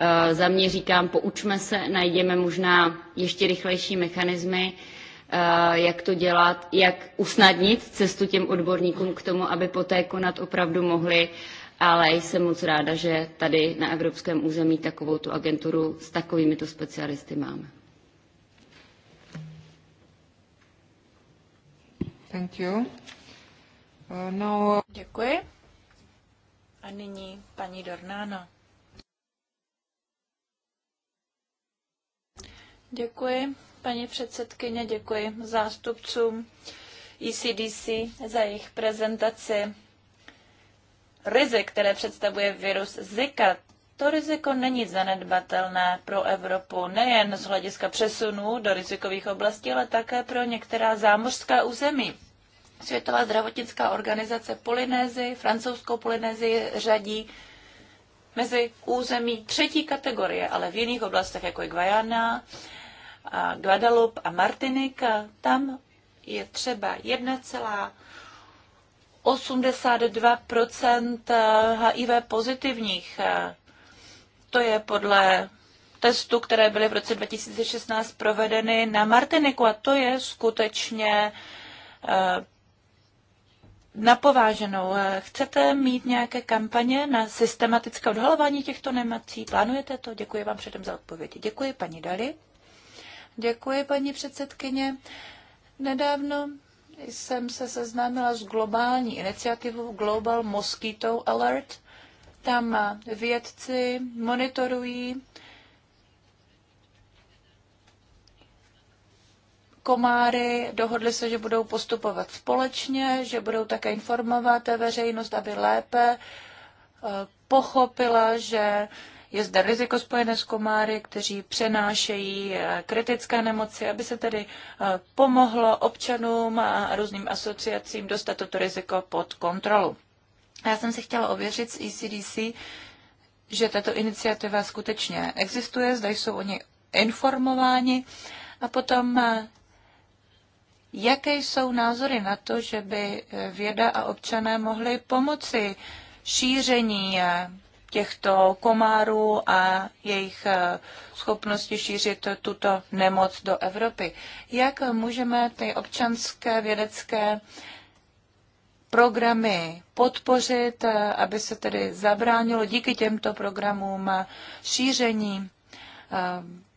eh, za mě říkám, poučme se, najdeme možná ještě rychlejší mechanismy, eh, jak to dělat, jak usnadnit cestu těm odborníkům k tomu, aby poté konat opravdu mohli ale jsem moc ráda, že tady na evropském území takovou tu agenturu s takovými to specialisty máme. Thank you. Uh, now... Uh, děkuji. A nyní paní Dornáno. Děkuji, paní předsedkyně, děkuji zástupcům ECDC za jejich prezentaci rizik, které představuje virus Zika. To riziko není zanedbatelné pro Evropu nejen z hlediska přesunů do rizikových oblastí, ale také pro některá zámořská území. Světová zdravotnická organizace Polynézy, francouzskou Polynézi řadí mezi území třetí kategorie, ale v jiných oblastech, jako je Guyana, a Guadeloupe a Martinique, tam je třeba 1,82 HIV pozitivních to je podle testů, které byly v roce 2016 provedeny na Martiniku a to je skutečně eh, napováženou. Eh, chcete mít nějaké kampaně na systematické odhalování těchto nemocí? Plánujete to? Děkuji vám předem za odpovědi. Děkuji, paní Dali. Děkuji, paní předsedkyně. Nedávno jsem se seznámila s globální iniciativou Global Mosquito Alert – tam vědci monitorují komáry, dohodli se, že budou postupovat společně, že budou také informovat veřejnost, aby lépe eh, pochopila, že je zde riziko spojené s komáry, kteří přenášejí eh, kritické nemoci, aby se tedy eh, pomohlo občanům a různým asociacím dostat toto riziko pod kontrolu. Já jsem si chtěla ověřit z ECDC, že tato iniciativa skutečně existuje, zda jsou oni informováni a potom eh, jaké jsou názory na to, že by eh, věda a občané mohli pomoci šíření eh, těchto komárů a jejich schopnosti šířit tuto nemoc do Evropy. Jak můžeme ty občanské vědecké programy podpořit, eh, aby se tedy zabránilo díky těmto programům šíření eh,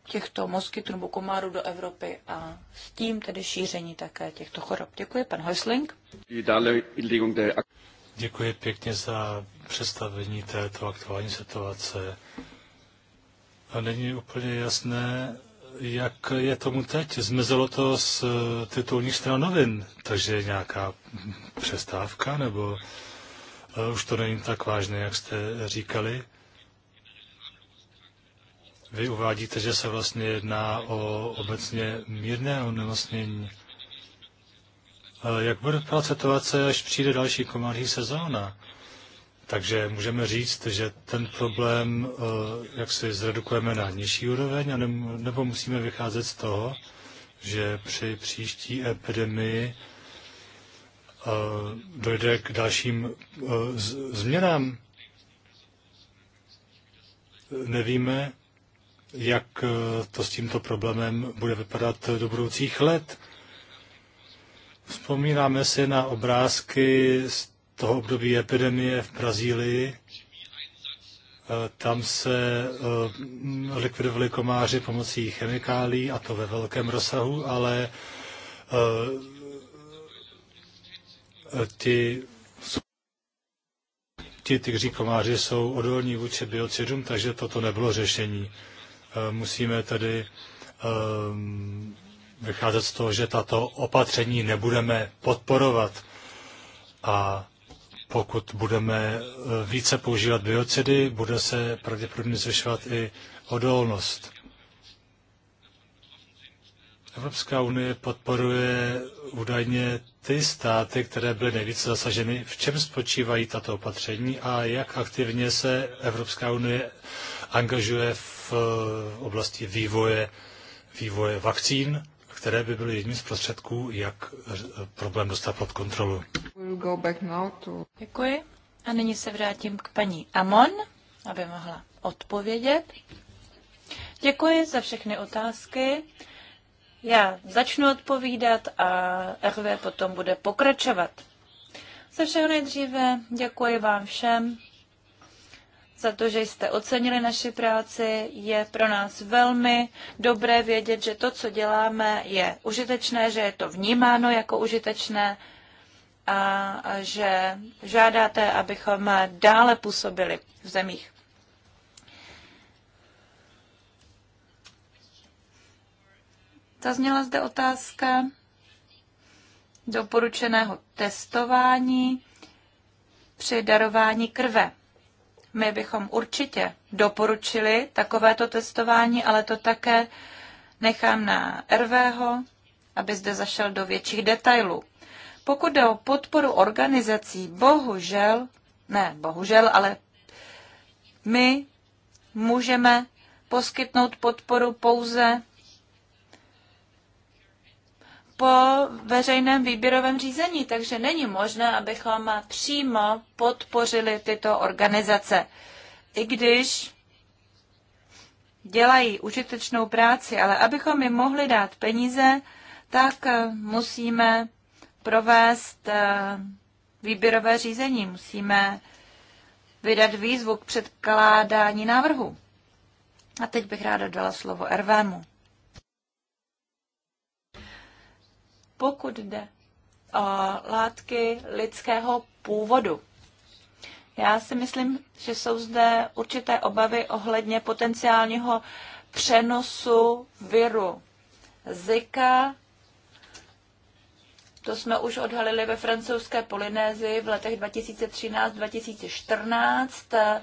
těchto moskytů nebo komárů do Evropy a s tím tedy šíření také těchto chorob. Děkuji, pan Hosling. Děkuji pěkně za představení této aktuální situace. A není úplně jasné, jak je tomu teď? Zmizelo to z eh, titulních stran novin, takže nějaká přestávka, nebo eh, už to není tak vážné, jak jste říkali? Vy uvádíte, že se vlastně jedná o obecně mírné onemocnění. Eh, jak bude vypadat situace, až přijde další komarní sezóna? Takže můžeme říct, že ten problém eh, jak si zredukujeme na nižší úroveň, nebo musíme vycházet z toho, že při příští epidemii eh, dojde k dalším eh, změnám. Nevíme, jak to s tímto problémem bude vypadat do budoucích let. Vzpomínáme si na obrázky z toho období epidemie v Brazílii. E, tam se e, likvidovali komáři pomocí chemikálí, a to ve velkém rozsahu, ale e, ti, ti tygří komáři jsou odolní vůči biocidům, takže toto nebylo řešení. Musíme tedy vycházet z toho, že tato opatření nebudeme podporovat. A pokud budeme eh, více používat biocidy, bude se pravděpodobně zvyšovat i odolnost. Evropská unie podporuje údajně ty státy, které byly nejvíce zasaženy. V čem spočívají tato opatření a jak aktivně se Evropská unie angažuje v eh, oblasti vývoje, vývoje vakcín které by byly jedním z prostředků, jak problém dostat pod kontrolu. Děkuji. A nyní se vrátím k paní Amon, aby mohla odpovědět. Děkuji za všechny otázky. Já začnu odpovídat a RV potom bude pokračovat. Ze všeho nejdříve děkuji vám všem za to, že jste ocenili naši práci. Je pro nás velmi dobré vědět, že to, co děláme, je užitečné, že je to vnímáno jako užitečné a že žádáte, abychom dále působili v zemích. Zazněla zde otázka doporučeného testování při darování krve. My bychom určitě doporučili takovéto testování, ale to také nechám na RVho, aby zde zašel do větších detailů. Pokud jde o podporu organizací, bohužel, ne bohužel, ale my můžeme poskytnout podporu pouze po veřejném výběrovém řízení, takže není možné, abychom přímo podpořili tyto organizace. I když dělají užitečnou práci, ale abychom jim mohli dát peníze, tak eh, musíme provést eh, výběrové řízení, musíme vydat výzvu k předkládání návrhu. A teď bych ráda dala slovo Ervému. pokud jde o látky lidského původu. Já si myslím, že jsou zde určité obavy ohledně potenciálního přenosu viru Zika. To jsme už odhalili ve francouzské Polynézii v letech 2013-2014 eh,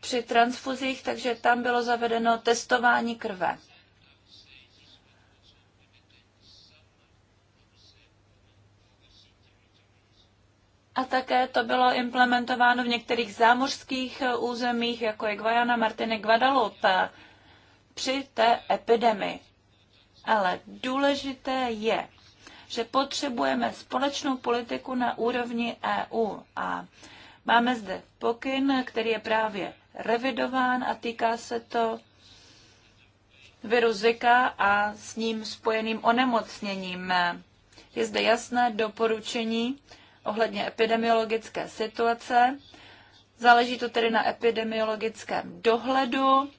při transfuzích, takže tam bylo zavedeno testování krve. A také to bylo implementováno v některých zámořských eh, územích, jako je Guayana, Martiny, Guadalupe, při té epidemii. Ale důležité je, že potřebujeme společnou politiku na úrovni EU. A máme zde pokyn, který je právě revidován a týká se to viru Zika a s ním spojeným onemocněním. Je zde jasné doporučení, ohledně epidemiologické situace. Záleží to tedy na epidemiologickém dohledu,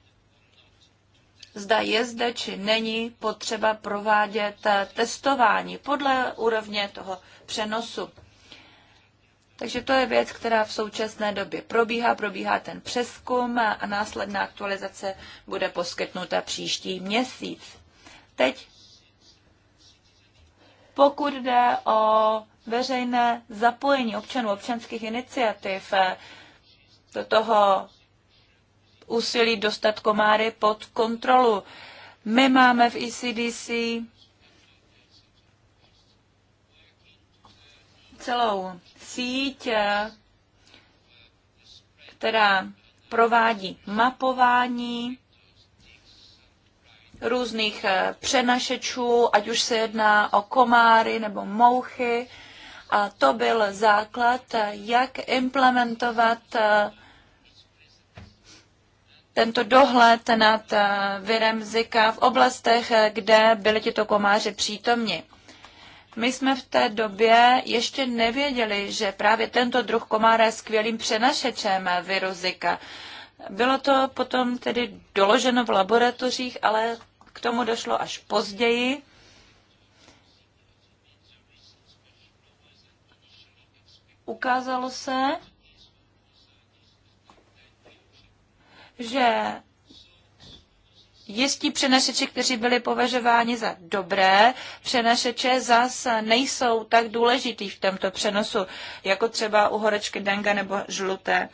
zda je zde či není potřeba provádět testování podle úrovně toho přenosu. Takže to je věc, která v současné době probíhá. Probíhá ten přeskum a následná aktualizace bude poskytnuta příští měsíc. Teď, pokud jde o veřejné zapojení občanů, občanských iniciativ eh, do toho úsilí dostat komáry pod kontrolu. My máme v ECDC celou síť, eh, která provádí mapování různých eh, přenašečů, ať už se jedná o komáry nebo mouchy. A to byl základ, jak implementovat eh, tento dohled nad eh, virem Zika v oblastech, eh, kde byly tyto komáři přítomni. My jsme v té době ještě nevěděli, že právě tento druh komára je skvělým přenašečem viru Zika. Bylo to potom tedy doloženo v laboratořích, ale k tomu došlo až později. ukázalo se, že jistí přenašeči, kteří byli považováni za dobré přenašeče, zase nejsou tak důležitý v tomto přenosu, jako třeba u horečky denga nebo žluté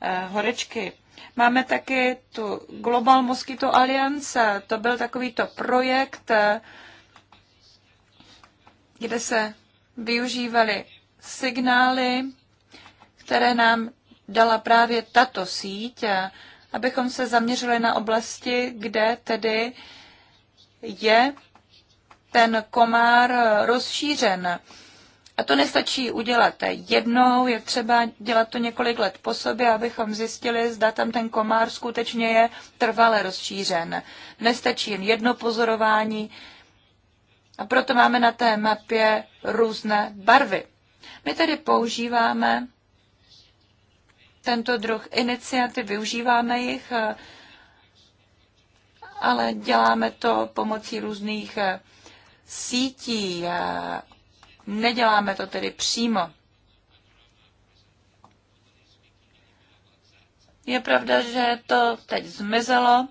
eh, horečky. Máme taky tu Global Mosquito Alliance, to byl takovýto projekt, eh, kde se využívaly signály, které nám dala právě tato síť, abychom se zaměřili na oblasti, kde tedy je ten komár rozšířen. A to nestačí udělat jednou, je třeba dělat to několik let po sobě, abychom zjistili, zda tam ten komár skutečně je trvale rozšířen. Nestačí jen jedno pozorování a proto máme na té mapě různé barvy. My tedy používáme tento druh iniciativ, využíváme jich, eh, ale děláme to pomocí různých eh, sítí. Eh, neděláme to tedy přímo. Je pravda, že to teď zmizelo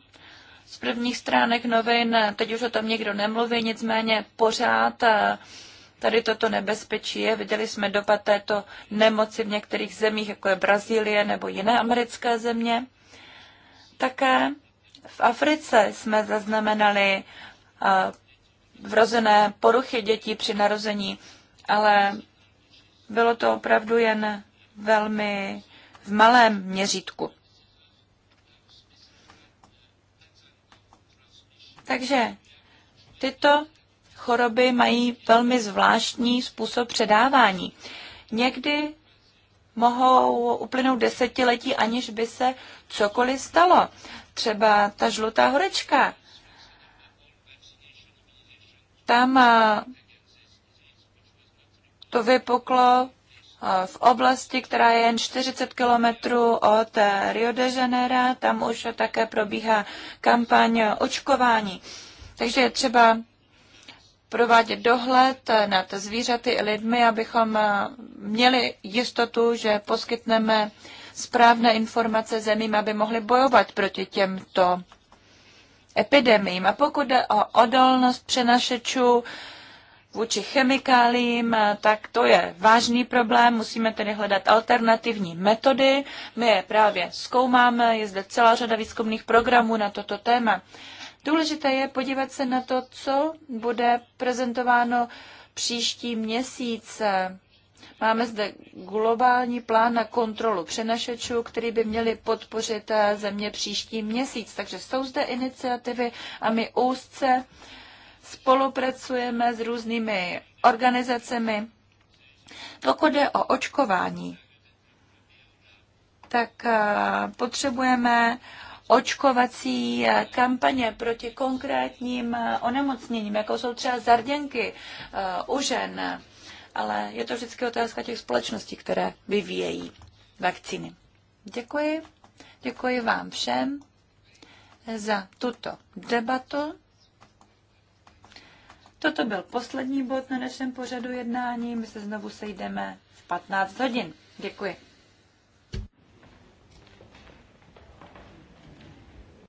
z prvních stránek novin, teď už o tom někdo nemluví, nicméně pořád tady toto nebezpečí je. Viděli jsme dopad této nemoci v některých zemích, jako je Brazílie nebo jiné americké země. Také v Africe jsme zaznamenali eh, vrozené poruchy dětí při narození, ale bylo to opravdu jen velmi v malém měřítku. Takže tyto choroby mají velmi zvláštní způsob předávání. Někdy mohou uplynout desetiletí, aniž by se cokoliv stalo. Třeba ta žlutá horečka. Tam eh, to vypuklo eh, v oblasti, která je jen 40 kilometrů od eh, Rio de Janeiro. Tam už také probíhá kampaň očkování. Takže je třeba provádět dohled nad zvířaty i lidmi, abychom eh, měli jistotu, že poskytneme správné informace zemím, aby mohli bojovat proti těmto epidemiím. A pokud jde o odolnost přenašečů vůči chemikáliím, eh, tak to je vážný problém. Musíme tedy hledat alternativní metody. My je právě zkoumáme, je zde celá řada výzkumných programů na toto téma. Důležité je podívat se na to, co bude prezentováno příští měsíc. Máme zde globální plán na kontrolu přenašečů, který by měli podpořit eh, země příští měsíc. Takže jsou zde iniciativy a my úzce spolupracujeme s různými organizacemi. Pokud jde o očkování, tak eh, potřebujeme očkovací eh, kampaně proti konkrétním eh, onemocněním, jako jsou třeba zarděnky eh, u žen, ale je to vždycky otázka těch společností, které vyvíjejí vakcíny. Děkuji. Děkuji vám všem za tuto debatu. Toto byl poslední bod na našem pořadu jednání. My se znovu sejdeme v 15 hodin. Děkuji.